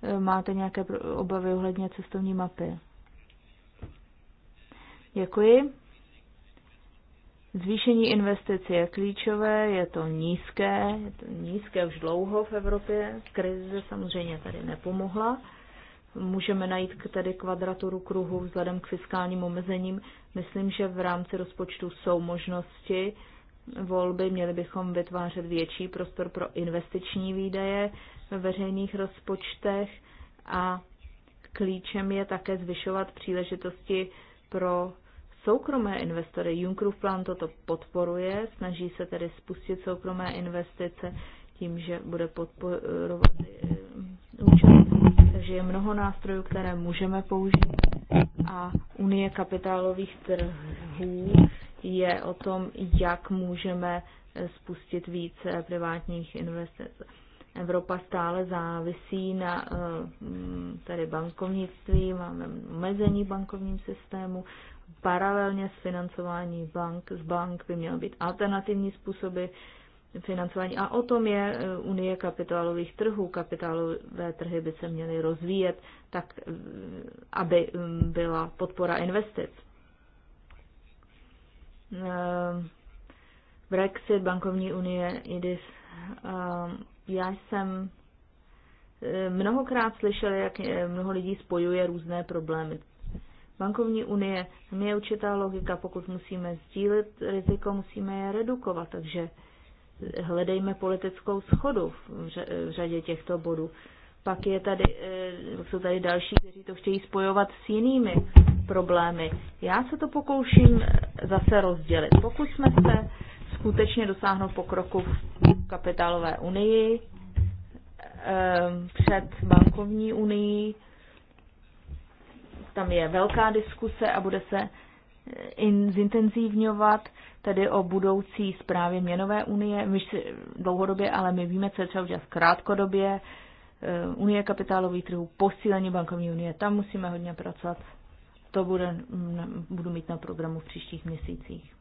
e, máte nějaké obavy ohledně cestovní mapy. Děkuji. Zvýšení investic je klíčové, je to nízké, je to nízké už dlouho v Evropě. Krize samozřejmě tady nepomohla můžeme najít k tedy kvadraturu kruhu vzhledem k fiskálním omezením. Myslím, že v rámci rozpočtu jsou možnosti volby, měli bychom vytvářet větší prostor pro investiční výdaje ve veřejných rozpočtech a klíčem je také zvyšovat příležitosti pro soukromé investory. Junckerův plán toto podporuje, snaží se tedy spustit soukromé investice tím, že bude podporovat eh, účast takže je mnoho nástrojů, které můžeme použít a Unie kapitálových trhů je o tom, jak můžeme spustit více eh, privátních investic. Evropa stále závisí na eh, mm, tady bankovnictví, máme omezení bankovním systému, paralelně s financování bank, z bank by měly být alternativní způsoby financování. A o tom je e, Unie kapitálových trhů. Kapitálové trhy by se měly rozvíjet tak, e, aby e, byla podpora investic. Brexit, bankovní unie, IDIS. Já jsem mnohokrát slyšel, jak mnoho lidí spojuje různé problémy. Bankovní unie, tam je určitá logika, pokud musíme sdílet riziko, musíme je redukovat, takže hledejme politickou schodu v řadě těchto bodů. Pak je tady, eh, jsou tady další, kteří to chtějí spojovat s jinými problémy. Já se to pokouším eh, zase rozdělit. Pokud jsme se skutečně dosáhnout pokroku v kapitálové unii, eh, před bankovní unii, tam je velká diskuse a bude se in, zintenzívňovat tedy o budoucí zprávě měnové unie, my si, dlouhodobě, ale my víme, co je třeba udělat krátkodobě, eh, unie kapitálových trhů, posílení bankovní unie, tam musíme hodně pracovat. To bude, mm, budu mít na programu v příštích měsících.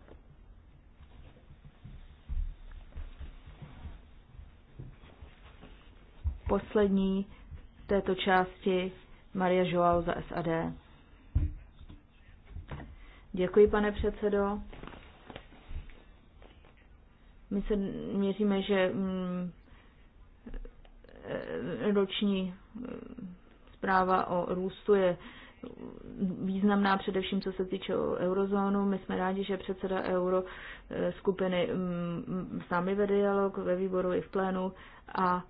Poslední této části Maria Joao za SAD. Děkuji, pane předsedo. My se měříme, že mm, eh, roční eh, zpráva o růstu je významná především co se týče eurozónu. My jsme rádi, že předseda euro eh, skupiny mm, mm, s námi vede dialog ve výboru i v plénu a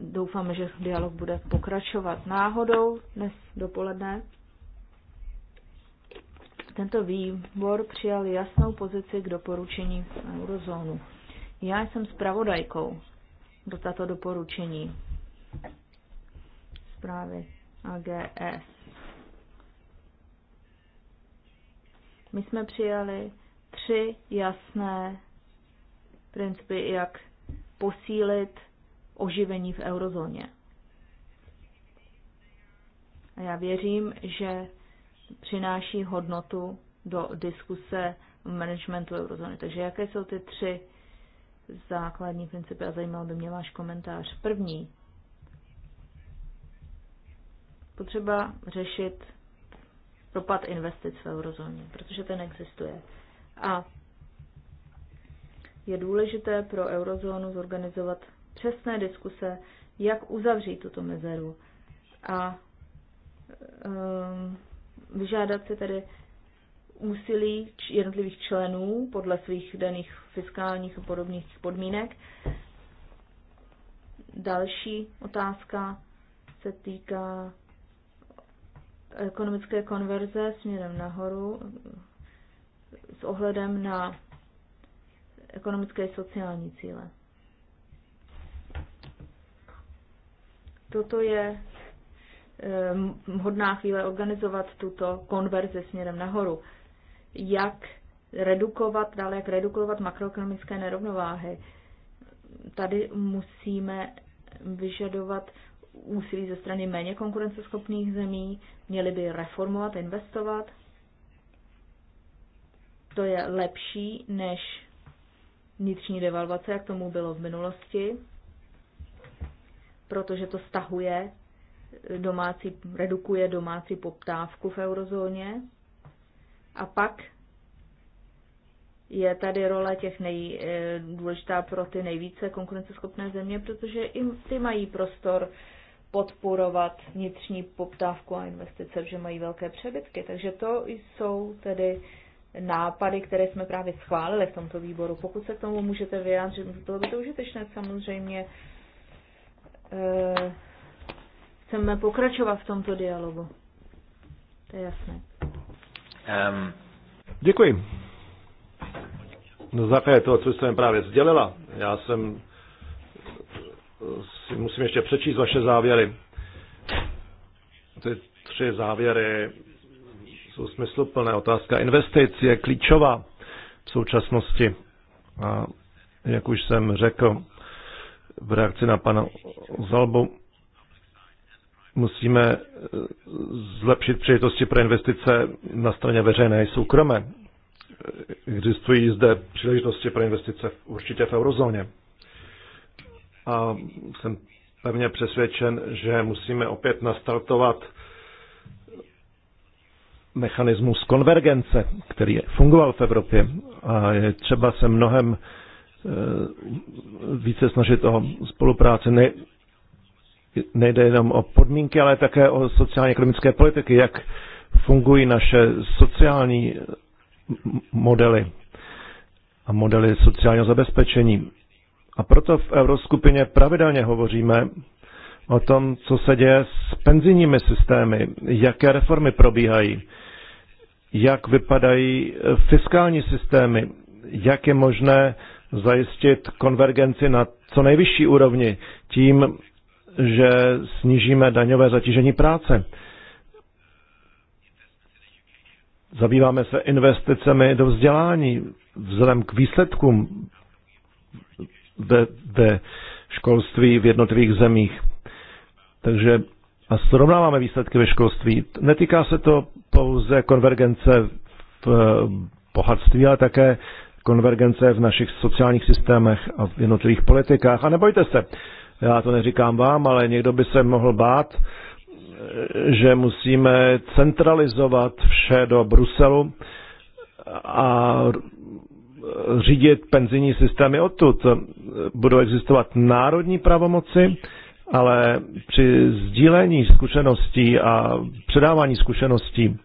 doufáme, že dialog bude pokračovat. Náhodou dnes dopoledne tento výbor přijal jasnou pozici k doporučení eurozónu. Já jsem zpravodajkou do tato doporučení zprávy AGS. E My jsme přijali tři jasné principy, jak posílit oživení v eurozóně. A já věřím, že přináší hodnotu do diskuse managementu eurozóny. Takže jaké jsou ty tři základní principy a zajímal by mě váš komentář. První. Potřeba řešit propad investic v eurozóně, protože ten existuje. A je důležité pro eurozónu zorganizovat přesné diskuse, jak uzavřít tuto mezeru. A um, vyžádat si tedy úsilí jednotlivých členů podle svých daných fiskálních a podobných podmínek. Další otázka se týká ekonomické konverze směrem nahoru s ohledem na ekonomické sociální cíle. Toto je Ehm, hodná chvíle organizovat tuto konverzi směrem nahoru. Jak redukovat, dále jak redukovat makroekonomické nerovnováhy. Tady musíme vyžadovat úsilí ze strany méně konkurenceschopných zemí, měli by reformovat, investovat. To je lepší než vnitřní devalvace, jak tomu bylo v minulosti, protože to stahuje domácí, redukuje domácí poptávku v eurozóně. A pak je tady role těch nej, eh, důležitá pro ty nejvíce konkurenceschopné země, protože i ty mají prostor podporovat vnitřní poptávku a investice, že mají velké přebytky. Takže to jsou tedy nápady, které jsme právě schválili v tomto výboru. Pokud se k tomu můžete vyjádřit, bylo by to užitečné samozřejmě. Eh, chceme pokračovat v tomto dialogu. To je jasné. Um. Děkuji. Na no, základě toho, co jsem právě sdělila, já jsem si musím ještě přečíst vaše závěry. Ty tři závěry jsou smysluplné. Otázka investic je klíčová v současnosti. A jak už jsem řekl v reakci na pana Zalbu, musíme eh, zlepšit příležitosti pro investice na straně veřejné i soukromé. Eh, existují zde příležitosti pro investice určitě v eurozóně. A jsem pevně přesvědčen, že musíme opět nastartovat mechanismus konvergence, který fungoval v Evropě a je třeba se mnohem eh, více snažit o spolupráci nejde jenom o podmínky, ale také o sociálně ekonomické politiky, jak fungují naše sociální modely a modely sociálního zabezpečení. A proto v Euroskupině pravidelně hovoříme o tom, co se děje s penzijními systémy, jaké reformy probíhají, jak vypadají fiskální systémy, jak je možné zajistit konvergenci na co nejvyšší úrovni tím, že snížíme daňové zatížení práce. Zabýváme se investicemi do vzdělání vzhledem k výsledkům ve, ve školství v jednotlivých zemích. Takže a srovnáváme výsledky ve školství. Netýká se to pouze konvergence v eh, bohatství, ale také konvergence v našich sociálních systémech a v jednotlivých politikách. A nebojte se, já to neříkám vám, ale někdo by se mohl bát, že musíme centralizovat vše do Bruselu a řídit penzijní systémy odtud. Budou existovat národní pravomoci, ale při sdílení zkušeností a předávání zkušeností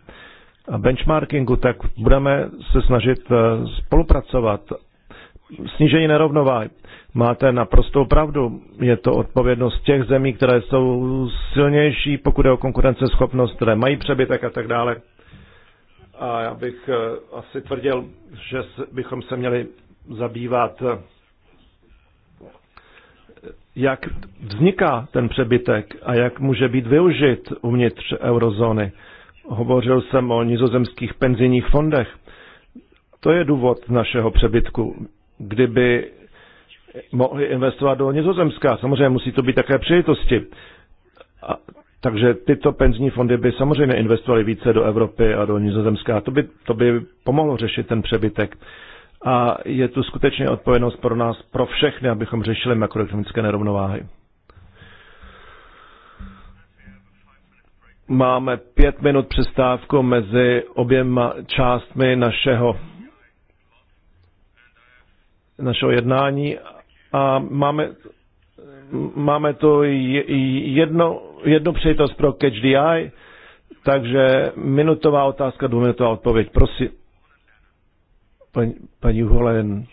a benchmarkingu, tak budeme se snažit eh, spolupracovat. Snížení nerovnováhy, Máte naprostou pravdu. Je to odpovědnost těch zemí, které jsou silnější, pokud je o konkurenceschopnost, které mají přebytek a tak dále. A já bych eh, asi tvrdil, že bychom se měli zabývat, eh, jak vzniká ten přebytek a jak může být využit uvnitř eurozóny. Hovořil jsem o nizozemských penzijních fondech. To je důvod našeho přebytku. Kdyby mohli investovat do Nizozemska. Samozřejmě musí to být také přijetosti. A, takže tyto penzijní fondy by samozřejmě investovaly více do Evropy a do Nizozemska. A to by, to by pomohlo řešit ten přebytek. A je tu skutečně odpovědnost pro nás, pro všechny, abychom řešili makroekonomické nerovnováhy. Máme pět minut přestávku mezi oběma částmi našeho našeho jednání a máme, máme tu jedno, jednu přejitost pro Catch the Eye, takže minutová otázka, dvouminutová odpověď. Prosím, paní, paní Holen.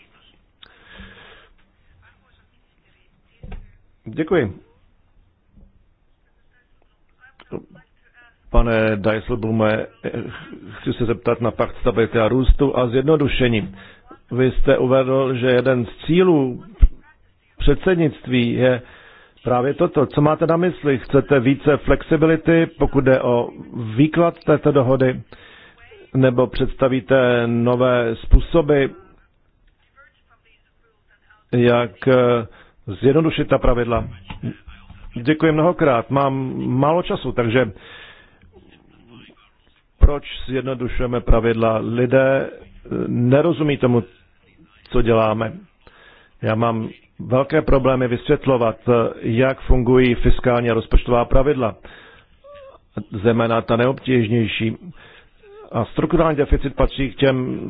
Děkuji. Pane Dijsselblume, chci se zeptat na pakt stability a růstu a zjednodušení. Vy jste uvedl, že jeden z cílů předsednictví je právě toto. Co máte na mysli? Chcete více flexibility, pokud jde o výklad této dohody? Nebo představíte nové způsoby, jak eh, zjednodušit ta pravidla? Děkuji mnohokrát. Mám málo času, takže proč zjednodušujeme pravidla? Lidé eh, nerozumí tomu, co děláme. Já mám velké problémy vysvětlovat, eh, jak fungují fiskální a rozpočtová pravidla, zejména ta neobtížnější. A strukturální deficit patří k těm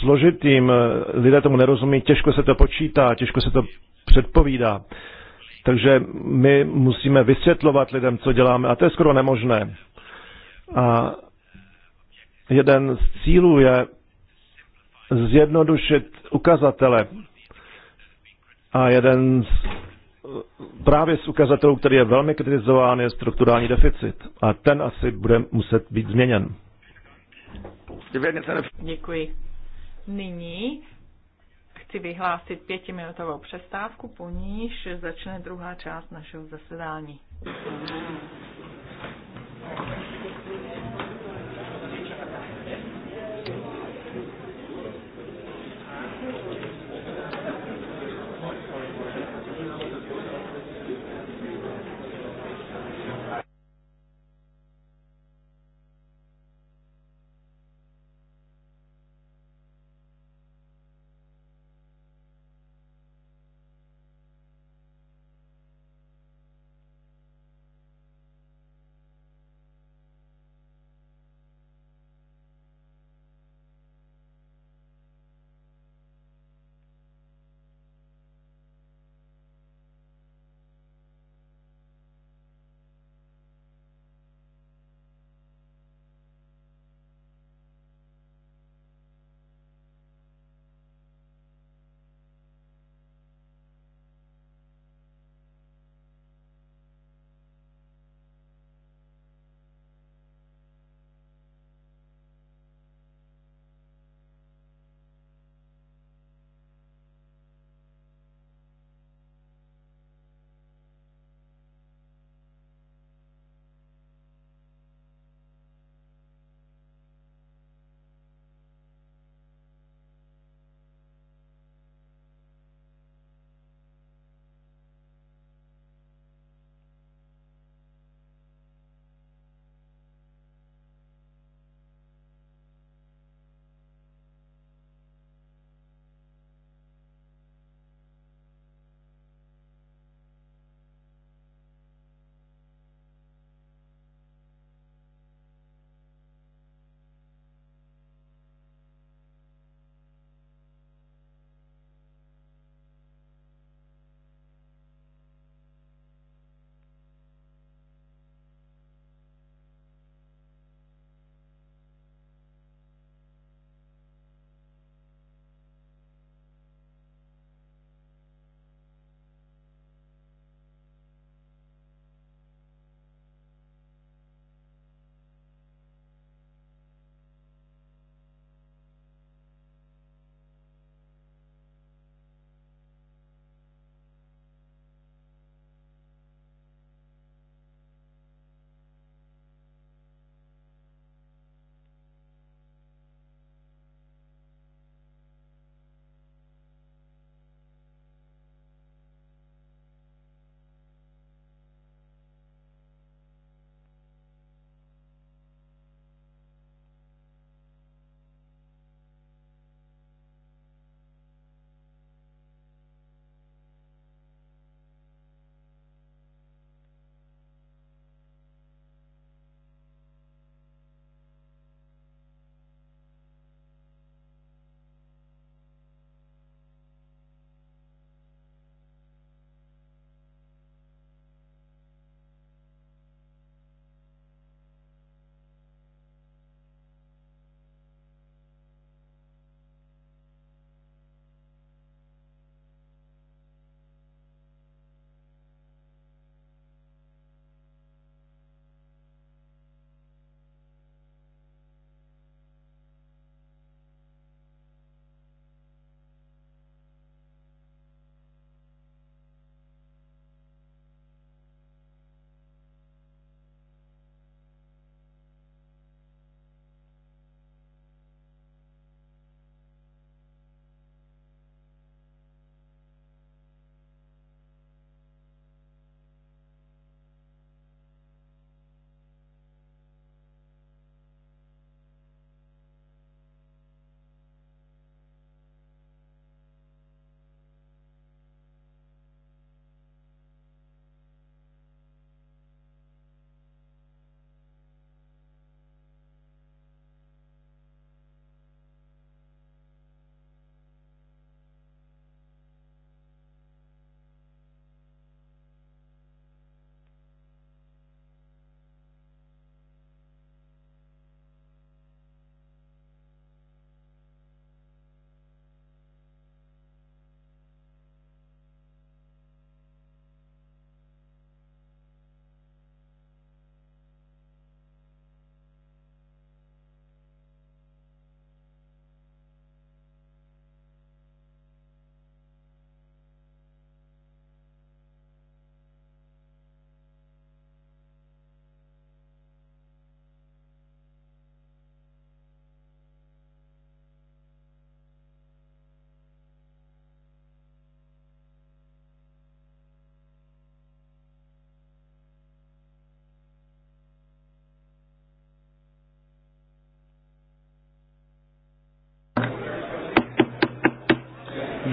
složitým, eh, lidé tomu nerozumí, těžko se to počítá, těžko se to předpovídá. Takže my musíme vysvětlovat lidem, co děláme, a to je skoro nemožné. A jeden z cílů je zjednodušit ukazatele, a jeden z, právě z ukazatelů, který je velmi kritizován, je strukturální deficit. A ten asi bude muset být změněn. Děkuji. Nyní chci vyhlásit pětiminutovou přestávku, po níž začne druhá část našeho zasedání.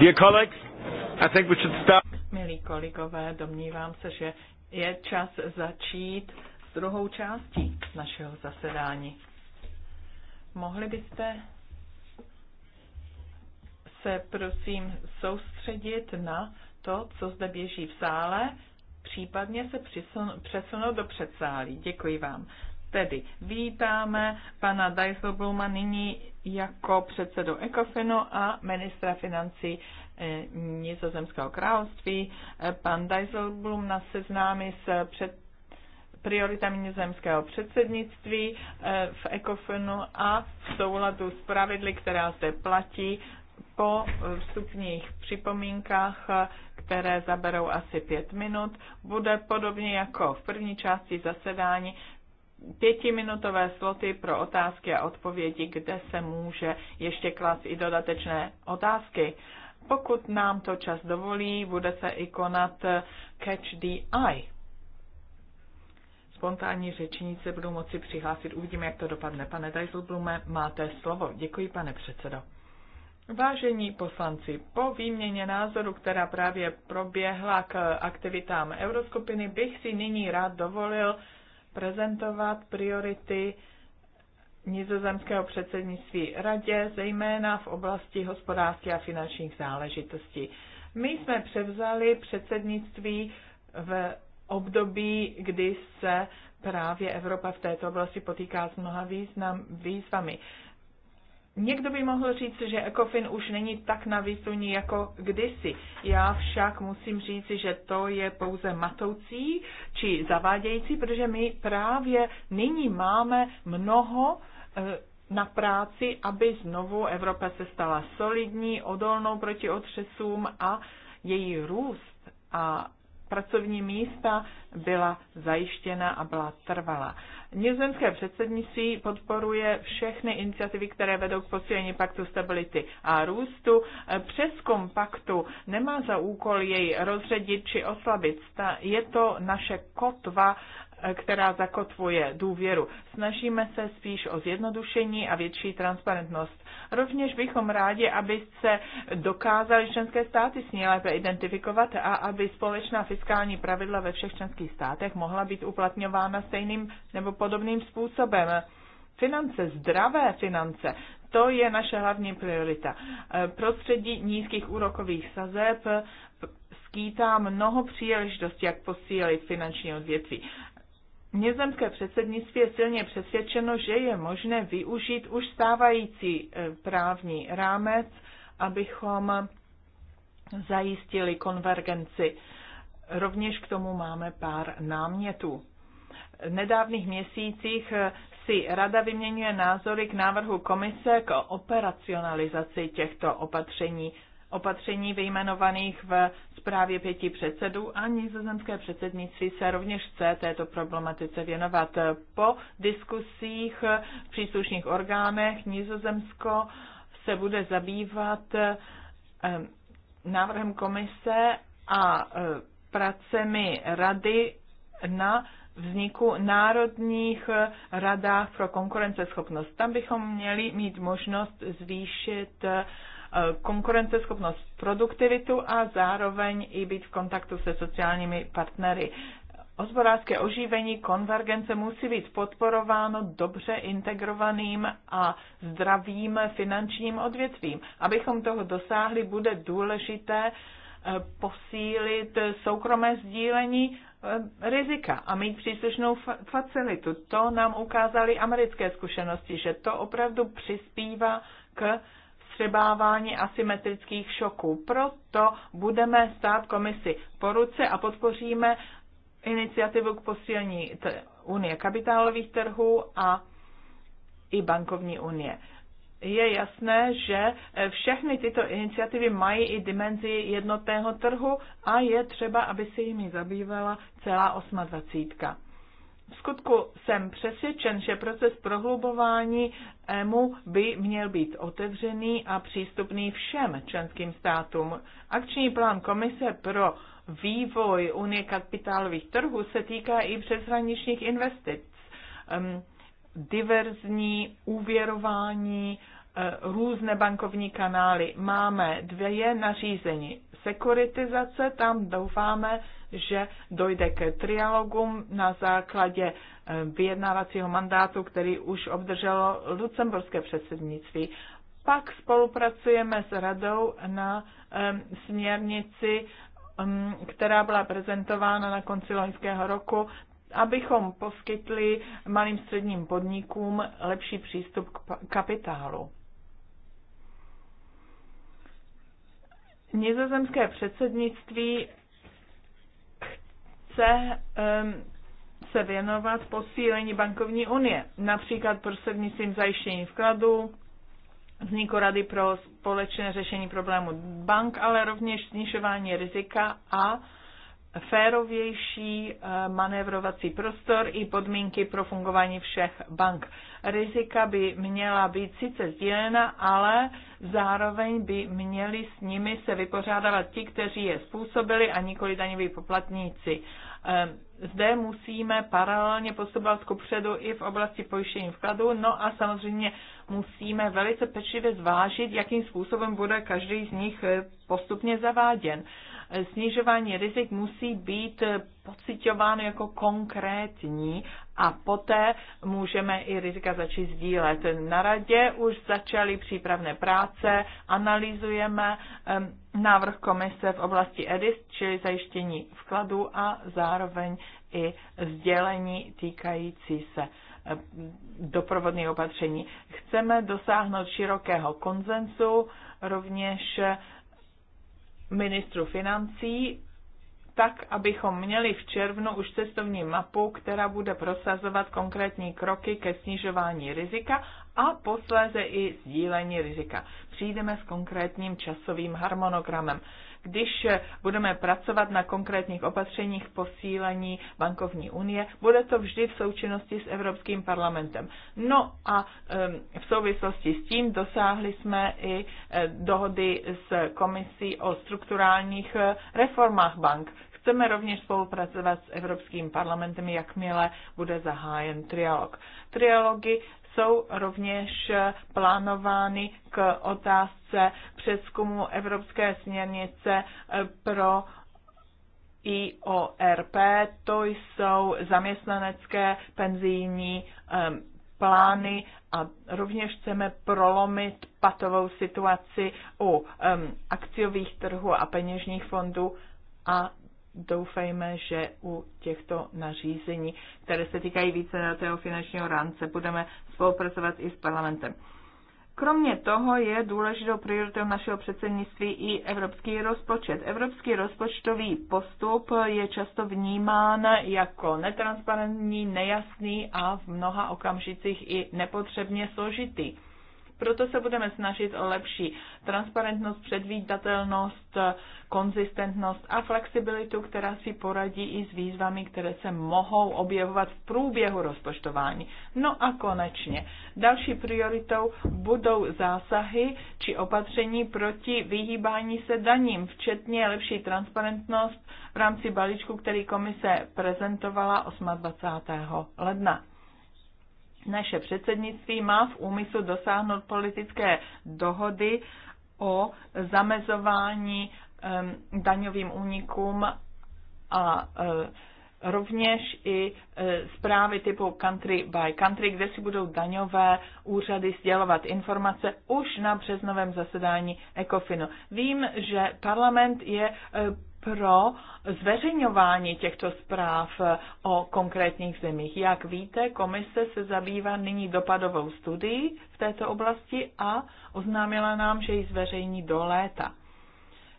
Dear colleagues, I think we should start. Milí kolegové, domnívám se, že je čas začít s druhou částí našeho zasedání. Mohli byste se prosím soustředit na to, co zde běží v sále, případně se přesunout do předsálí. Děkuji vám. Tedy vítáme pana Dijsselbluma nyní jako předsedu Ecofinu a ministra financí eh, Nizozemského království. Eh, pan Dijsselblum nás seznámí s před prioritami nizozemského předsednictví eh, v Ecofinu a v souladu s pravidly, která zde platí, po vstupních připomínkách, které zaberou asi pět minut, bude podobně jako v první části zasedání pětiminutové sloty pro otázky a odpovědi, kde se může ještě klást i dodatečné otázky. Pokud nám to čas dovolí, bude se i konat Catch the Eye. Spontánní řečníci budou moci přihlásit. Uvidíme, jak to dopadne. Pane Dajzlblume, máte slovo. Děkuji, pane předsedo. Vážení poslanci, po výměně názoru, která právě proběhla k aktivitám Euroskupiny, bych si nyní rád dovolil prezentovat priority nizozemského předsednictví radě, zejména v oblasti hospodářských a finančních záležitostí. My jsme převzali předsednictví v období, kdy se právě Evropa v této oblasti potýká s mnoha význam, výzvami. Někdo by mohl říct, že ECOFIN už není tak na výsuní jako kdysi. Já však musím říct, že to je pouze matoucí či zavádějící, protože my právě nyní máme mnoho e, na práci, aby znovu Evropa se stala solidní, odolnou proti otřesům a její růst a pracovní místa byla zajištěna a byla trvalá. Nizozemské předsednictví podporuje všechny iniciativy, které vedou k posílení paktu stability a růstu. Přeskum paktu nemá za úkol jej rozředit či oslabit. Je to naše kotva E, která zakotvuje důvěru. Snažíme se spíš o zjednodušení a větší transparentnost. Rovněž bychom rádi, aby se dokázali členské státy s ní lépe identifikovat a aby společná fiskální pravidla ve všech členských státech mohla být uplatňována stejným nebo podobným způsobem. Finance, zdravé finance, to je naše hlavní priorita. E, prostředí nízkých úrokových sazeb skýtá mnoho příležitostí, jak posílit finanční odvětví. Nizozemské předsednictví je silně přesvědčeno, že je možné využít už stávající e, právní rámec, abychom zajistili konvergenci. Rovněž k tomu máme pár námětů. V nedávných měsících e, si Rada vyměňuje názory k návrhu komise k operacionalizaci těchto opatření opatření vyjmenovaných v zprávě pěti předsedů a nizozemské předsednictví se rovněž chce této problematice věnovat. Po diskusích v příslušných orgánech Nizozemsko se bude zabývat eh, návrhem komise a eh, pracemi rady na vzniku národních eh, radách pro konkurenceschopnost. Tam bychom měli mít možnost zvýšit Eh, konkurenceschopnost, produktivitu a zároveň i být v kontaktu se sociálními partnery. Hospodářské oživení konvergence musí být podporováno dobře integrovaným a zdravým finančním odvětvím. Abychom toho dosáhli, bude důležité eh, posílit soukromé sdílení eh, rizika a mít příslušnou facilitu. To nám ukázaly americké zkušenosti, že to opravdu přispívá k vstřebávání asymetrických šoků. Proto budeme stát komisi po ruce a podpoříme iniciativu k posílení Unie kapitálových trhů a i bankovní unie. Je jasné, že všechny tyto iniciativy mají i dimenzi jednotného trhu a je třeba, aby se jimi zabývala celá 28. V skutku jsem přesvědčen, že proces prohlubování EMU by měl být otevřený a přístupný všem členským státům. Akční plán Komise pro vývoj Unie kapitálových trhů se týká i přeshraničních investic, diverzní úvěrování, e, různé bankovní kanály. Máme dvě nařízení. Sekuritizace, tam doufáme, že dojde k trialogům na základě eh, vyjednávacího mandátu, který už obdrželo lucemburské předsednictví. Pak spolupracujeme s radou na um, směrnici, um, která byla prezentována na konci loňského roku, abychom poskytli malým středním podnikům lepší přístup k kapitálu. Nizozemské předsednictví chce se věnovat posílení bankovní unie, například prostřednictvím zajištění vkladu, vzniku Rady pro společné řešení problému bank, ale rovněž snižování rizika a férovější eh, manévrovací prostor i podmínky pro fungování všech bank. Rizika by měla být sice sdílena, ale zároveň by měli s nimi se vypořádávat ti, kteří je způsobili a nikoli daňoví poplatníci. Ehm, zde musíme paralelně postupovat předu i v oblasti pojištění vkladů, no a samozřejmě musíme velice pečlivě zvážit, jakým způsobem bude každý z nich eh, postupně zaváděn snižování rizik musí být pocitováno jako konkrétní a poté můžeme i rizika začít sdílet. Na radě už začaly přípravné práce, analyzujeme návrh komise v oblasti EDIS, čili zajištění vkladu a zároveň i sdělení týkající se doprovodných opatření. Chceme dosáhnout širokého konzensu, rovněž ministru financí, tak, abychom měli v červnu už cestovní mapu, která bude prosazovat konkrétní kroky ke snižování rizika a posléze i sdílení rizika. Přijdeme s konkrétním časovým harmonogramem když budeme pracovat na konkrétních opatřeních posílení bankovní unie, bude to vždy v součinnosti s Evropským parlamentem. No a v souvislosti s tím dosáhli jsme i e, dohody s komisí o strukturálních e, reformách bank. Chceme rovněž spolupracovat s Evropským parlamentem, jakmile bude zahájen trialog. Trialogy jsou rovněž plánovány k otázce přeskumu Evropské směrnice pro IORP, to jsou zaměstnanecké penzijní plány a rovněž chceme prolomit patovou situaci u akciových trhů a peněžních fondů a doufejme, že u těchto nařízení, které se týkají více na tého finančního rámce, budeme spolupracovat i s parlamentem. Kromě toho je důležitou prioritou našeho předsednictví i evropský rozpočet. Evropský rozpočtový postup je často vnímán jako netransparentní, nejasný a v mnoha okamžicích i nepotřebně složitý proto se budeme snažit o lepší transparentnost, předvídatelnost, konzistentnost a flexibilitu, která si poradí i s výzvami, které se mohou objevovat v průběhu rozpočtování. No a konečně, další prioritou budou zásahy či opatření proti vyhýbání se daním, včetně lepší transparentnost v rámci balíčku, který komise prezentovala 28. ledna. Naše předsednictví má v úmyslu dosáhnout politické dohody o zamezování daňovým únikům a e, rovněž i e, zprávy typu country by country, kde si budou daňové úřady sdělovat informace už na březnovém zasedání ECOFINu. Vím, že parlament je e, pro zveřejňování těchto zpráv o konkrétních zemích. Jak víte, komise se zabývá nyní dopadovou studií v této oblasti a oznámila nám, že ji zveřejní do léta.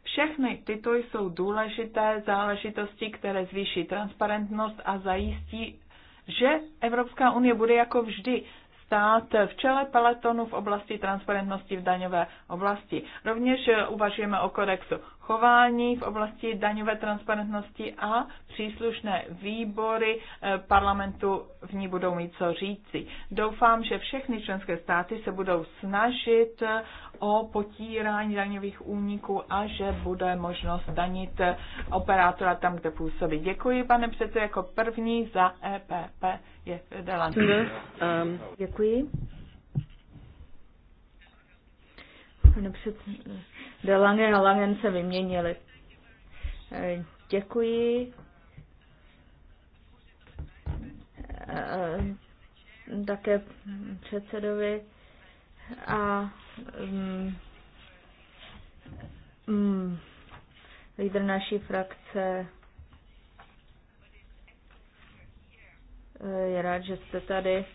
Všechny tyto jsou důležité záležitosti, které zvýší transparentnost a zajistí, že Evropská unie bude jako vždy stát v čele peletonu v oblasti transparentnosti v daňové oblasti. Rovněž uvažujeme o kodexu chování v oblasti daňové transparentnosti a příslušné výbory eh, parlamentu v ní budou mít co říci. Doufám, že všechny členské státy se budou snažit eh, o potírání daňových úniků a že bude možnost danit eh, operátora tam, kde působí. Děkuji, pane předsedo, jako první za EPP je Delan. Um, děkuji. Pane předsedo De a Langen se vyměnili. Eh, děkuji. Eh, také předsedovi a um, um, lídr naší frakce eh, je rád, že jste tady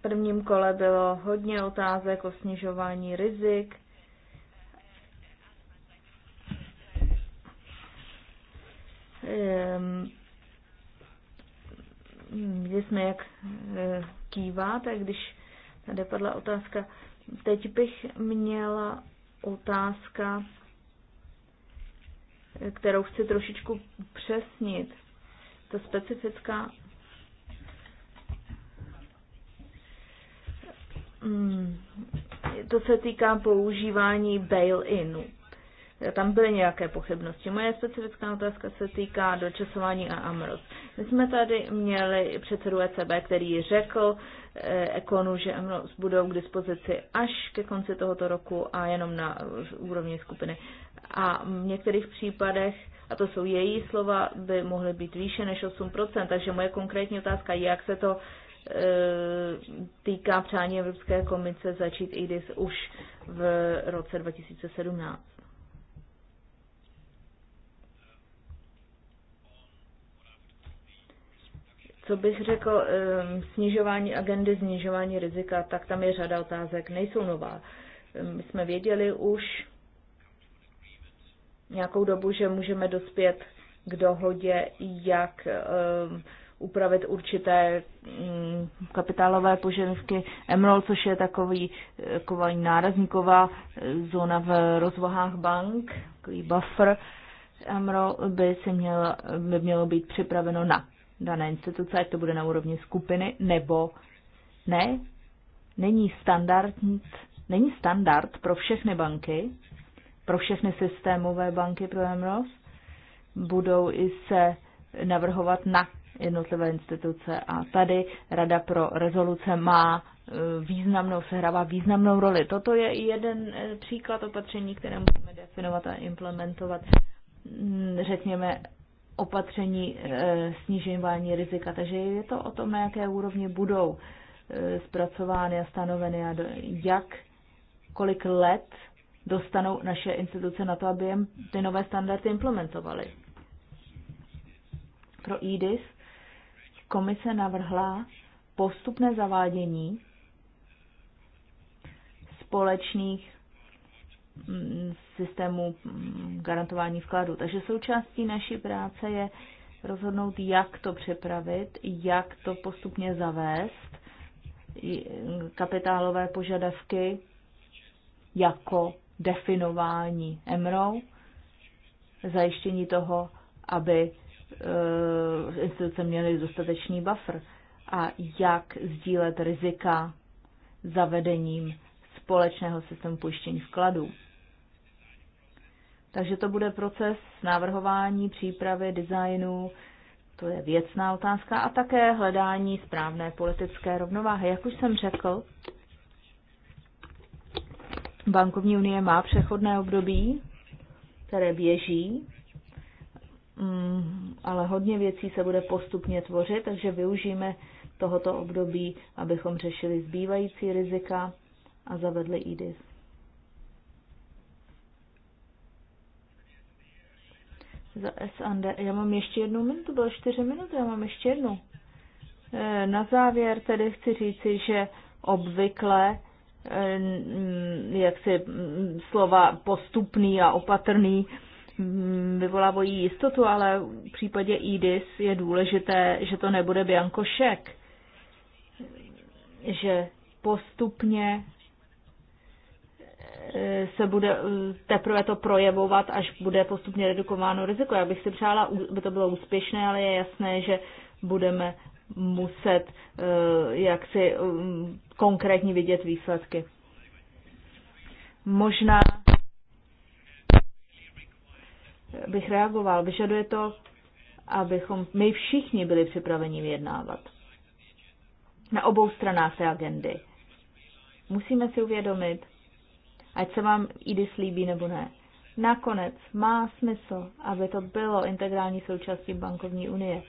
prvním kole bylo hodně otázek o snižování rizik. Viděli ehm, jsme, jak eh, kývá, tak když tady padla otázka, teď bych měla otázka, kterou chci trošičku přesnit. Ta specifická Mm, to se týká používání bail-inu. Tam byly nějaké pochybnosti. Moje specifická otázka se týká dočasování a Amros. My jsme tady měli předsedu ECB, který řekl eh, Ekonu, že Amros budou k dispozici až ke konci tohoto roku a jenom na úrovni skupiny. A v některých případech, a to jsou její slova, by mohly být výše než 8%. Takže moje konkrétní otázka je, jak se to eh, Eh, týká přání Evropské komise začít IDIS už v roce 2017. Co bych řekl, ehm, snižování agendy, snižování rizika, tak tam je řada otázek, nejsou nová. Ehm, my jsme věděli už nějakou dobu, že můžeme dospět k dohodě, jak ehm, upravit určité mm, kapitálové požadavky Emerald, což je takový, taková nárazníková eh, zóna v rozvahách bank, takový buffer. Emerald by, se mělo, by mělo být připraveno na dané instituce, ať to bude na úrovni skupiny, nebo ne, není standard, není standard pro všechny banky, pro všechny systémové banky pro Emerald, budou i se navrhovat na jednotlivé instituce a tady Rada pro rezoluce má e, významnou, sehrává významnou roli. Toto je jeden e, příklad opatření, které musíme definovat a implementovat, mm, řekněme, opatření e, snižování rizika. Takže je to o tom, na jaké úrovni budou zpracovány a stanoveny a jak, kolik let dostanou naše instituce na to, aby jim ty nové standardy implementovaly. Pro IDIS komise navrhla postupné zavádění společných mm, systémů mm, garantování vkladu. Takže součástí naší práce je rozhodnout, jak to přepravit, jak to postupně zavést, mm, kapitálové požadavky jako definování EMRO, zajištění toho, aby Eh, instituce měly dostatečný buffer a jak sdílet rizika zavedením společného systému pojištění vkladů. Takže to bude proces návrhování, přípravy, designu, to je věcná otázka a také hledání správné politické rovnováhy. Jak už jsem řekl, bankovní unie má přechodné období, které běží Mm, ale hodně věcí se bude postupně tvořit, takže využijeme tohoto období, abychom řešili zbývající rizika a zavedli e IDIS. Za SND. Já mám ještě jednu minutu, bylo čtyři minuty, já mám ještě jednu. Eh, na závěr tedy chci říci, že obvykle eh, mm, jak si mm, slova postupný a opatrný Mm, vyvolávají jistotu, ale v případě IDIS je důležité, že to nebude bianko šek, že postupně eh, se bude eh, teprve to projevovat, až bude postupně redukováno riziko. Já bych si přála, aby to bylo úspěšné, ale je jasné, že budeme muset eh, jaksi mm, konkrétně vidět výsledky. Možná bych reagoval. Vyžaduje to, abychom my všichni byli připraveni vyjednávat. Na obou stranách té agendy. Musíme si uvědomit, ať se vám IDIS líbí nebo ne. Nakonec má smysl, aby to bylo integrální součástí bankovní unie.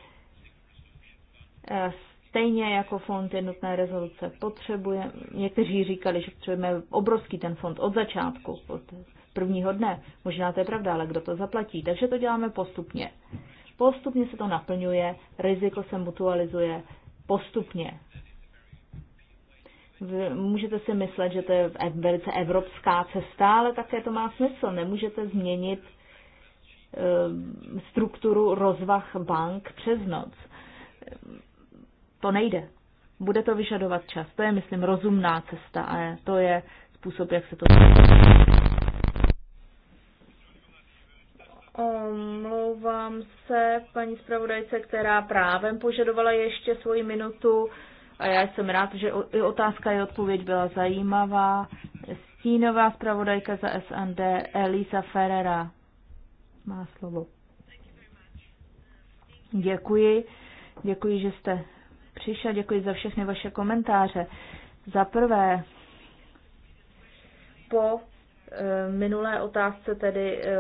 E, stejně jako fond jednotné rezoluce potřebuje, někteří říkali, že potřebujeme obrovský ten fond od začátku, od prvního dne. Možná to je pravda, ale kdo to zaplatí? Takže to děláme postupně. Postupně se to naplňuje, riziko se mutualizuje postupně. můžete si myslet, že to je velice evropská cesta, ale také to má smysl. Nemůžete změnit eh, strukturu rozvah bank přes noc. To nejde. Bude to vyžadovat čas. To je, myslím, rozumná cesta a to je způsob, jak se to... Omlouvám se paní zpravodajce, která právem požadovala ještě svoji minutu a já jsem rád, že i otázka i odpověď byla zajímavá. Stínová zpravodajka za SND Elisa Ferrera má slovo. Děkuji. Děkuji, že jste přišel. Děkuji za všechny vaše komentáře. Za prvé, po Eh, minulé otázce tedy eh,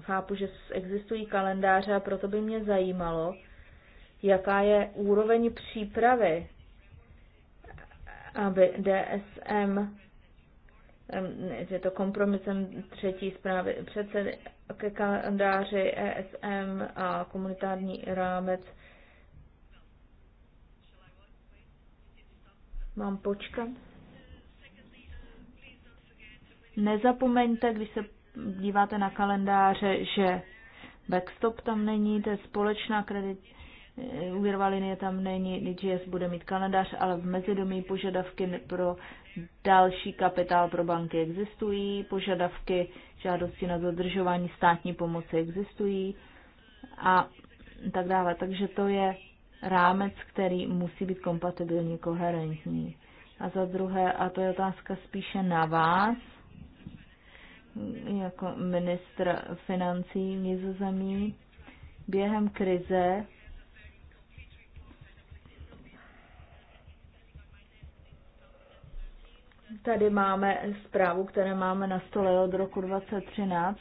chápu, že existují kalendáře a proto by mě zajímalo, jaká je úroveň přípravy, aby DSM, eh, je to kompromisem třetí zprávy předsedy ke kalendáři ESM a komunitární rámec, Mám počkat? Nezapomeňte, když se díváte na kalendáře, že backstop tam není, to je společná kredit, eh, úvěrová linie tam není, DGS bude mít kalendář, ale v mezidomí požadavky pro další kapitál pro banky existují, požadavky žádosti na zadržování státní pomoci existují a tak dále. Takže to je rámec, který musí být kompatibilní, koherentní. A za druhé, a to je otázka spíše na vás, jako ministr financí Nizozemí během krize Tady máme zprávu, které máme na stole od roku 2013.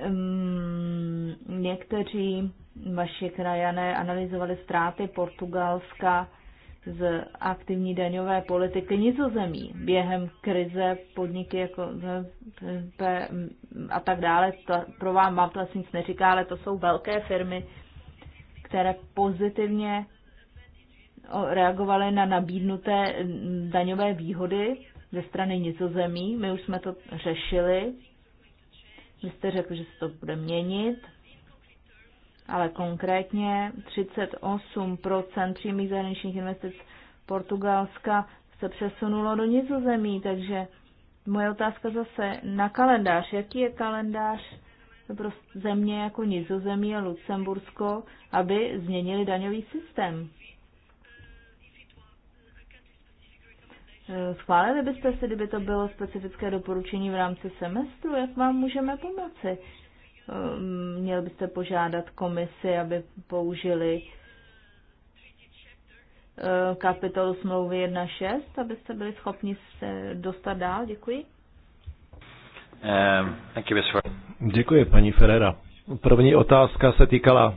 Ehm, někteří vaši krajané analyzovali ztráty Portugalska z aktivní daňové politiky nizozemí během krize podniky jako a tak dále. To pro vám mám to asi nic neříká, ale to jsou velké firmy, které pozitivně reagovaly na nabídnuté daňové výhody ze strany nizozemí. My už jsme to řešili. Vy jste řekl, že se to bude měnit ale konkrétně 38% přímých zahraničních investic Portugalska se přesunulo do Nizozemí, takže moje otázka zase na kalendář. Jaký je kalendář pro země jako Nizozemí a Lucembursko, aby změnili daňový systém? Eh, schválili byste si, kdyby to bylo specifické doporučení v rámci semestru, jak vám můžeme pomoci? Um, měl byste požádat komisi, aby použili uh, kapitolu smlouvy 1.6, abyste byli schopni se dostat dál? Děkuji. Um, Děkuji, paní Ferrera. První otázka se týkala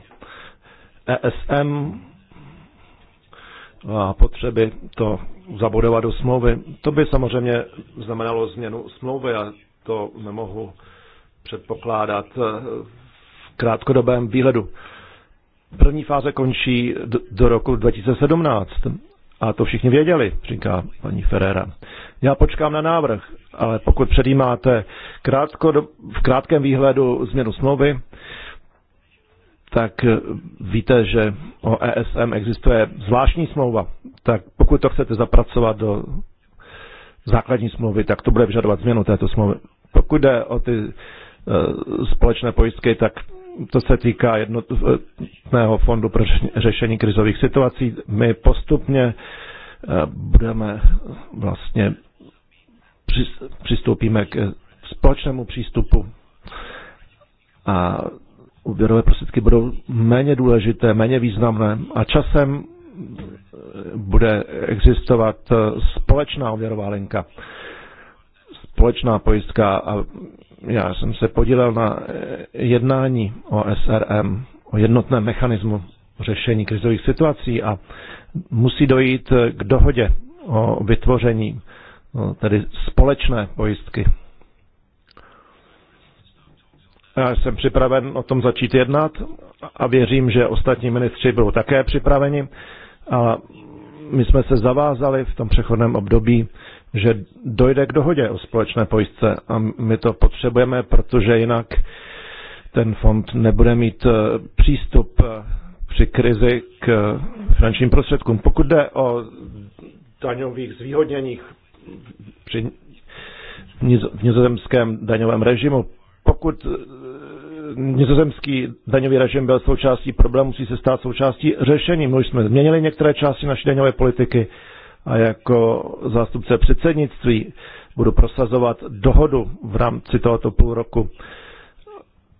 ESM a potřeby to zabudovat do smlouvy. To by samozřejmě znamenalo změnu smlouvy a to nemohu předpokládat eh, v krátkodobém výhledu. První fáze končí do roku 2017 a to všichni věděli, říká paní Ferrera. Já počkám na návrh, ale pokud předjímáte v krátkém výhledu změnu smlouvy, tak eh, víte, že o ESM existuje zvláštní smlouva. Tak pokud to chcete zapracovat do základní smlouvy, tak to bude vyžadovat změnu této smlouvy. Pokud jde o ty Eh, společné pojistky, tak to se týká jednotného fondu pro řešení krizových situací. My postupně eh, budeme vlastně přistoupíme k společnému přístupu a úvěrové prostředky budou méně důležité, méně významné a časem eh, bude existovat společná úvěrová linka, společná pojistka a já jsem se podílel na eh, jednání o SRM, o jednotném mechanismu řešení krizových situací a musí dojít eh, k dohodě o vytvoření no, tedy společné pojistky. Já jsem připraven o tom začít jednat a věřím, že ostatní ministři budou také připraveni. A my jsme se zavázali v tom přechodném období že dojde k dohodě o společné pojistce a my to potřebujeme, protože jinak ten fond nebude mít eh, přístup eh, při krizi k eh, finančním prostředkům. Pokud jde o daňových zvýhodněních při v nizozemském daňovém režimu, pokud nizozemský daňový režim byl součástí problému, musí se stát součástí řešení. My už jsme změnili některé části naší daňové politiky, a jako zástupce předsednictví budu prosazovat dohodu v rámci tohoto půl roku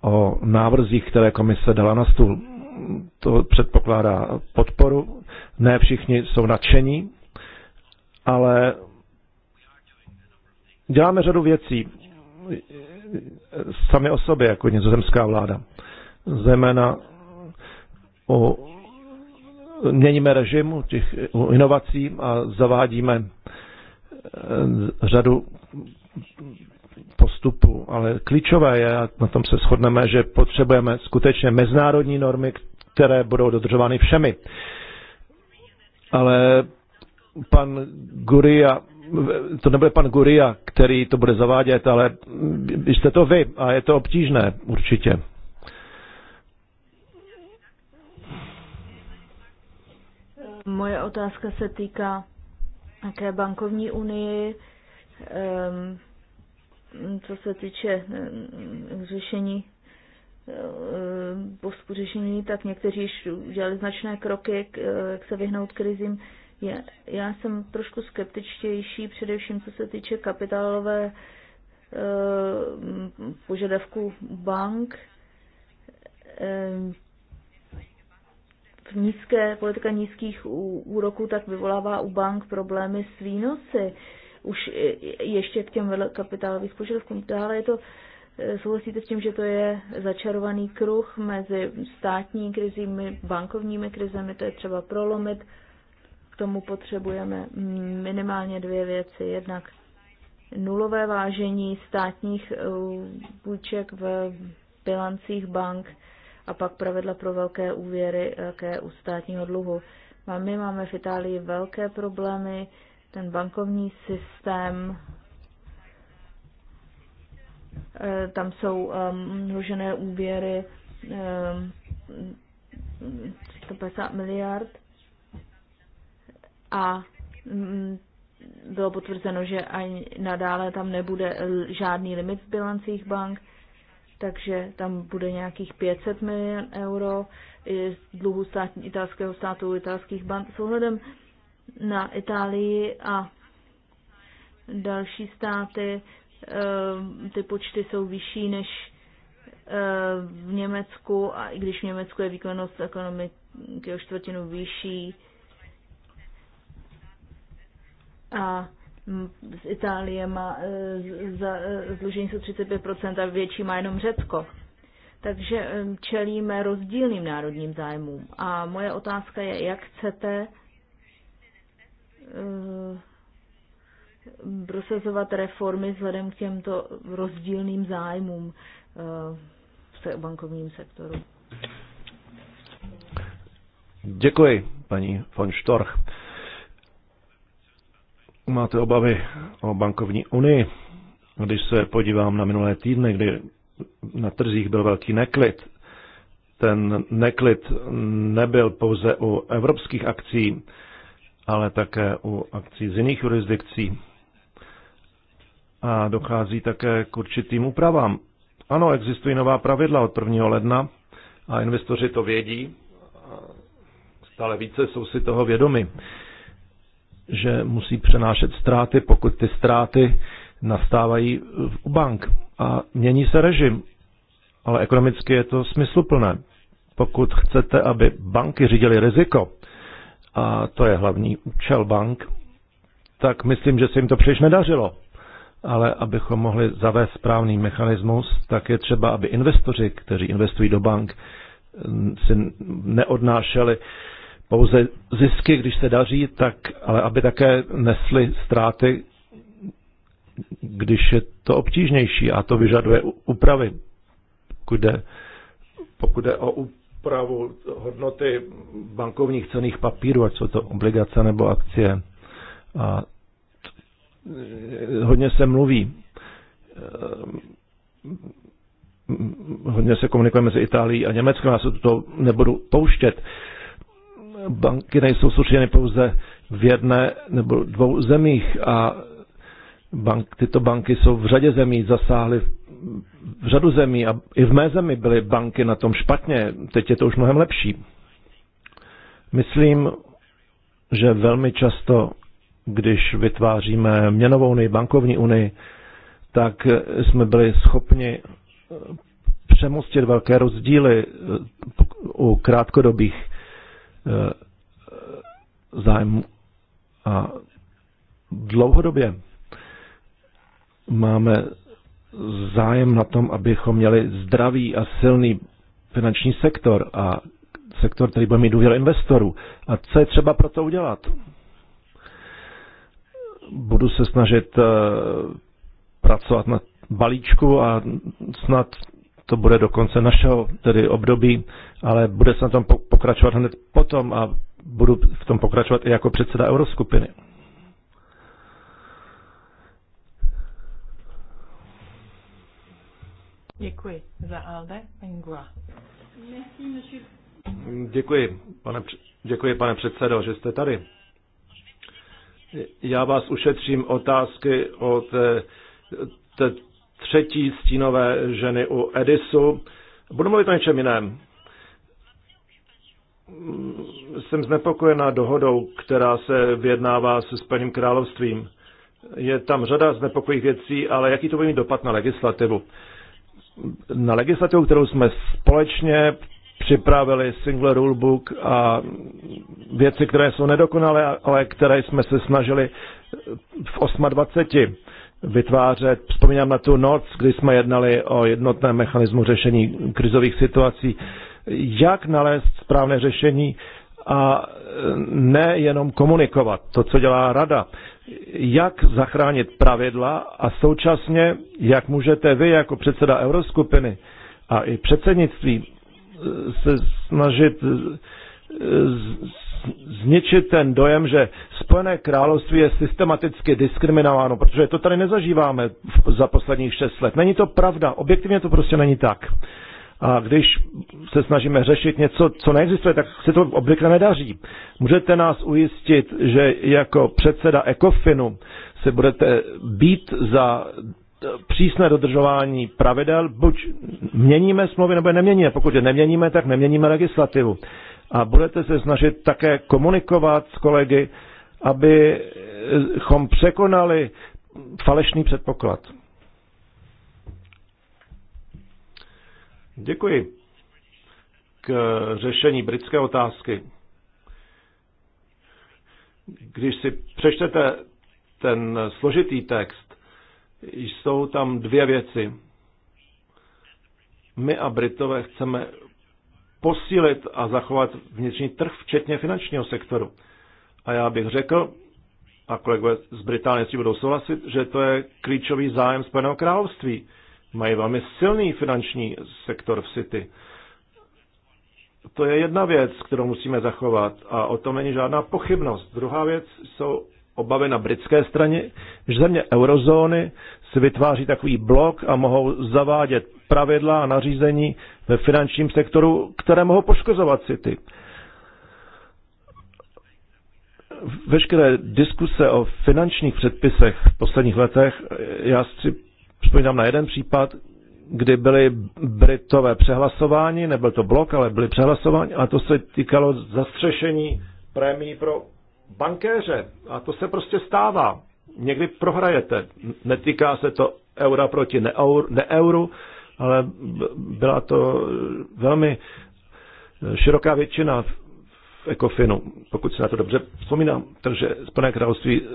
o návrzích, které komise dala na stůl. To předpokládá podporu. Ne všichni jsou nadšení, ale děláme řadu věcí sami o sobě, jako nizozemská vláda. Zejména u měníme režim u těch u inovací a zavádíme eh, řadu postupů, ale klíčové je, a na tom se shodneme, že potřebujeme skutečně mezinárodní normy, které budou dodržovány všemi. Ale pan Guria, to nebude pan Guria, který to bude zavádět, ale jste to vy a je to obtížné určitě. Moje otázka se týká také bankovní unii, ehm, co se týče ehm, řešení ehm, postupu řešení, tak někteří již udělali značné kroky, eh, jak se vyhnout krizím. Já jsem trošku skeptičtější, především co se týče kapitálové požadavku bank nízké, politika nízkých úroků tak vyvolává u bank problémy s výnosy. Už ještě k těm kapitálovým požadavkům. Dále je to, e, souhlasíte s tím, že to je začarovaný kruh mezi státní krizími, bankovními krizemi, to je třeba prolomit. K tomu potřebujeme minimálně dvě věci. Jednak nulové vážení státních e, půjček v bilancích bank, a pak pravidla pro velké úvěry, jaké u státního dluhu. A my máme v Itálii velké problémy, ten bankovní systém, eh, tam jsou ehm, množené úvěry 150 ehm, miliard a mm, bylo potvrzeno, že ani nadále tam nebude eh, žádný limit v bilancích bank takže tam bude nějakých 500 milion euro z dluhu stát, italského státu, italských bank s ohledem na Itálii a další státy. Ehm, ty počty jsou vyšší než ehm, v Německu a i když v Německu je výkonnost ekonomiky o čtvrtinu vyšší a Mm, z Itálie má e, za, e, zlužení 35% a větší má jenom Řecko. Takže e, čelíme rozdílným národním zájmům. A moje otázka je, jak chcete prosazovat reformy vzhledem k těmto rozdílným zájmům v bankovním sektoru. Děkuji, paní von Storch máte obavy o bankovní unii. Když se podívám na minulé týdny, kdy na trzích byl velký neklid, ten neklid nebyl pouze u evropských akcí, ale také u akcí z jiných jurisdikcí. A dochází také k určitým úpravám. Ano, existují nová pravidla od 1. ledna a investoři to vědí. Stále více jsou si toho vědomi že musí přenášet ztráty, pokud ty ztráty nastávají u bank. A mění se režim, ale ekonomicky je to smysluplné. Pokud chcete, aby banky řídily riziko, a to je hlavní účel bank, tak myslím, že se jim to příliš nedařilo. Ale abychom mohli zavést správný mechanismus, tak je třeba, aby investoři, kteří investují do bank, si neodnášeli pouze zisky, když se daří, tak, ale aby také nesly ztráty, když je to obtížnější a to vyžaduje úpravy. Pokud jde, pokud jde o úpravu hodnoty bankovních cených papírů, ať jsou to obligace nebo akcie. A hodně se mluví. Ehm, hodně se komunikuje mezi Itálií a Německem, já se to nebudu pouštět banky nejsou soustředěny pouze v jedné nebo dvou zemích a bank, tyto banky jsou v řadě zemí, zasáhly v řadu zemí a i v mé zemi byly banky na tom špatně, teď je to už mnohem lepší. Myslím, že velmi často, když vytváříme měnovou unii, bankovní unii, tak jsme byli schopni přemostit velké rozdíly u krátkodobých Eh, zájmu a dlouhodobě máme zájem na tom, abychom měli zdravý a silný finanční sektor a sektor, který bude mít důvěru investorů. A co je třeba pro to udělat? Budu se snažit eh, pracovat na balíčku a snad to bude do konce našeho tedy období, ale bude se na tom pokračovat hned potom a budu v tom pokračovat i jako předseda euroskupiny. Děkuji. Za Alde, Pengua. Děkuji, pane, děkuji, pane předsedo, že jste tady. Já vás ušetřím otázky o té, té třetí stínové ženy u Edisu. Budu mluvit o něčem jiném. Jsem znepokojena dohodou, která se vyjednává se Spojeným královstvím. Je tam řada znepokojivých věcí, ale jaký to bude mít dopad na legislativu? Na legislativu, kterou jsme společně připravili, single rulebook a věci, které jsou nedokonalé, ale které jsme se snažili v 28 vytvářet. Vzpomínám na tu noc, kdy jsme jednali o jednotném mechanismu řešení krizových situací, jak nalézt správné řešení a e, nejenom komunikovat to, co dělá rada. Jak zachránit pravidla a současně, jak můžete vy jako předseda Euroskupiny a i předsednictví e, se snažit e, zničit ten dojem, že Spojené království je systematicky diskriminováno, protože to tady nezažíváme za posledních šest let. Není to pravda, objektivně to prostě není tak. A když se snažíme řešit něco, co neexistuje, tak se to obvykle nedaří. Můžete nás ujistit, že jako předseda ECOFINu se budete být za přísné dodržování pravidel, buď měníme smlouvy, nebo je neměníme. Pokud je neměníme, tak neměníme legislativu a budete se snažit také komunikovat s kolegy, abychom překonali falešný předpoklad. Děkuji. K řešení britské otázky. Když si přečtete ten složitý text, jsou tam dvě věci. My a Britové chceme posílit a zachovat vnitřní trh, včetně finančního sektoru. A já bych řekl, a kolegové z Británie si budou souhlasit, že to je klíčový zájem Spojeného království. Mají velmi silný finanční sektor v City. To je jedna věc, kterou musíme zachovat a o tom není žádná pochybnost. Druhá věc jsou obavy na britské straně, že země eurozóny si vytváří takový blok a mohou zavádět pravidla a nařízení ve finančním sektoru, které mohou poškozovat city. Veškeré diskuse o finančních předpisech v posledních letech, já si vzpomínám na jeden případ, kdy byly Britové přehlasováni, nebyl to blok, ale byly přehlasováni, a to se týkalo zastřešení prémií pro bankéře. A to se prostě stává. Někdy prohrajete. Netýká se to eura proti neeuru, ale byla to velmi široká většina v ECOFINu, pokud si na to dobře vzpomínám. Takže Spojené království eh,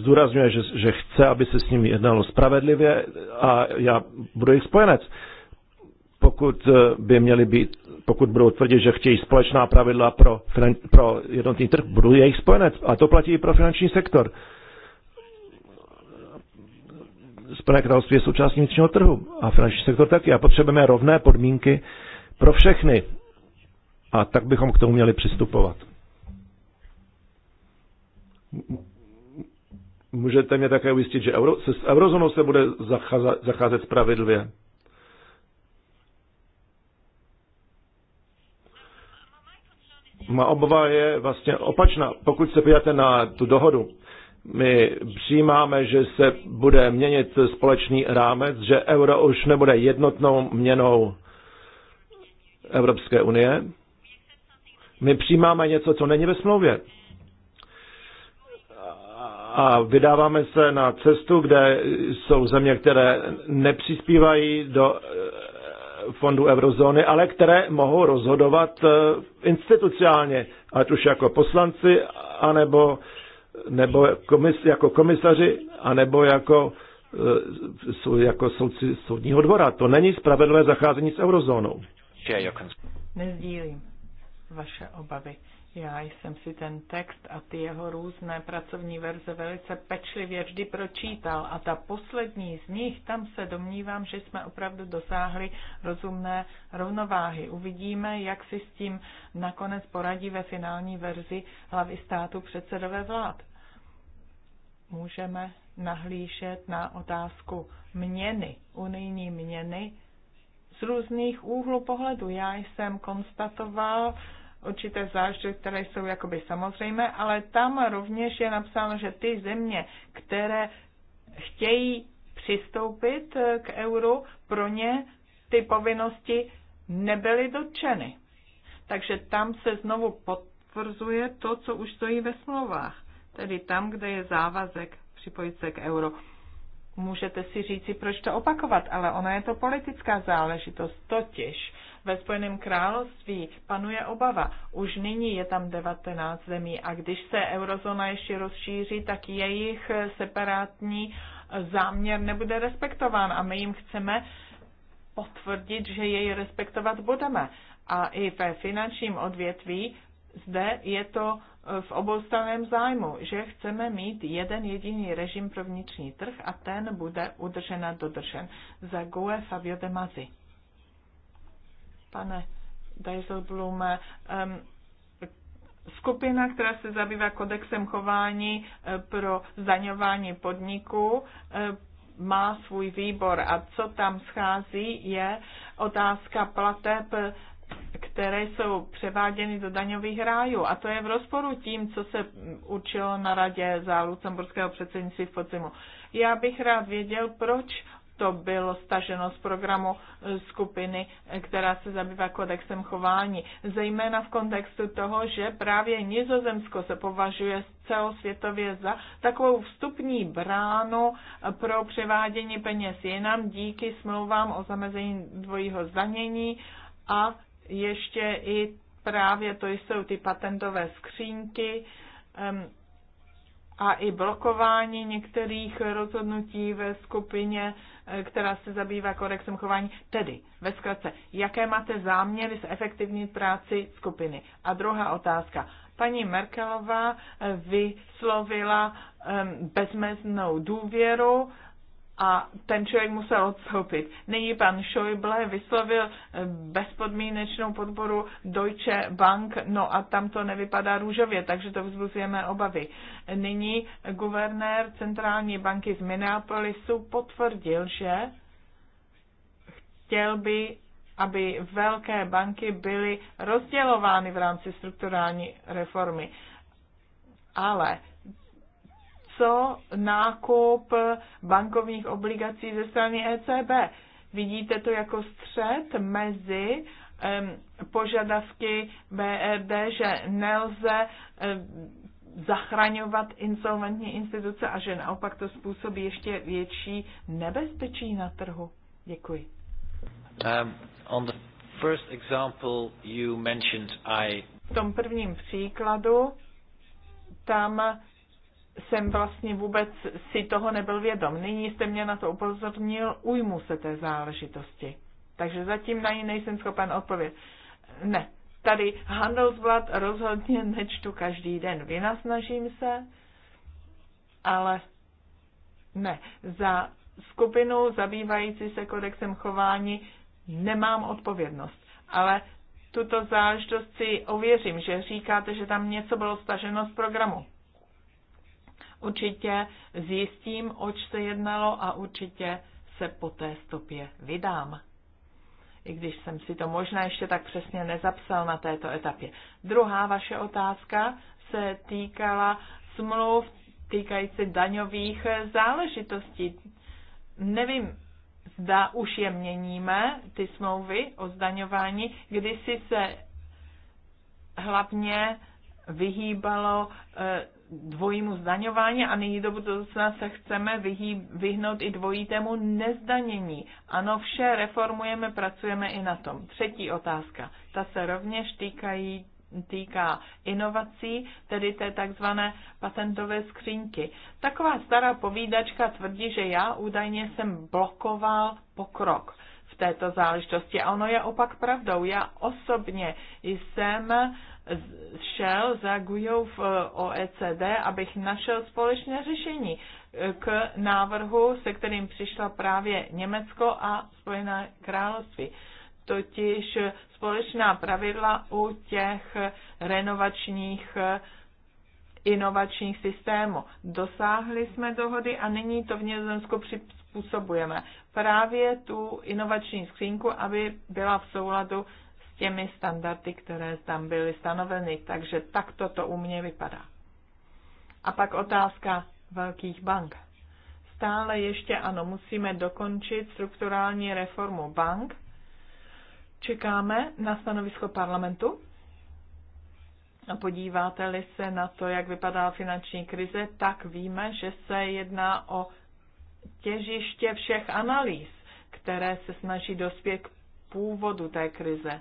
zdůrazňuje, že, že chce, aby se s nimi jednalo spravedlivě a já budu jejich spojenec. Pokud eh, by měli být, pokud budou tvrdit, že chtějí společná pravidla pro, finan, pro jednotný trh, budu jejich spojenec. A to platí i pro finanční sektor. Uh, Spojené království je součástí vnitřního trhu a finanční sektor taky a potřebujeme rovné podmínky pro všechny. A tak bychom k tomu měli přistupovat. Můžete mě také ujistit, že euro, se, s eurozónou se bude zacházet, zacházet spravedlivě. Má obava je vlastně opačná. Pokud se podíváte na tu dohodu, my přijímáme, že se bude měnit společný rámec, že euro už nebude jednotnou měnou Evropské unie. My přijímáme něco, co není ve smlouvě. A vydáváme se na cestu, kde jsou země, které nepřispívají do eh, fondu eurozóny, ale které mohou rozhodovat eh, instituciálně, ať už jako poslanci, anebo nebo komis, jako komisaři, anebo jako, e, jako soudci soudního dvora. To není spravedlivé zacházení s eurozónou. Nezdílím vaše obavy. Já jsem si ten text a ty jeho různé pracovní verze velice pečlivě vždy pročítal a ta poslední z nich, tam se domnívám, že jsme opravdu dosáhli rozumné rovnováhy. Uvidíme, jak si s tím nakonec poradí ve finální verzi hlavy státu předsedové vlád. Můžeme nahlížet na otázku měny, unijní měny z různých úhlů pohledu. Já jsem konstatoval, určité záležitosti, které jsou jakoby samozřejmé, ale tam rovněž je napsáno, že ty země, které chtějí přistoupit eh, k euru, pro ně ty povinnosti nebyly dotčeny. Takže tam se znovu potvrzuje to, co už stojí ve smlouvách. Tedy tam, kde je závazek připojit se k euro. Můžete si říci, proč to opakovat, ale ona je to politická záležitost. Totiž ve Spojeném království panuje obava. Už nyní je tam 19 zemí a když se eurozóna ještě rozšíří, tak jejich separátní záměr nebude respektován a my jim chceme potvrdit, že jej respektovat budeme. A i ve finančním odvětví zde je to v oboustraném zájmu, že chceme mít jeden jediný režim pro vnitřní trh a ten bude udržen a dodržen. Za Gue Fabio De Mazi pane Dijsselblume. Skupina, která se zabývá kodexem chování eh, pro zdaňování podniků, eh, má svůj výbor a co tam schází je otázka plateb které jsou převáděny do daňových rájů. A to je v rozporu tím, co se učilo na radě za lucemburského předsednictví v podzimu. Já bych rád věděl, proč to bylo staženo z programu skupiny, která se zabývá kodexem chování. Zejména v kontextu toho, že právě Nizozemsko se považuje celosvětově za takovou vstupní bránu pro převádění peněz jinam díky smlouvám o zamezení dvojího zdanění a ještě i právě to jsou ty patentové skřínky, a i blokování některých rozhodnutí ve skupině, eh, která se zabývá kodexem chování. Tedy, ve zkratce, jaké máte záměry s efektivní práci skupiny? A druhá otázka. Paní Merkelová eh, vyslovila bezmeznou důvěru a ten člověk musel odstoupit. Nyní pan Schäuble vyslovil eh, bezpodmínečnou podporu Deutsche Bank, no a tam to nevypadá růžově, takže to vzbuzujeme obavy. Nyní guvernér centrální banky z Minneapolisu potvrdil, že chtěl by aby velké banky byly rozdělovány v rámci strukturální reformy. Ale co nákup bankovních obligací ze strany ECB. Vidíte to jako střed mezi požadavky BRD, e že nelze zachraňovat insolventní instituce a že naopak to způsobí ještě větší nebezpečí na trhu. Děkuji. Um, on the first example you mentioned, I... V tom prvním příkladu tam jsem vlastně vůbec si toho nebyl vědom. Nyní jste mě na to upozornil, ujmu se té záležitosti. Takže zatím na ní nejsem schopen odpovědět. Ne, tady Handelsblatt rozhodně nečtu každý den. Vynasnažím se, ale ne. Za skupinu zabývající se kodexem chování nemám odpovědnost. Ale tuto záležitost si ověřím, že říkáte, že tam něco bylo staženo z programu. Určitě zjistím, oč se jednalo a určitě se po té stopě vydám. I když jsem si to možná ještě tak přesně nezapsal na této etapě. Druhá vaše otázka se týkala smluv týkající daňových záležitostí. Nevím, zda už je měníme, ty smlouvy o zdaňování, kdysi se hlavně vyhýbalo eh, dvojímu zdaňování a nyní do budoucna se chceme vyhý, vyhnout i dvojitému nezdanění. Ano, vše reformujeme, pracujeme i na tom. Třetí otázka. Ta se rovněž týkají, týká inovací, tedy té takzvané patentové skřínky. Taková stará povídačka tvrdí, že já údajně jsem blokoval pokrok v této záležitosti. A ono je opak pravdou. Já osobně jsem šel za Gujou v eh, OECD, abych našel společné řešení eh, k návrhu, se kterým přišla právě Německo a Spojené království. Totiž společná pravidla u těch renovačních eh, inovačních systémů. Dosáhli jsme dohody a nyní to v Nizozemsku přizpůsobujeme. Právě tu inovační skřínku, aby byla v souladu těmi standardy, které tam byly stanoveny. Takže takto to u mě vypadá. A pak otázka velkých bank. Stále ještě ano, musíme dokončit strukturální reformu bank. Čekáme na stanovisko parlamentu. A podíváte-li se na to, jak vypadá finanční krize, tak víme, že se jedná o těžiště všech analýz, které se snaží dospět k původu té krize.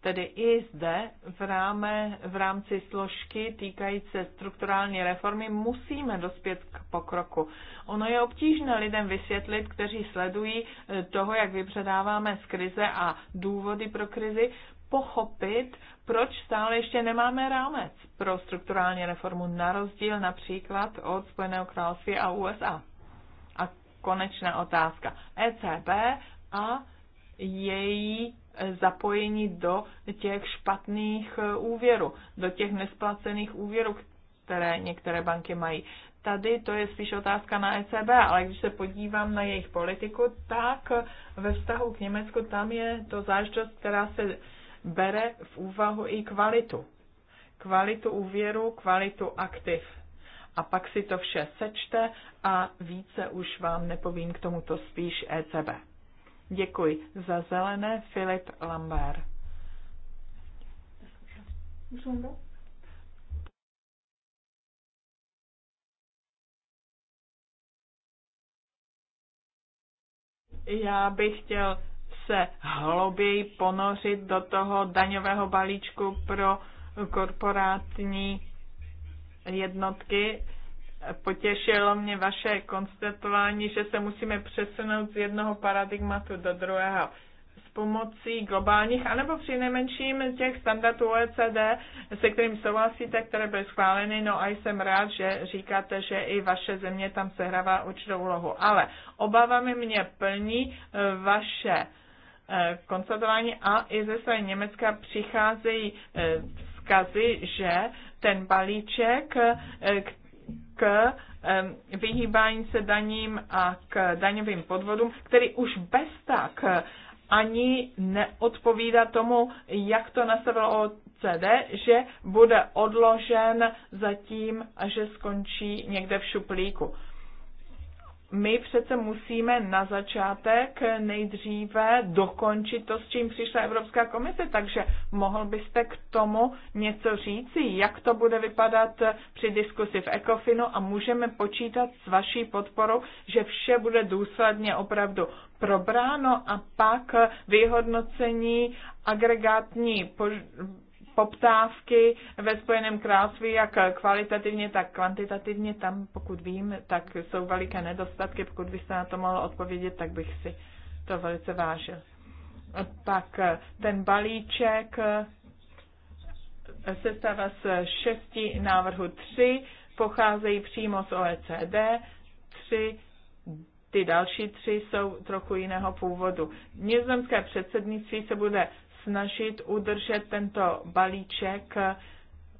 Tedy i zde v, ráme, v rámci složky týkající se strukturální reformy musíme dospět k pokroku. Ono je obtížné lidem vysvětlit, kteří sledují eh, toho, jak vypředáváme z krize a důvody pro krizi, pochopit, proč stále ještě nemáme rámec pro strukturální reformu, na rozdíl například od Spojeného království a USA. A konečná otázka. ECB a její zapojení do těch špatných eh, úvěrů, do těch nesplacených úvěrů, které některé banky mají. Tady to je spíš otázka na ECB, ale když se podívám na jejich politiku, tak ve vztahu k Německu tam je to záležitost, která se bere v úvahu i kvalitu. Kvalitu úvěru, kvalitu aktiv. A pak si to vše sečte a více už vám nepovím k tomuto spíš ECB. Děkuji. Za zelené Filip Lambert. Já bych chtěl se hlouběji ponořit do toho daňového balíčku pro korporátní jednotky Potěšilo mě vaše konstatování, že se musíme přesunout z jednoho paradigmatu do druhého s pomocí globálních, anebo při nejmenším těch standardů OECD, se kterým souhlasíte, které byly schváleny. No a jsem rád, že říkáte, že i vaše země tam sehrává určitou úlohu. Ale obavami mě plní eh, vaše eh, konstatování a i ze své Německa přicházejí eh, vzkazy, že ten balíček, k vyhýbání se daním a k daňovým podvodům, který už bez tak ani neodpovídá tomu, jak to nastavilo CD, že bude odložen zatím, že skončí někde v šuplíku my přece musíme na začátek nejdříve dokončit to, s čím přišla Evropská komise, takže mohl byste k tomu něco říci, jak to bude vypadat při diskusi v ECOFINu a můžeme počítat s vaší podporou, že vše bude důsledně opravdu probráno a pak vyhodnocení agregátní poptávky ve Spojeném království, jak kvalitativně, tak kvantitativně. Tam, pokud vím, tak jsou veliké nedostatky. Pokud byste na to mohl odpovědět, tak bych si to velice vážil. Pak eh, ten balíček eh, sestava z šesti návrhu Tři pocházejí přímo z OECD, tři ty další tři jsou trochu jiného původu. Nizozemské předsednictví se bude snažit udržet tento balíček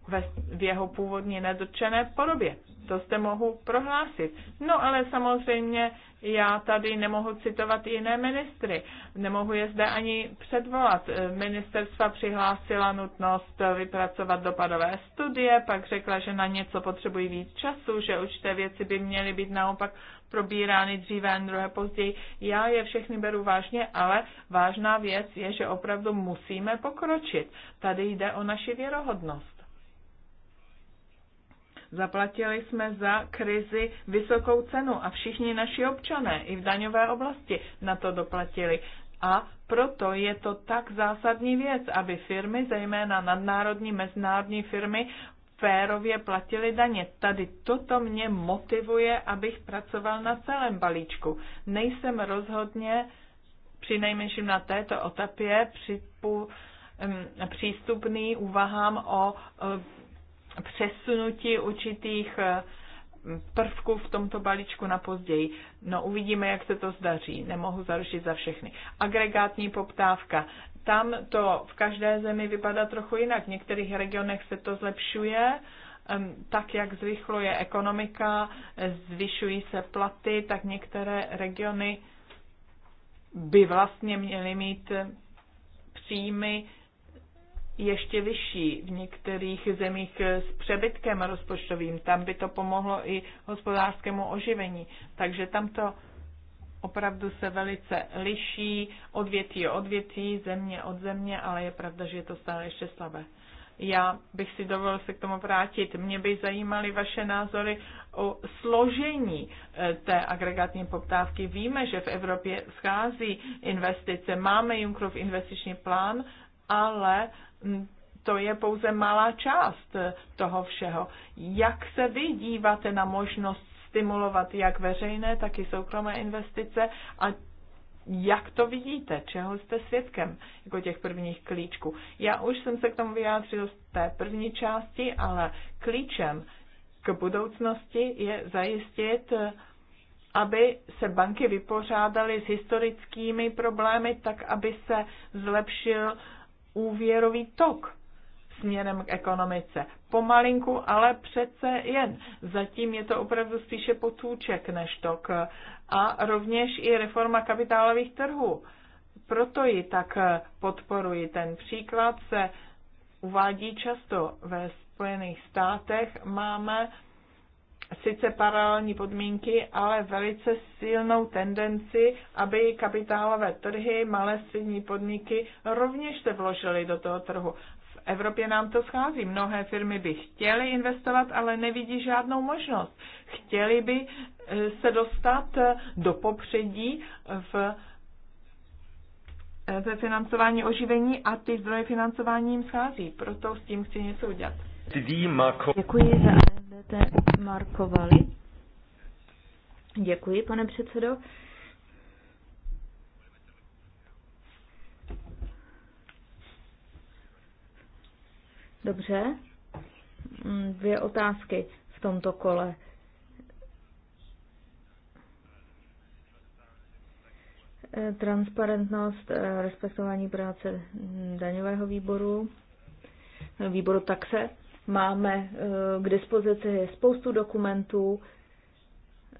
ve, v jeho původně nedotčené podobě. To jste mohu prohlásit. No ale samozřejmě já tady nemohu citovat jiné ministry. Nemohu je zde ani předvolat. Ministerstva přihlásila nutnost vypracovat dopadové studie, pak řekla, že na něco potřebují víc času, že určité věci by měly být naopak probírány dříve a druhé později. Já je všechny beru vážně, ale vážná věc je, že opravdu musíme pokročit. Tady jde o naši věrohodnost. Zaplatili jsme za krizi vysokou cenu a všichni naši občané i v daňové oblasti na to doplatili. A proto je to tak zásadní věc, aby firmy, zejména nadnárodní, mezinárodní firmy, férově platili daně. Tady toto mě motivuje, abych pracoval na celém balíčku. Nejsem rozhodně při nejmenším na této otapě přístupný úvahám o přesunutí určitých eh, prvků v tomto balíčku na později. No uvidíme, jak se to zdaří. Nemohu zaručit za všechny. Agregátní poptávka. Tam to v každé zemi vypadá trochu jinak. V některých regionech se to zlepšuje, tak jak zrychluje ekonomika, zvyšují se platy, tak některé regiony by vlastně měly mít eh, příjmy ještě vyšší v některých zemích s přebytkem rozpočtovým. Tam by to pomohlo i hospodářskému oživení. Takže tam to opravdu se velice liší odvětví od odvětví, země od země, ale je pravda, že je to stále ještě slabé. Já bych si dovolil se k tomu vrátit. Mě by zajímaly vaše názory o složení eh, té agregátní poptávky. Víme, že v Evropě schází investice. Máme Junckerův investiční plán, ale mm, to je pouze malá část eh, toho všeho. Jak se vy díváte na možnost stimulovat jak veřejné, tak i soukromé investice a jak to vidíte, čeho jste svědkem jako těch prvních klíčků. Já už jsem se k tomu vyjádřil z té první části, ale klíčem k budoucnosti je zajistit, eh, aby se banky vypořádaly s historickými problémy, tak aby se zlepšil úvěrový tok směrem k ekonomice. Pomalinku, ale přece jen. Zatím je to opravdu spíše potůček než tok. A rovněž i reforma kapitálových trhů. Proto ji tak podporuji. Ten příklad se uvádí často ve Spojených státech. Máme sice paralelní podmínky, ale velice silnou tendenci, aby kapitálové trhy, malé střední podniky rovněž se vložily do toho trhu. V Evropě nám to schází. Mnohé firmy by chtěly investovat, ale nevidí žádnou možnost. Chtěli by e, se dostat e, do popředí v e, ve financování oživení a ty zdroje financování jim schází. Proto s tím chci něco udělat. Děkuji za ANDT Markovali. Děkuji, pane předsedo. Dobře. Mm, dvě otázky v tomto kole. Eh, transparentnost, eh, respektování práce daňového výboru, výboru taxe. Máme eh, k dispozici spoustu dokumentů,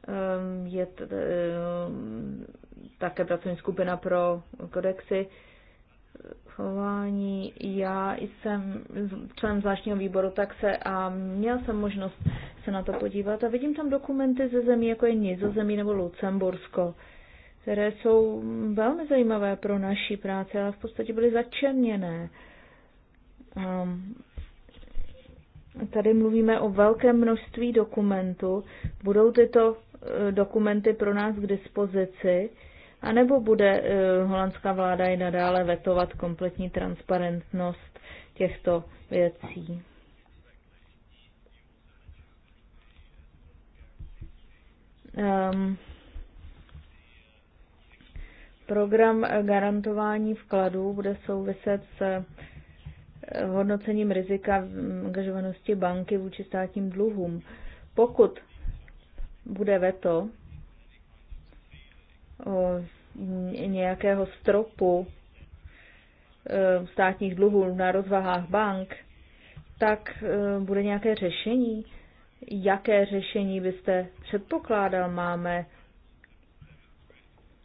ehm, je ehm, také pracovní skupina pro kodexy chování. Já jsem členem zvláštního výboru taxe a měl jsem možnost se na to podívat a vidím tam dokumenty ze zemí, jako je Nizozemí nebo Lucembursko, které jsou velmi zajímavé pro naší práci, ale v podstatě byly začerněné. Um, Tady mluvíme o velkém množství dokumentů. Budou tyto eh, dokumenty pro nás k dispozici? A nebo bude eh, holandská vláda i nadále vetovat kompletní transparentnost těchto věcí? Um, program garantování vkladů bude souviset s hodnocením rizika angažovanosti banky vůči státním dluhům. Pokud bude veto o nějakého stropu eh, státních dluhů na rozvahách bank, tak eh, bude nějaké řešení. Jaké řešení byste předpokládal? Máme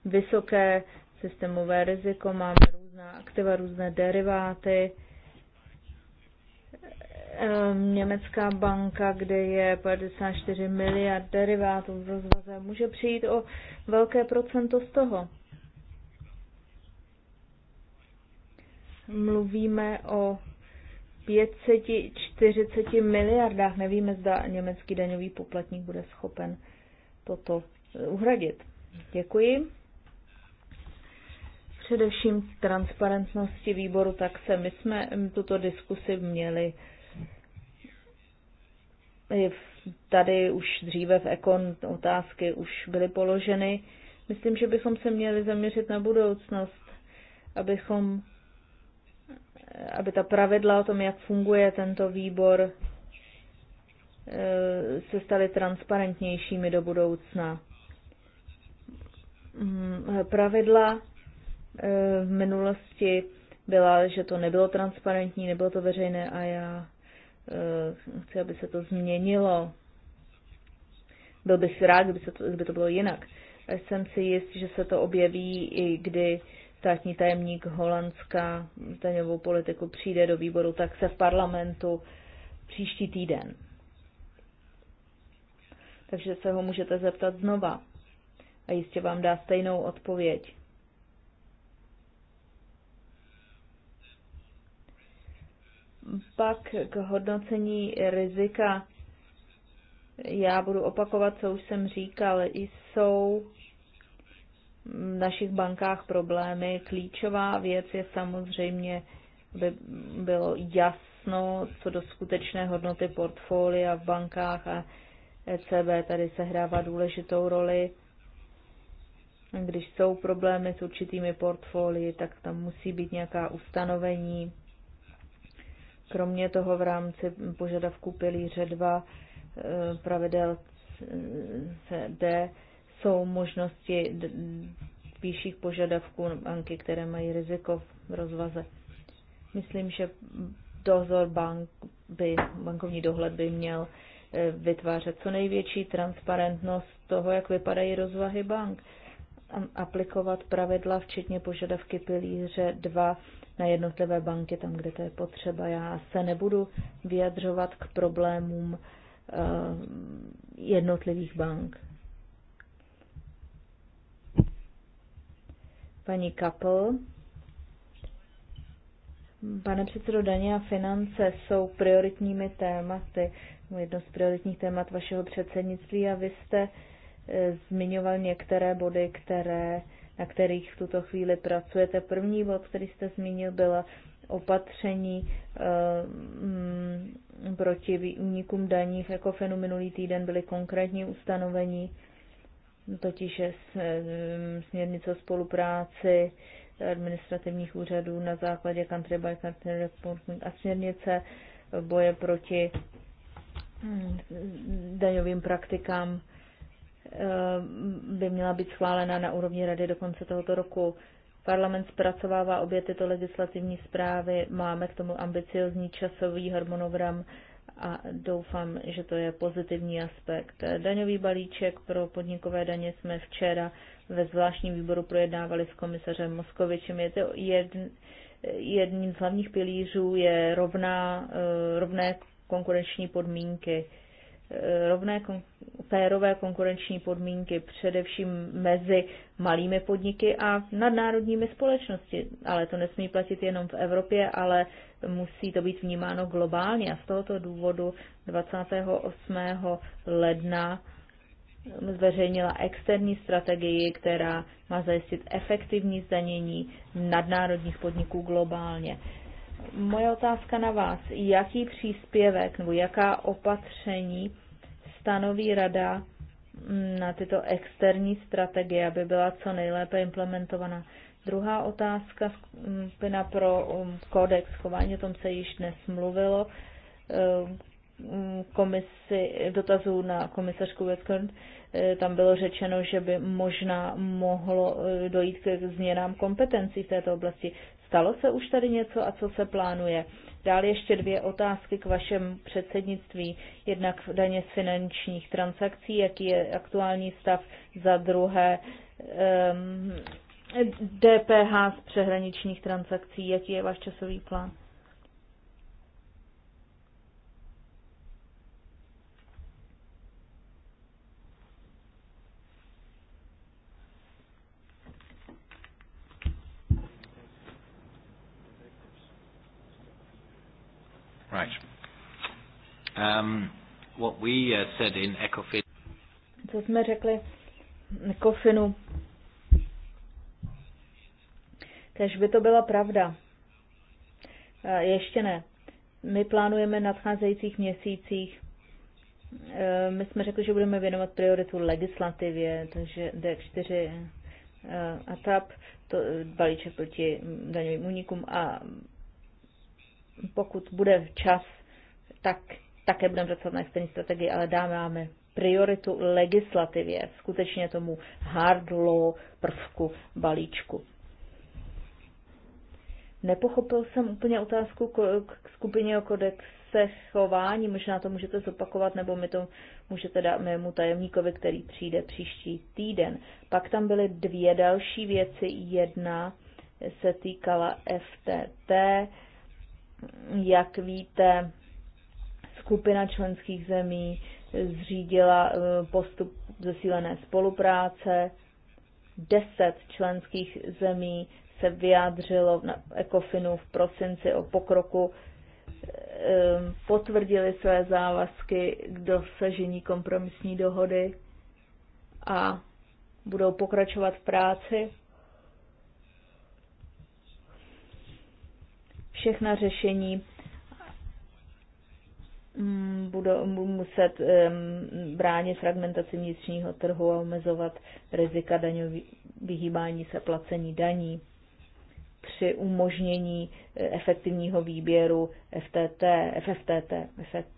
vysoké systémové riziko, máme různá aktiva, různé deriváty, Ehm, německá banka, kde je 54 miliard derivátů v rozvaze, může přijít o velké procento z toho. Mluvíme o 540 miliardách. Nevíme, zda německý daňový poplatník bude schopen toto uhradit. Děkuji. Především transparentnosti výboru, tak se my jsme tuto diskusi měli Tady už dříve v Ekon otázky už byly položeny. Myslím, že bychom se měli zaměřit na budoucnost, abychom, aby ta pravidla o tom, jak funguje tento výbor, eh, se staly transparentnějšími do budoucna. Mm, pravidla eh, v minulosti byla, že to nebylo transparentní, nebylo to veřejné a já Eh, chci, aby se to změnilo. Byl bych rád, kdyby, se to, kdyby to bylo jinak. A jsem si jist, že se to objeví i kdy státní tajemník Holandska daňovou politiku přijde do výboru, tak se v parlamentu příští týden. Takže se ho můžete zeptat znova a jistě vám dá stejnou odpověď. Pak k hodnocení rizika. Já budu opakovat, co už jsem říkal. Jsou v našich bankách problémy. Klíčová věc je samozřejmě, aby bylo jasno co do skutečné hodnoty portfolia v bankách a ECB tady sehrává důležitou roli. Když jsou problémy s určitými portfolii, tak tam musí být nějaká ustanovení, Kromě toho v rámci požadavku pilíře 2 eh, pravidel CD jsou možnosti výšších požadavků banky, které mají riziko v rozvaze. Myslím, že dozor bank by, bankovní dohled by měl eh, vytvářet co největší transparentnost toho, jak vypadají rozvahy bank aplikovat pravidla, včetně požadavky pilíře 2 na jednotlivé banky tam, kde to je potřeba. Já se nebudu vyjadřovat k problémům eh, jednotlivých bank. Paní Kapl. Pane předsedo, daně a finance jsou prioritními tématy, jedno z prioritních témat vašeho předsednictví a vy jste uh, Eh, zmiňoval některé body, které, na kterých v tuto chvíli pracujete. První bod, který jste zmínil, byla opatření eh, mm, proti únikům daní. V ECOFENu minulý týden byly konkrétní ustanovení, totiž eh, mm, směrnice o spolupráci administrativních úřadů na základě country by country reporting a směrnice boje proti mm, daňovým praktikám Eh, by měla být schválena na úrovni Rady do konce tohoto roku. Parlament zpracovává obě tyto legislativní zprávy, máme k tomu ambiciozní časový harmonogram a doufám, že to je pozitivní aspekt. Daňový balíček pro podnikové daně jsme včera ve zvláštním výboru projednávali s komisařem Moskovičem. Je to jedn, jedním z hlavních pilířů je rovná, eh, rovné konkurenční podmínky Eh, rovné férové konkurenční podmínky především mezi malými podniky a nadnárodními společnosti. Ale to nesmí platit jenom v Evropě, ale musí to být vnímáno globálně. A z tohoto důvodu 28. ledna zveřejnila externí strategii, která má zajistit efektivní zdanění nadnárodních podniků globálně. Moje otázka na vás. Jaký příspěvek nebo jaká opatření stanoví rada mm, na tyto externí strategie, aby byla co nejlépe implementovaná? Druhá otázka pina pro um, kodex chování, o tom se již dnes mluvilo. Um, komisi, dotazů na komisařku Wetkund, eh, tam bylo řečeno, že by možná mohlo eh, dojít k změnám kompetencí v této oblasti. Stalo se už tady něco a co se plánuje? Dále ještě dvě otázky k vašem předsednictví. Jednak v daně z finančních transakcí, jaký je aktuální stav, za druhé um, ehm, DPH z přehraničních transakcí, jaký je váš časový plán? Right. Um, what we uh, said in ECOFIN. Co jsme řekli ECOFINu? Kež by to byla pravda. Ještě ne. My plánujeme nadcházejících měsících. Eh, my jsme řekli, že budeme věnovat prioritu legislativě, takže D4 eh, a TAP, to balíček proti daňovým únikům a pokud bude čas, tak také budeme pracovat na externí strategii, ale dáváme prioritu legislativě, skutečně tomu hard law prvku balíčku. Nepochopil jsem úplně otázku k skupině o kodexe chování, možná to můžete zopakovat, nebo mi to můžete dát mému tajemníkovi, který přijde příští týden. Pak tam byly dvě další věci. Jedna se týkala FTT, jak víte, skupina členských zemí zřídila eh, postup zesílené spolupráce. Deset členských zemí se vyjádřilo na ECOFINu v prosinci o pokroku, eh, potvrdili své závazky k dosažení kompromisní dohody a budou pokračovat v práci. všechna řešení mm, budou muset um, bránit fragmentaci vnitřního trhu a omezovat rizika daňový, vyhýbání se placení daní při umožnění e, efektivního výběru FTT, FFTT, FFT,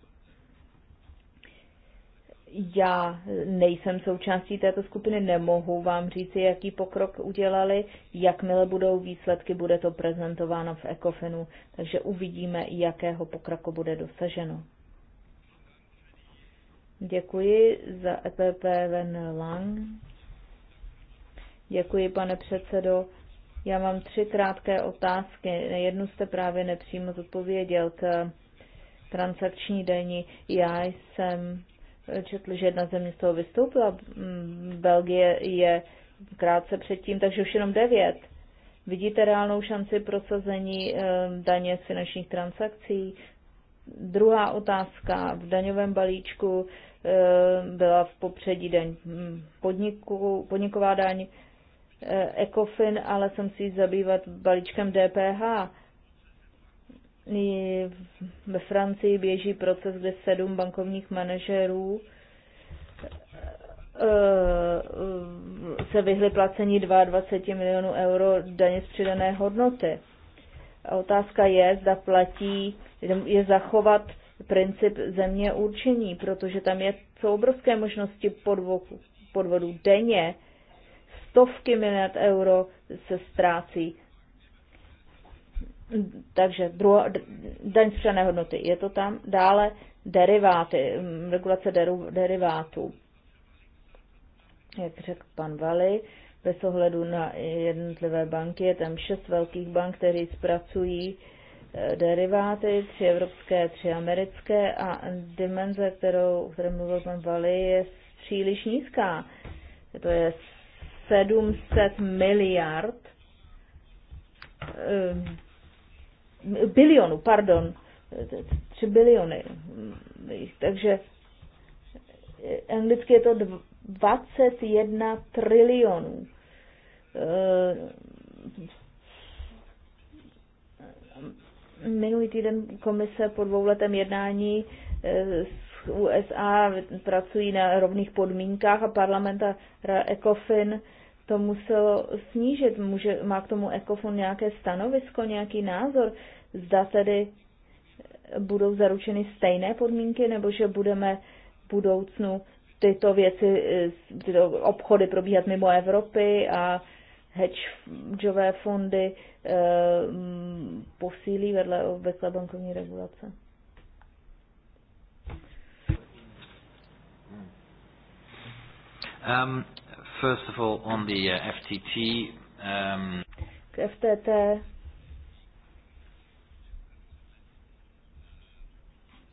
já nejsem součástí této skupiny, nemohu vám říci, jaký pokrok udělali. Jakmile budou výsledky, bude to prezentováno v ECOFINu, takže uvidíme, jakého pokroku bude dosaženo. Děkuji za EPP Ven Lang. Děkuji, pane předsedo. Já mám tři krátké otázky. Jednu jste právě nepřímo zodpověděl k transakční denní. Já jsem četl, že jedna země z toho vystoupila. Mm, Belgie je krátce předtím, takže už jenom devět. Vidíte reálnou šanci prosazení eh, daně z finančních transakcí? Druhá otázka. V daňovém balíčku eh, byla v popředí daň hm, podniku, podniková daň eh, ECOFIN, ale jsem si zabývat balíčkem DPH ve Francii běží proces, kde sedm bankovních manažerů eh, se vyhly placení 22 milionů euro daně z přidané hodnoty. A otázka je, zda platí, je zachovat princip země určení, protože tam je, co obrovské možnosti podvodu Denně stovky miliard euro se ztrácí takže druho, daň z přené hodnoty, je to tam. Dále deriváty, mm, regulace deru, derivátů. Jak řekl pan Vali, bez ohledu na jednotlivé banky, je tam šest velkých bank, které zpracují e, deriváty, tři evropské, tři americké a dimenze, kterou, o které mluvil pan Vali, je příliš nízká. To je 700 miliard e, bilionu, pardon, tři biliony. Takže eh, anglicky je to 21 trilionů. Eh, minulý týden komise po dvouletém jednání z eh, USA pracují na rovných podmínkách a parlament a ECOFIN to muselo snížit. Může, má k tomu ekofon nějaké stanovisko, nějaký názor? Zda tedy budou zaručeny stejné podmínky, nebo že budeme v budoucnu tyto věci, eh, tyto obchody probíhat mimo Evropy a hedgeové fondy e, posílí vedle obvykle bankovní regulace. Um, first of all, on the uh, FTT. Um, K FTT.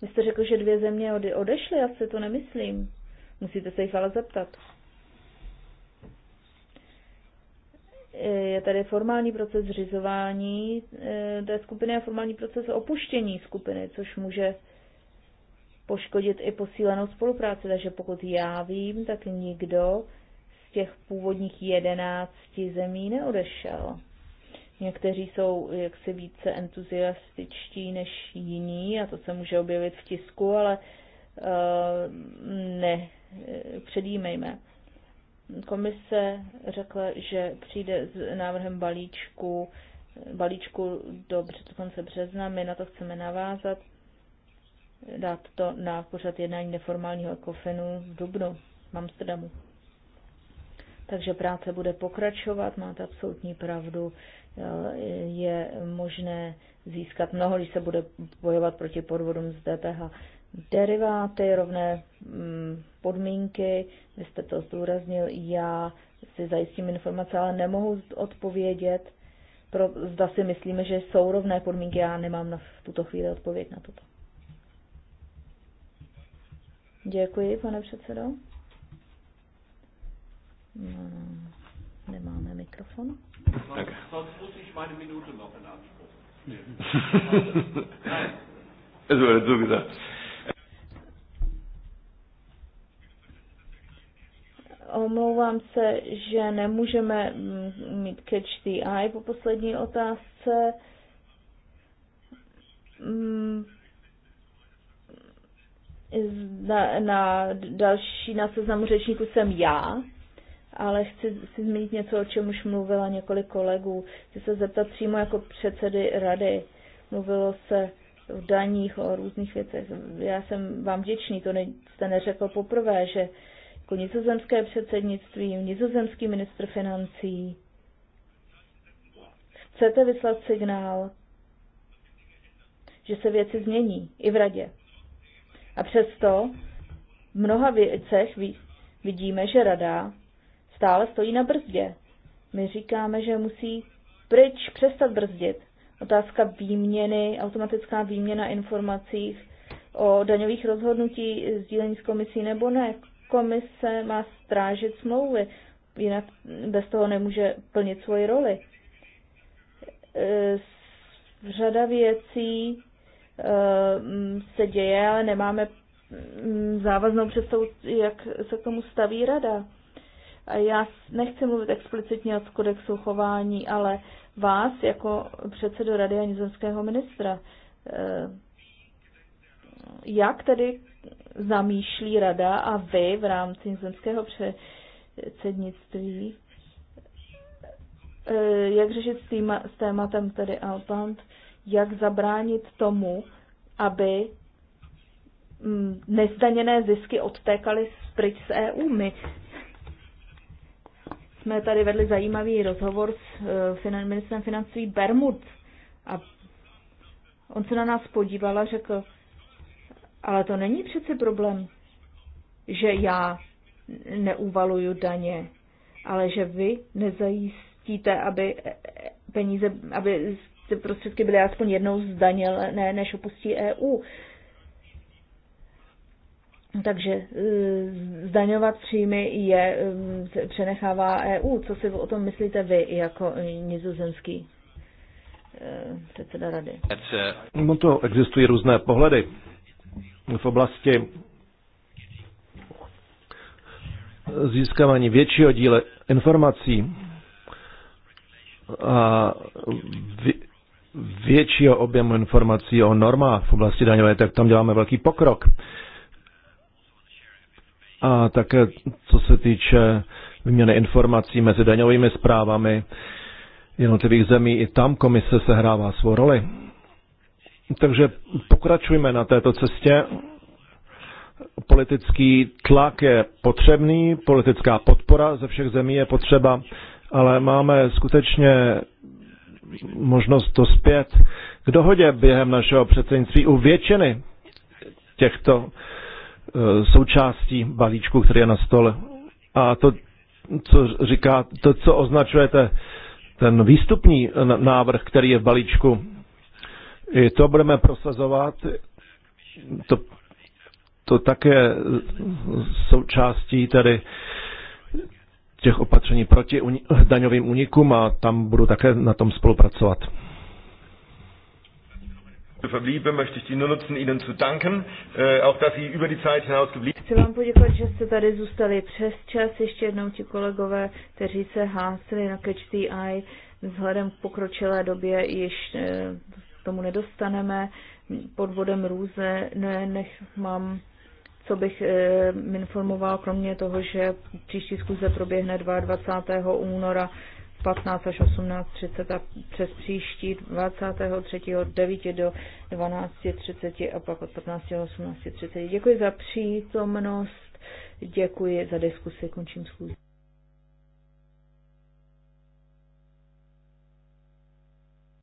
Vy jste řekl, že dvě země ode, odešly, já se to nemyslím. Musíte se jich ale zeptat. Je tady formální proces zřizování eh, té skupiny a formální proces opuštění skupiny, což může poškodit i posílenou spolupráci. Takže pokud já vím, tak nikdo těch původních jedenácti zemí neodešel. Někteří jsou jaksi více entuziastičtí než jiní a to se může objevit v tisku, ale uh, ne, předjímejme. Komise řekla, že přijde s návrhem balíčku, balíčku do konce března, my na to chceme navázat, dát to na pořad jednání neformálního ekofinu v Dubnu, v Amsterdamu. Takže práce bude pokračovat, máte absolutní pravdu. Eh, Je možné získat mnoho, když se bude bojovat proti podvodům z DPH. Deriváty, rovné mm, podmínky, vy jste to zdůraznil, já si zajistím informace, ale nemohu odpovědět, pro, zda si myslíme, že jsou rovné podmínky, já nemám na v tuto chvíli odpověď na toto. Děkuji, pane předsedo. No, nemáme mikrofon. Tak. Sonst muss ich meine Minute noch in Anspruch. Es wurde so gesagt. Omlouvám se, že nemůžeme mít catch the eye po poslední otázce. Mm, na, na další na seznamu řečníku jsem já ale chci si zmínit něco, o čem už mluvila několik kolegů. Chci se zeptat přímo jako předsedy rady. Mluvilo se o daních, o různých věcech. Já jsem vám vděčný, to ne, jste neřekl poprvé, že jako nizozemské předsednictví, nizozemský ministr financí, chcete vyslat signál, že se věci změní i v radě. A přesto v mnoha věcech vidíme, že rada stále stojí na brzdě. My říkáme, že musí pryč přestat brzdit. Otázka výměny, automatická výměna informací o daňových rozhodnutí sdílení s komisí nebo ne. Komise má strážit smlouvy, jinak bez toho nemůže plnit svoji roli. E, řada věcí e, se děje, ale nemáme závaznou představu, jak se k tomu staví rada. Já nechci mluvit explicitně o kodexu chování, ale vás jako předsedo rady a nizozemského ministra. Eh, jak tedy zamýšlí rada a vy v rámci nizozemského předsednictví, eh, jak řešit s, týma, s tématem tedy Alpant, jak zabránit tomu, aby mm, nezdaněné zisky odtékaly pryč z EU. My jsme tady vedli zajímavý rozhovor s eh, ministrem financí Bermud a on se na nás podíval a řekl, ale to není přece problém, že já neuvaluju daně, ale že vy nezajistíte, aby eh, peníze, aby ty prostředky byly aspoň jednou zdaněné, než opustí EU. Takže e, zdaňovat příjmy je e, přenechává EU. Co si o tom myslíte vy jako nizozemský e, předseda rady? No to existují různé pohledy v oblasti získávání většího díle informací a většího objemu informací o normách v oblasti daňové, tak tam děláme velký pokrok a také co se týče výměny informací mezi daňovými zprávami jednotlivých zemí, i tam komise sehrává svou roli. Takže pokračujme na této cestě. Politický tlak je potřebný, politická podpora ze všech zemí je potřeba, ale máme skutečně možnost dospět k dohodě během našeho předsednictví u většiny těchto Eh, součástí balíčku, který je na stole. A to, co říká, to, co označujete, ten výstupní návrh, který je v balíčku, i to budeme prosazovat, to, to také součástí tedy těch opatření proti daňovým unikům a tam budu také na tom spolupracovat verbliebe, möchte ich die nur nutzen, Ihnen zu danken, äh, auch dass Sie über die Zeit hinaus geblieben sind. Chci vám poděkovat, že jste tady zůstali přes čas. Ještě jednou ti kolegové, kteří se hlásili na Catch the Eye, vzhledem k pokročilé době již eh, tomu nedostaneme. Pod vodem růze ne, nech mám co bych eh, informoval, kromě toho, že příští zkuze proběhne 22. února 15 až 18.30 a přes příští 23. 9 do 12.30 a pak od 15 do 18.30. Děkuji za přítomnost, děkuji za diskusi, končím schůzi.